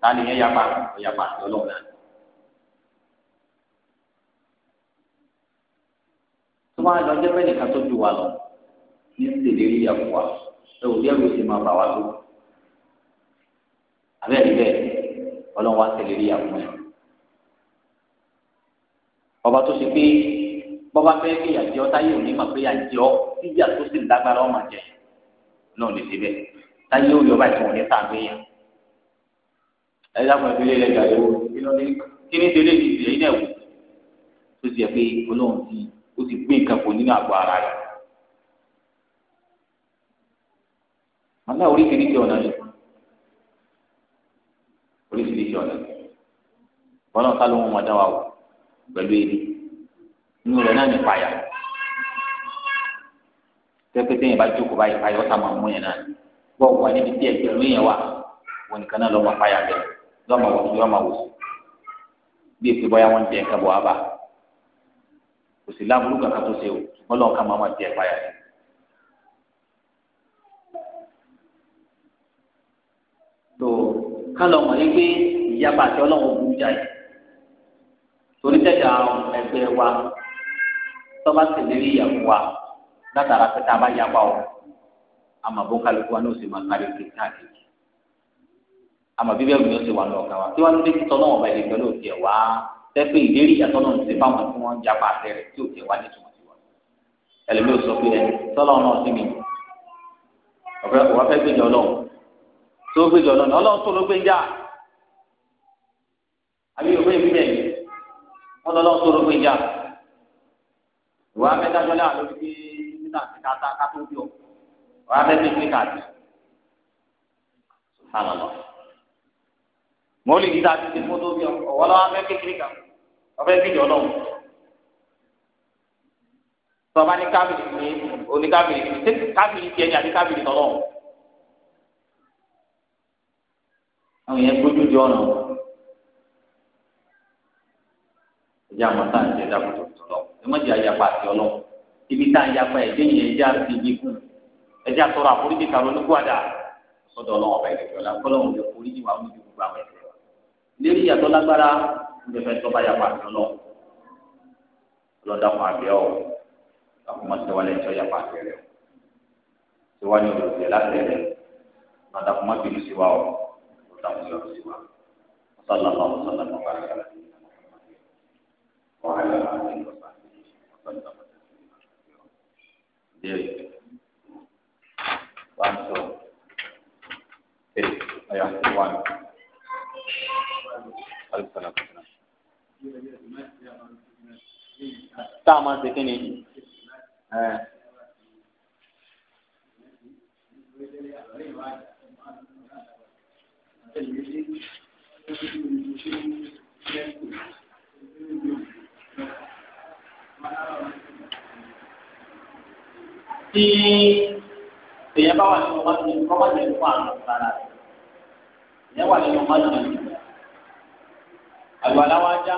[SPEAKER 1] táni yẹn yapa ọ yapa àti ọlọ náà. tó bá lọ jẹ́ pé nìkan tó ju wa lọ ní ìlérí ìyàwó wa ẹ ọlọ́run wá tẹ̀lé rí àwọn ẹ̀. ọba tó ṣe pé bọ́ba fẹ́ kí ìyàjẹ́ ọ táyé òní mà pé ìyàjẹ́ ọ tíjà tó sì lágbára ọmọ jẹ náà lè ṣe bẹ́ẹ̀ táyé òní ọba ìtàn ní sàgbé yẹn. ẹ dákun ẹbí lé lẹ́gbẹ̀ẹ́ àyẹ̀wò kí ni délé ti tẹ̀ ilé ẹ̀wò tó ṣe pé ọlọ́run ti ó ti gbé nǹkan kò nínú àgọ́ ara rẹ̀. àlá oríkèéríkèé ọ̀nà yìí ìjọ lọ bọ́lá ọ̀ká ló ń wọn dá wa wò pẹ̀lú eré inú rẹ̀ náà ní payà tẹ́pẹ́tẹ́ yẹn bá jókòó báyìí payà ọ̀tá máa mú yẹn náà bọ́ wà níbi tí ẹgbẹ̀rún yẹn wà wọn nìkan náà lọ́mọ payà bẹ̀rẹ̀ lọ́mọ wò sí lọ́mọ wò sí bí èsì bọ́yá wọn jẹ nǹkan bọ̀ wá bá kò sí láburú kankan tó ṣe o ṣùgbọ́n lọ́ọ̀ká máa máa jẹ payà bẹ̀rẹ̀.
[SPEAKER 2] tó kálọ̀ mọ̀ yí pé
[SPEAKER 1] ìyábà tí ọlọ́run bú jáì torí tẹ̀dá ẹgbẹ́ wa tọ́ba tẹ̀lérí ìyàwó wa látara pé tá a bá yábà ọ àmàbó kálukú wa ní oṣù máa kárí kiri káàkiri àmàbí bẹ́ẹ̀ ni ó ṣe wà lọ́ọ̀kan wa tí wọ́n lé títọ́ náà ọba ìdèkẹ́ ló tiẹ̀ wá tẹ́pẹ́ ìlérí ìyàtọ̀ náà ti fáwọn tí wọ́n ń jápa àtẹ rẹ̀ tí ò tiẹ̀ wá nítorí tiwọn ẹlẹ́mi ò sọ pé ẹ àbí òwe ìbílẹ̀ yìí wọ́n lọ́ọ́ tó rògbò ìjà ìwà abẹ́dájọ́lẹ́ àlórí pé nínú àti kata kátó bí ọ ìwà abẹ́dẹ́ pé kàdé sàlọ́lọ́ mọ́lì dídá ti ti fótó bí ọ̀wọ́ lọ́wọ́ abẹ́ kékeré kan ọbẹ̀ kéde ọlọ́run tọ́ba ní kábìlì ní oníkábìlì ní kábìlì tiẹ̀ ní àti kábìlì tọ́lọ́ àwọn yẹn gbójú di ọ̀nà wọn. ẹjẹ àwọn tá à ń jẹ dàbò tó tó lọ ẹ mọ̀jẹ̀ àyàpá àti ọlọ́ ibi tá à ń yapa ẹ̀jẹ̀ yẹn ẹjẹ́ àti ibi kùn ẹjẹ́ àtọ́rọ̀ àforíjì kàrọ̀ onígbàdà sọ́dọ̀ ọlọ́wọ́ ọba ìrẹ̀lẹ̀ ọ̀la kọ́lọ́wọ́ lè foríjì wà mú gbogbo àwọn ẹ̀ṣẹ̀ wa lérí ìyàtọ̀ lágbára ńbẹ̀fẹ̀ tọ́ba yapa àti ọlọ́ ọlọ́dàkùn àbẹ́ ọ̀ àkùnmọ̀ tẹ̀wálẹ̀ ẹ̀ṣọ́ yapa وعلى آله وصحبه وسلم تسليما كثيرا. ديري وانسو ايه ايوه وان الف سلام táwọn ṣe kí ni Thank you tí èèyàn bá wà nínú mọ́tò kọ́mọ́tò ẹ̀ fún àrùn sára èèyàn wà nínú mọ́tò àgbàlá wa já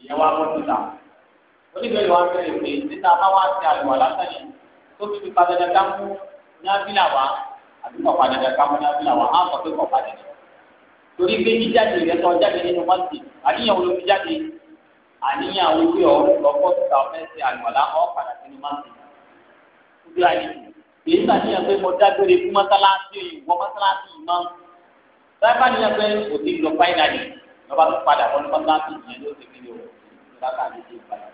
[SPEAKER 1] èèyàn wá bọ́ síta oníbẹ̀rẹ̀ wa bẹ̀rẹ̀ pé títa táwa ti àlùwà látàlẹ̀ tó fi pa dandan dákú ní abílà wa àti kọ̀pá dandan kámú ní abílà wa á sọ pé kọ̀pá dandan torí pé jíjáde rẹ̀ tó jáde nínú mọ́tò àníyàn olómi àníyàn wípé ọ̀rọ̀ lọ́kọ́ síta ọ̀fẹ́ ṣe àlùwàlá ọ̀ padà sínú máàkì. Kúdú àní kì í sàníyàn pé mo dágbére fún mọ́sálásí ìwọ mọ́sálásí ìmọ̀. Sáyẹ́fà níyàn pé kò sí lọ fáìnàlì lọ́ba tó padà wọ́n ní mọ́sálásí ìyẹn ló ti kéde o. Bàbá mi ti padà.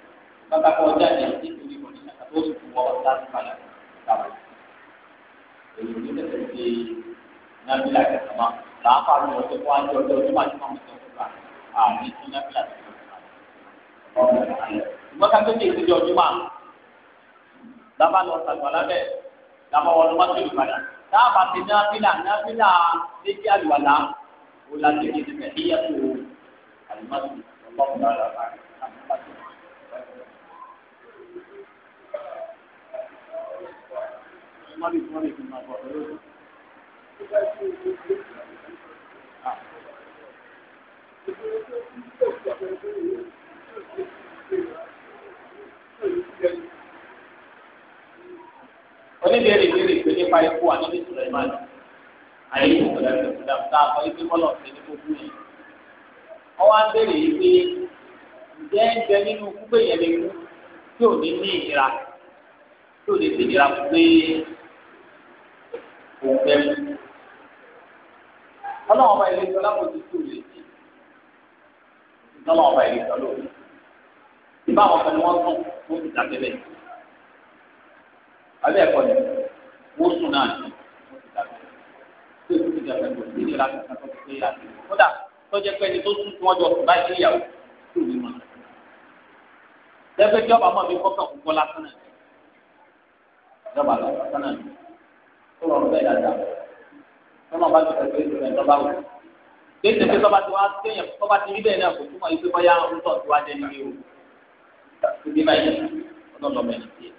[SPEAKER 1] Bàbá kọ́ ọjà ìyẹn ti torí kò ní kàtà tó sùn wọ́n mọ́sálásí padà. Èyí ló tẹ̀sẹ̀ ṣe nábìlà kẹsàn-án. ló ń mọ́tà tó kéde ìdíjọ́ ọdún máa lábá lọ sàgbà lábẹ́ làbá wọn lọ́wọ́ tó ìbàdà táàbà ti ní abílà ní abílà létí àlùwàlà ó la ti di tẹ̀ ní yẹtù àlùmọ́tò ọlọ́run náà làbá àlùmọ́tò. Mọ́lì oníbèrè ìbéèrè pé nípa ikú ànábì Sulaiman àyè ìṣẹ̀lẹ̀ ìṣẹ̀lẹ̀ tá a sọ ibi bọlọ ṣe ní gbogbo yìí wọn wá ń béèrè yìí pé ǹjẹ́ ń nínú yẹn lè kú tí ò ní ní ìnira tí ò lè pé mú ọlọ́run ọba lápò tuntun báwọn kan ni wọ́n sùn wọ́n ti dàgbé bẹ́ẹ̀. abẹ́ ẹ̀kọ́ ni wọ́n sùn náà ni wọ́n ti dàgbé tí o ti dàgbé kò sí ìlera kankan tó ti pé àti kódà tọ́jẹ́ pé ẹni tó sùn tí wọ́n jọ sùn báyìí sí ìyàwó tó ní mọ̀. lẹ́gbẹ́ tí ọba mọ̀ mi kọ́kàn kó bọ́ lásán náà ìjọba lọ lásán náà tó rọrùn bẹ́ẹ̀ dáadáa tọ́nà bá ti tẹ̀lé ìṣẹ̀lẹ̀ ìjọba wò kéde pé tọ́ba ti wá séèyàn tọ́ba ti rí bẹ́ẹ̀ náà kò túmọ̀ yìí pé bọ́yá ń tọ̀ síwájú ẹni ní o ibi báyìí ọlọ́dọ̀ mẹ́rin tiẹ̀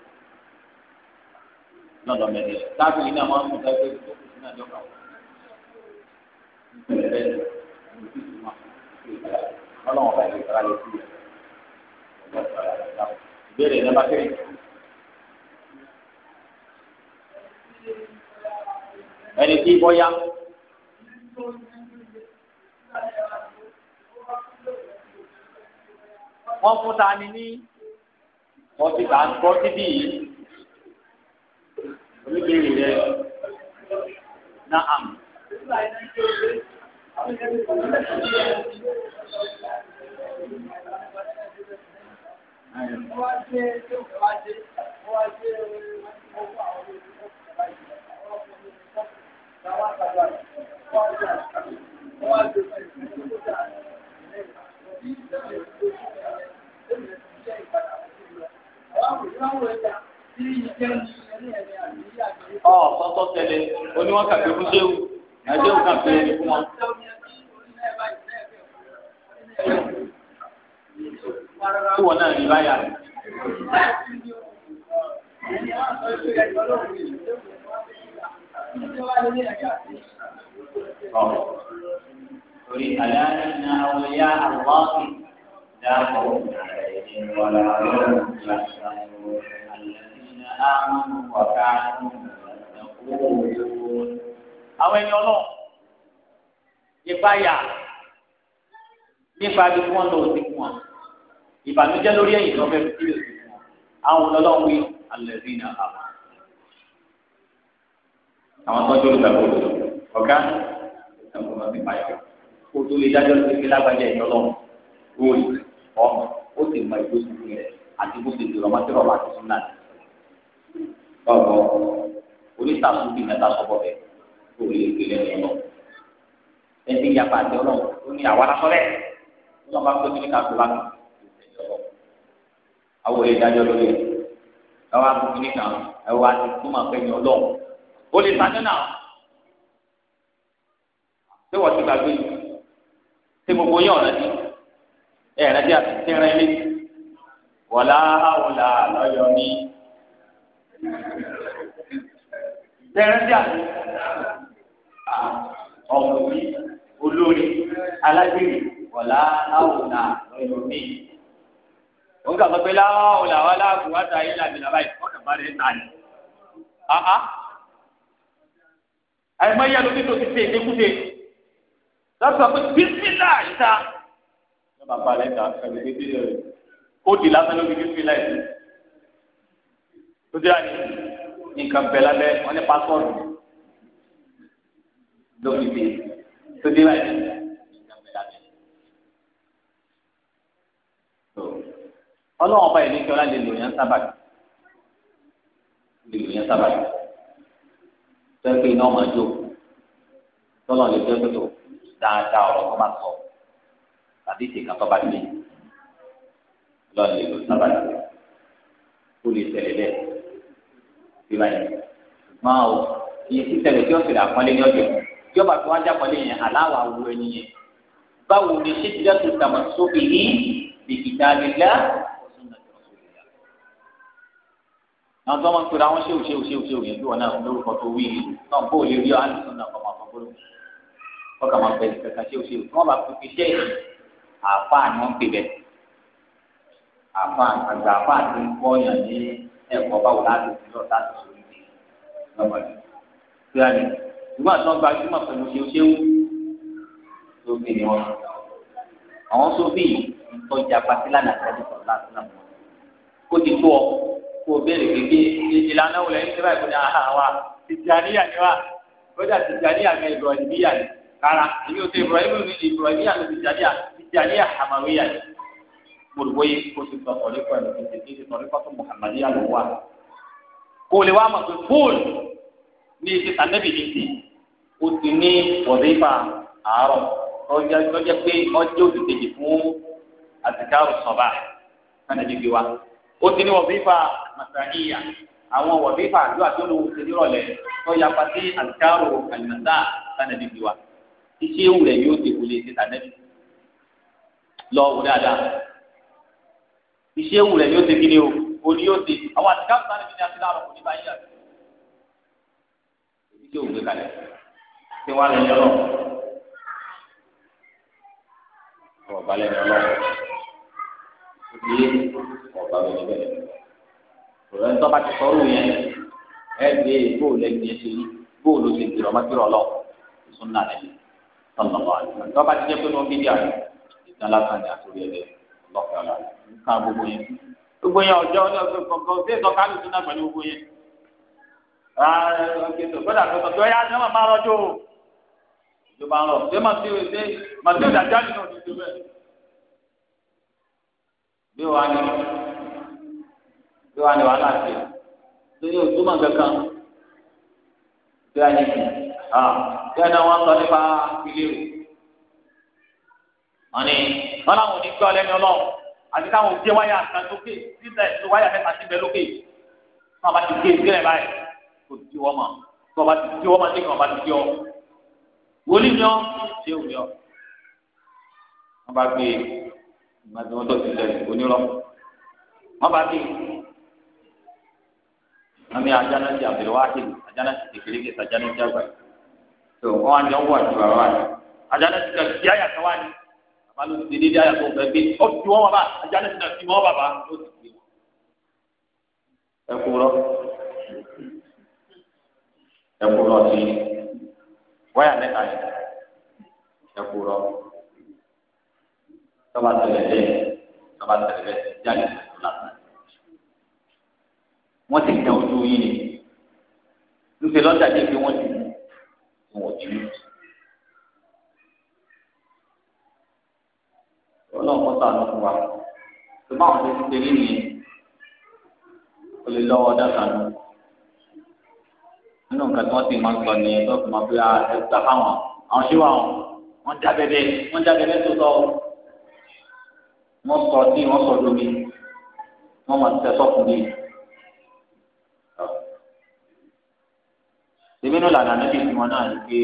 [SPEAKER 1] ọlọ́dọ̀ mẹ́rin tiẹ̀ táàbù yìí náà wọ́n mú ká pé kókò sí náà dọ́kà wọ́n nítorí bẹ́ẹ̀ ọlọ́wọ́n bá yẹ kára lè fi ìbéèrè ẹ̀ lọ́ba kiri. ẹni tí bọ́yá. wọ́n fún ta ni ní. wọ́n ti là ń kọ́ síbí yìí oníbèrè rẹ̀ naam. Thank you. ọ̀ sọ́tọ̀ tẹ̀lé oníwọ́n kàgbé fún séwu àdéhù kàgbé ẹni fún wọn. tí wọn náà rí báyà rẹ.
[SPEAKER 2] torí àlàyé
[SPEAKER 1] náà wọ́n yá àwọn ọ̀sìn. داهم عليهم ولا يوم الذين آمنوا وكانوا يتقون أوين ẹni ọlọ́run ìpayà nípa bí wọ́n lọ sí fún wọn ìbànújẹ́ lórí ẹ̀yìn tó fẹ́ẹ́ fi sí fún wọn àwọn ọlọ́run wí alẹ́bí náà àbá àwọn tó ń jó ìgbàgbọ́ ọ̀gá ìgbàgbọ́ náà ti payà kó tó lè dájọ́ sí pé lágbájá ìjọlọ́run ọmọ ó sì mọ ìlú tuntun rẹ àti bó ṣe jùlọ mọ tírọ̀bù àti súnà ọ̀rọ̀ onítàkùn bíi mẹ́ta sọ́kọ̀ bẹ̀ kó lè gbélé ní lọ. ẹni yàgbà àti ọlọ́run ó ní àwa lásán rẹ̀ ó lọ́ba tó ní ká tó bá mi àwọn ìdájọ́ lórí ẹ̀ ẹ wá fún kínní kan ẹ wá ti tún máa fẹ́yìn ọlọ́run ó lè sáájú náà ṣé wọ́n ti gbàgbé ṣé gbogbo yín ọ̀rẹ́ ẹ̀rẹ́ bí àtẹ̀rẹ́ lé wọ̀lá àwòlà lọ́yọ̀ ní. tẹ̀rẹ́ bí àtẹ̀rẹ́ ọ̀gbìn olórí alágbèrè wọ̀lá àwòlà lọ́yọ̀ ní. ó ń gbà pé láwọn làwọn aláàbò wá ta ilé àbílà báyìí ọ̀kà bá rẹ̀ ta ni. àìmọye àlọ́ títò ti ṣe ìdíkùtè lọ́sọ̀ pé bísí náà ìta bàbá rẹ̀ dà pẹ̀lú gbégbé rẹ̀ kóòtù lásán ló fi gbégbé láì sí. tó dé àná nǹkan bẹ̀ lábẹ́ wọn ní pásọ̀rù ló fi gbé tó dé láì sí. ọlọ́run ọba ìlẹ́kẹ́ ọlá lè lò yẹn sábàtì lè lò yẹn sábàtì tẹ́lẹ̀ pé iná ọmọ àjò tọ́lọ̀ lè tẹ́lẹ̀ tó dáadáa ọ̀rọ̀ tó máa sọ tàbí ìṣèkà tó bá dé lọ́ọ̀lì ló sábà dé ó lè tẹ̀lé bẹ́ẹ̀ bí báyìí máa o iye títẹ̀lé tí ó fi àpọ́nlé ní ọjọ́ yóò tuan tó wá jápọ́nlé yẹn aláwọ̀ awo ẹni yẹn báwo ni ṣé ti dẹ́kun tàmà sóbì ní bìkìtà lílá àwọn tó máa ń pèrè àwọn ṣéwù ṣéwù ṣéwù ṣéwù yẹn bí wọn náà lórúkọ tó wí ni náà bó lè rí àlùsùn náà kọ́ máa fọ́ gbólóhùn kọ́ kà máa bẹ̀rẹ̀ kẹ̀kẹ́ ṣéwù ṣéwù tí wọ́n bá fi fi ṣẹ́yìn àfáà ni wọ́n pè bẹ́ẹ̀ àfáà àgbà àfáà ti ń kọ́ yàn ní ẹ̀kọ́ báwo láti fi lọ́ọ̀ láti sọ ní ìlú lọ́wọ́dì tí a lè ìgbà tí wọ́n gba júmọ̀ pẹ̀lú ṣe ṣéwú tó fi ni wọ́n àwọn sófì ìtọ́jà pàtílànà àtẹ́lẹ́ sọ̀rọ̀ láti náà kó ti tó ọ kó o béèrè pé ìlànà wò lẹ́yìn tí báyìí kò ní àwa tìjàníyà ni wa kódà tìjàníyà ni ìbùrọ̀dìbíyà ni rárá èmi ò tẹ ìbùrọ̀dìbíyà ni ìbùrọ̀dìbíyà ni tìjàníyà Tijaniya Hamawiya ni gbogbo yìí kó ti sọ ọ̀rí pẹ̀lú títí kí ti sọ̀rí pàtó Muhammadiya ló wà. Kò lè wá mọ̀ pé fóònù ní ti sànẹ́bì ní ti o ti ní wọ̀dífà àárọ̀ lọ́jọ́ pé ọjọ́ òdìkejì fún àtìkárù sọ̀bà sànẹ́bì gbé wa. O ti ní wọ̀dífà màsàáyà àwọn wọ̀bífà àdúrà tó ló ṣe nírọ̀lẹ́ tó yapa sí àtìkárù àlùmọ̀sá sànẹ́bì gbé wa. Iṣẹ́ òwúrẹ̀ yóò ti kò lè ṣe lọ wò dáadáa iṣẹ́ wù rẹ̀ yóò ṣe kíni o o ní yóò ṣe àwọn àti káàkiri sáré mi ní àti láàrọ̀ kò ní báyìí àti èyí tí o gbé kalẹ̀ tí wọ́n á lẹ́yìn ọlọ́run ọ̀bá lẹ́yìn ọlọ́run ìdílé ọ̀bá lẹ́yìn bẹ́ẹ̀ òrẹ́ ńtọ́ bá ti sọ́rù yẹn ẹ̀ gbé bóòlù lẹ́yìn yẹn ṣe bóòlù ṣe dìrọ̀ mọ́tìrọ̀ ọlọ́run ìsúná lẹ́yìn tọ́lọ́lọ́ àti lálàkàní àtòrí ẹlẹ ọlọ́pàá la nǹkan gbogbo yẹn gbogbo yẹn ọjọ́ ọlọ́pàá kọkọ bí ètò kálù tó náà pẹ̀lú gbogbo yẹn gbọ́dọ̀ àgbẹsọ tó yá ni wọn máa rọjò o ìjọba ń rọ ṣé màtí o ṣe màtí o dàjà nínú òdìdó bẹ́ẹ̀ bí wàá ní bí wàá ní wàhálà ṣe lórí òtúmọ̀ kankan bí wàá ní ah, bí wàá ní wọn sọ nípa ilé wọn ni wọn làwọn ò ní gbọ́ lẹ́nu ọlọ́run àti káwọn òjé wáyà kan lókè títà ètò wáyà mẹ́ta síbẹ̀ lókè wọn bá ti gé sílẹ̀ báyìí kò tí wọ́n mọ̀ tó bá ti tí wọ́n máa ń tẹ̀kọ̀ bá ti tí ọ wòlíì ni ọ ṣé òun yọ wọn bá gbé ìgbà tí wọn tó ti lẹ onírọ́ wọn bá gbé àmì àjánásí àbẹ̀rẹ̀ wá kékeré kéde àjánásí àgbà tó wọn wá ní ọwọ́ àti bàbá wa ni àjánásí kan wá ní wọn ló ti dédé ayàtọ̀ ọ̀fẹ́ gbé ó ti wọ́n bàbá ajálẹ̀ ti nà ti wọ́n bàbá ó ti gbé wọn. ẹ kú rọ ẹ kú rọ sí wáyà mẹ́ta yìí ẹ kú rọ tọ́ba tẹ̀lé bẹ́ẹ̀ tọ́ba tẹ̀lé bẹ́ẹ̀ ti dẹ̀ ojú yìí ni ń ṣe lọ́jà dé pé ti mú wọn ò tí ọlọ́run kọ́ sànù fún wa tó bá wọn ti tẹ̀lé nìyẹn o lè lọ́wọ́ dáta nù nínú nǹkan tí wọ́n ti máa ń sọ nìyẹn tó fi máa fi ẹgbà fáwọn àwọn ṣíwá wọn wọ́n dábẹ́bẹ́ wọ́n dábẹ́bẹ́ tó tọ́ wọ́n sọ ní wọ́n sọ lómi wọ́n máa tẹ sọ́kùnrin èmi nù lànà níbi ìgbìmọ̀ náà ní pé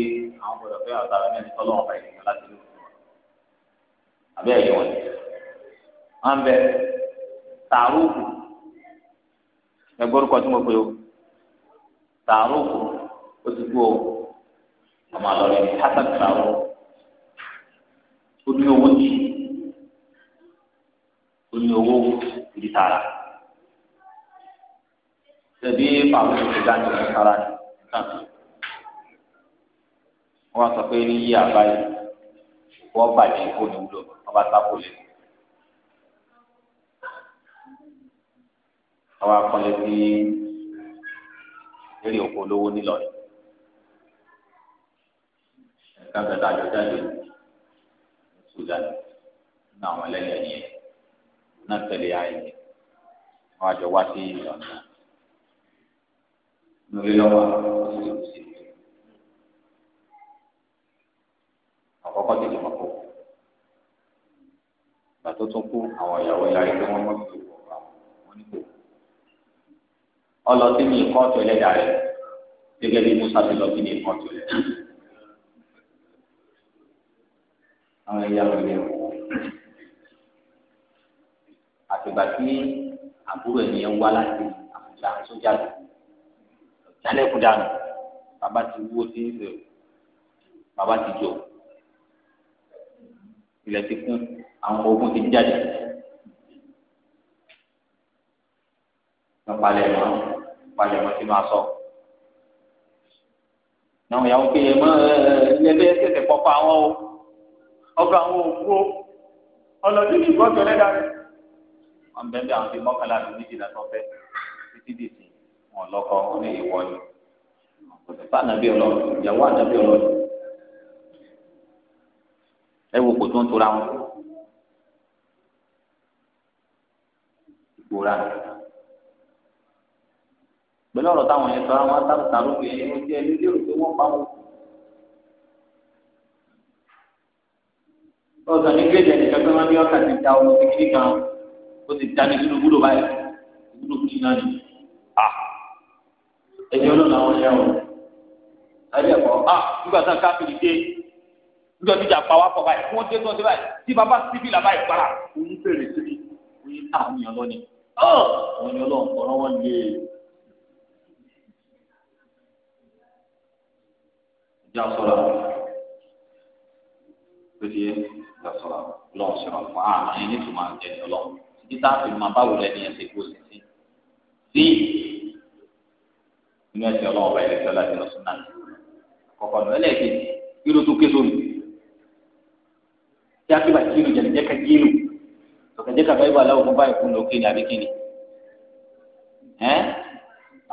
[SPEAKER 1] àwọn gbọdọ̀ fẹ́ àtàwọn ẹni tọ́lọ́wọ́n bá láti abẹ́ ẹ̀yọ́ wọn wọn bẹ tààrùkù ẹgbẹ́ orúkọ tí mo pe o tààrùkù ó ti kú o ọmọ àlọ́rẹ́ ní hasan tààrù ó ní owó jì ó ní owó ìdí tààrà
[SPEAKER 2] tẹ̀bí pàrọ̀ tó ti dáná ní sára
[SPEAKER 1] ní nàbí sọ pé ní àbáyé wọ́n bàjẹ́ kó ní wúlò mọ́ ọba tako lé ọba akọlẹ sí eré oko olówó nílọrin ẹka gbẹdọ àjọjáde sudan ní àwọn ẹlẹyìn ẹyìn náà tẹ̀lé ayé wọn àjọ wá sí ìlọrin lórí lọ́wọ́
[SPEAKER 2] òṣèlú sí
[SPEAKER 1] àkọ́kọ́ tètè mọ kó gbàtó tún kú àwọn ìyàwó yarí pé wọ́n mọ̀ sí òkú àwọn wọn nípò. ọlọ sí mi kóòtù ẹlẹ́dàá rẹ̀ gẹ́gẹ́ bí Musa ti lọ sí mi kóòtù ẹlẹ́dàá. àwọn ìyàwó ilé wọn àtìgbà tí àbúrò ènìyàn wá láti àbújá sójà lọ jálẹ̀kùn dànù bàbá ti wúwo sí ìlú bàbá ti jò ilẹ̀ ti kún àwọn ogun ti jáde lọ́pàlẹ̀ mọ́ lọ́pàlẹ̀ mọ́ sí máa sọ.
[SPEAKER 2] àwọn ìyàwó pé ẹ̀mọ́ ẹ̀ẹ́dẹ́
[SPEAKER 1] tẹ̀sẹ̀ pọ̀pọ̀ àwọn o ọgbà àwọn òkú o ọlọ́dún ní ìgbọ́jọ lẹ́dà rẹ̀. wọ́n bẹ́ẹ̀ bí àwọn ti mọ́kànlá àti méjìlá tó fẹ́ títí dìtì wọn lọ́kọ́ ní ìwọ ni. kò ànábì ọlọ́run ìyàwó ànábì ọlọ́run ẹ wo kò tó ń tora wọn. kó rà nìkan pẹ̀lú ọ̀rọ̀ táwọn yẹn sọ àwọn atáǹtà lókè yẹn ó jẹ́ ilé ìròyìn tó wọ́n pa wọn. ọ̀sán ní gbèsè nìkan pé wọ́n ní ọ̀sán ti ta ọmọ kékeré kan ó ti ta ní gbúdọ̀ gbúdọ̀ báyìí gbúdọ̀ kùtì náà ni. ẹ̀yin ọlọ́run àwọn yẹn o ẹ̀rí ẹ̀kọ́ a nígbà tán káfíìrì dé nígbà tí ìjà pa wá pọ̀ báyìí wọ́n dé tó ń báyìí tí bàbá síbí làbá ìpara òun fèrè síbi Ah, wọn ni ọlọ́run kọ́ lọ́wọ́ ń lé ìjà sọ̀rọ̀ pété ìjà sọ̀rọ̀ ọlọ́run sọ̀rọ̀ fún àmà yẹn ní tòun àjẹ ọlọ́run títí tá a fi máa báwo lẹ́ni ẹ̀ ṣe kó sí sí sí inú ẹ̀sìn ọlọ́run ọba ẹ̀rẹ́ sọ́lá ti lọ sún náà kọ̀ọ̀kan nù ẹlẹ́ẹ̀kejì kí ló tún ké sórí kí á kí bàtí kí ló jẹ ẹ̀jẹ̀ kàfẹ́ ìbò aláwọ̀ fún báyìí fún lókè ní abíkíni ẹ́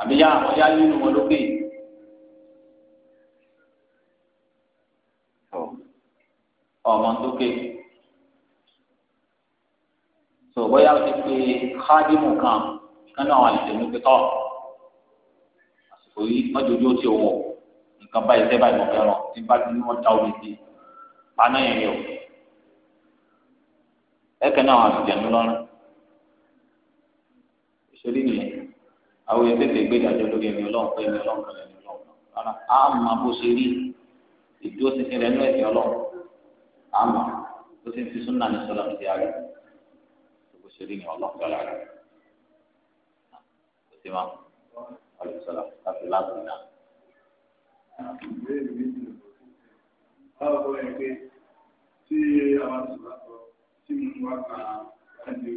[SPEAKER 1] àbí yá àwọn yá nínú wọn lókè. ọmọ tókè tó bóyá o ti pe kádìmù kan kánú àwọn àlejò pé tọ́ àsìkò yìí mọ́jọ́jú ó ti wọ̀ nǹkan báyìí sẹ́bàá ìmọ̀ fẹ́ràn tí bá ti ní wọ́n ta omi sí paná yẹn yẹn o ẹ̀kẹ́ náà wọn àtìjẹ̀nu lọ́rùn ìṣòrí nìyẹn àwọn èèyàn tètè gbé ìdájọ́ lórí ẹ̀mí ọlọ́run pé ẹ̀mí ọlọ́run kan lẹ́nu ọlọ́run rárá á mọ bó ṣe rí ìdúró títí rẹ̀ nú ẹ̀sìn ọlọ́run á mọ bó ṣe fi súnà ní sọlá ti àárẹ̀ bó ṣe rí ní ọlọ́run kan lára kò sí máa ọlọ́run sọlá láti láti náà. báwo ni pé tí àwọn àti sọlá tí mo wá kà láti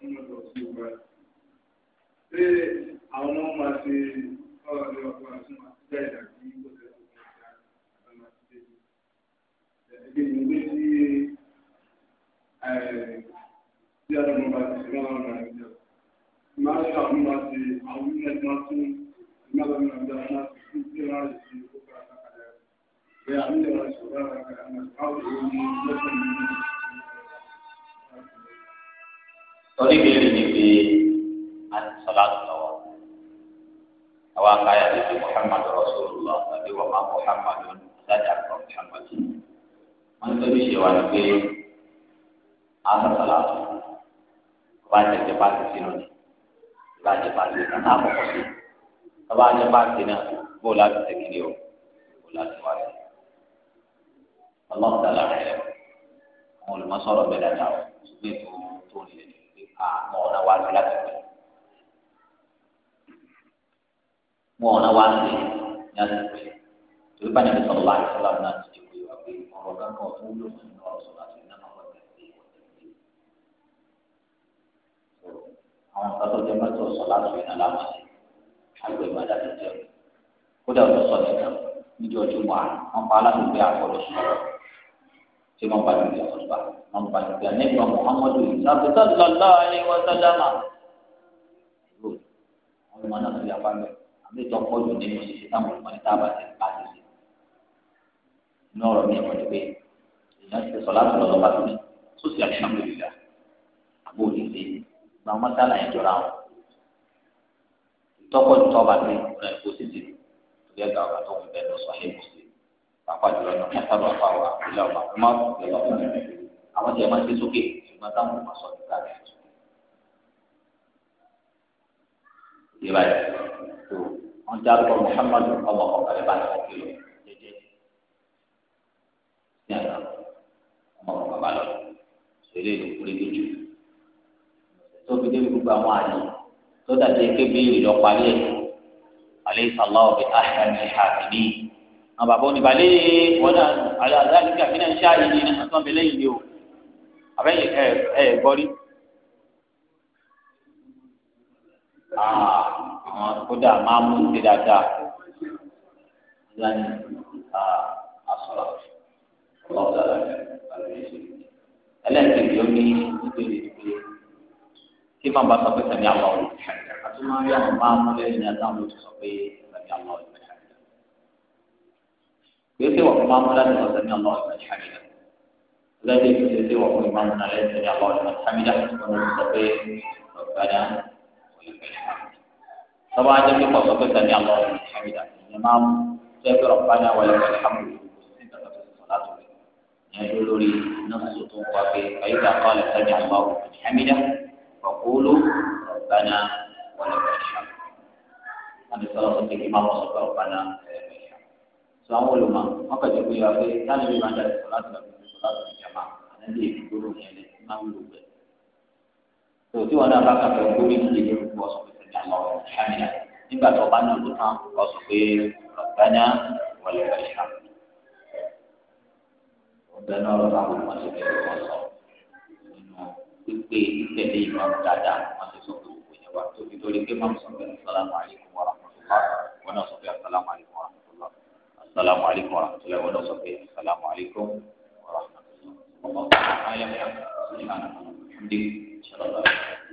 [SPEAKER 1] nínú ọ̀dọ̀ sí ọba. Ṣé àwọn ọmọ máa ṣe ọ̀rọ̀ ní ọkọ̀ àti máa ti dá ìdá sí kó tẹ̀ ọ́ ní ọjà àti máa ti dé. Ẹgbẹ́ mi gbé sí tí a lọ́mọ bá ti ṣe máa ń ra ìjà. Máa ń ṣe oníbèrè ni pé àtisọ́lá tó lọ wá àwa káyà lè muhammad rasulullah tàbí wa má muhammad sájà kan muhammad wọn tó ní ṣe wá ni pé àtisọ́lá tó bá jẹjẹ bá ti sínú ni bá jẹ bá ti sínú náà kọkọ sí bá jẹ bá ti náà bó láti tẹkìlì o bó láti wá sí ọlọ́run tàlà rẹ̀ àwọn olùmọ̀sọ̀rọ̀ bẹ̀rẹ̀ dáa o ṣùgbọ́n ètò tó nílẹ̀ ní àmọ́ ọ̀nà wa lò láti pè mọ ọ̀nà wa lò láti pè torí bá níbi sọ̀rọ̀ láti sọ̀rọ̀ náà ti di pé wà pé ọ̀rọ̀ kankan tó wúlò fún ìlú ọ̀rọ̀ sọ̀rọ̀ àti ìnáwó ọ̀rọ̀ tẹ̀lé ìwọ̀n tẹ̀lé àwọn nǹkan tó jẹ́ mẹ́tò sọ̀ láti ìná láwọn ṣe àgbẹ̀ máa dàbí jẹun kódà ọ̀dọ̀ sọ̀rọ̀ nìkan níjọ́ ọjọ́ mọ́ àwọn pa aládùúgbò àkọlù sọ̀rọ̀ tí wọ́n bá lórí ọ̀sọ̀gbà wọ́n bá lórí ànẹ́gbà Muhammadu ìsàbẹ̀tà lọ́lá ayé wọn sálámà. wọ́n mọ náà lórí abáńgbẹ́ àmì ìtọ́ pọ́jù nínú ṣíṣe táwọn olùkọ́ ní táàbà ti bá ti ṣe. inú ọ̀rọ̀ mi ìwọ̀n ni pé ìyá ti sọ láti lọ́lọ́ bá tóbi tó sì àṣà mi rìlà àbó òdìdí gba ọmọ sálà yẹn jọra wọn. ìtọ́pọ̀ ìtọ́ bá ti rẹ̀ kó ti apa jùlọ náà látàbà fáwọn àpèlè ọba ọmọ ìjọba ọba àwọn tí a máa ń ṣe sókè ṣùgbọ́n táwọn ọmọ sọ nípa rẹ̀ tó. ìdíbà yìí tó wọn já lọ Muhammadu ọmọ ọkọlẹ bá lọ kí lọ jẹjẹ ní àná ọmọ ọkọ bá lọ ṣẹlẹ̀ ìlúkulẹ lójú tó fi dé gbogbo àwọn bàbá oníbàlẹ̀ wọn náà aláàdáàlúkà mí náà ń ṣáàyè ní àtọ́ mi lẹ́yìn ni o àbẹ́yìn ẹ ẹ gbọ́rí. àwọn kódà máa mú ti dáadáa lẹ́yìn àṣọ ọlọ́dà
[SPEAKER 2] ẹlẹ́ẹ̀kejì ó ní
[SPEAKER 1] ìbéèrè pé kí màá bá sọ pé sẹ́mi àwọn ọ̀rọ̀ àti máa yá àwọn máa mú lẹ́yìn àtàwọn oṣù sọ pé sẹ́mi àwọn ọ̀rọ̀
[SPEAKER 2] يوسف وإمام لا سمي
[SPEAKER 1] الله لمن حمده الذي يوسف وإمام لا سمي الله لمن حمده ونستقي ربنا ولك الحمد طبعا جميع قصة سمي الله لمن حمده الإمام سيف ربنا ولك الحمد يقول لي نفس وفي فإذا قال سمع الله لمن حمده فقولوا ربنا ولك الحمد هذه صلاة الإمام وصف ربنا sọ àwọn olùmọ̀ wọn kàdé pé wà pé táwọn ìlú máa jáde sọ láti wàá fi sọ láti fi jàmá ànábì èyí gbóró yẹn lẹ ní máa wúlò bẹ.
[SPEAKER 2] tó tí wọn náà bá kàfẹ́ gbórí ìdílé lórúkọ
[SPEAKER 1] sọ pé sẹ́ni àlọ́ ìṣàmìlà nígbà tó bá náà ló tán lọ sọ pé ọ̀gbẹ́ni wọlé ẹ̀ṣá. ọ̀gbẹ́ni ọlọ́ba wò wọ́n ti bẹ̀rẹ̀ wọ́n sọ nínú pípé ìtẹ̀lé ìmọ̀ dáadáa wọ́n ti sọ pé òkú yẹn wà tóbi torí pé máa sọ pé assalamu alaikum wa السلام عليكم ورحمة الله وبركاته السلام عليكم ورحمة الله وبركاته سبحانك اللهم وبحمدك أشهد أن لا إله إلا أنت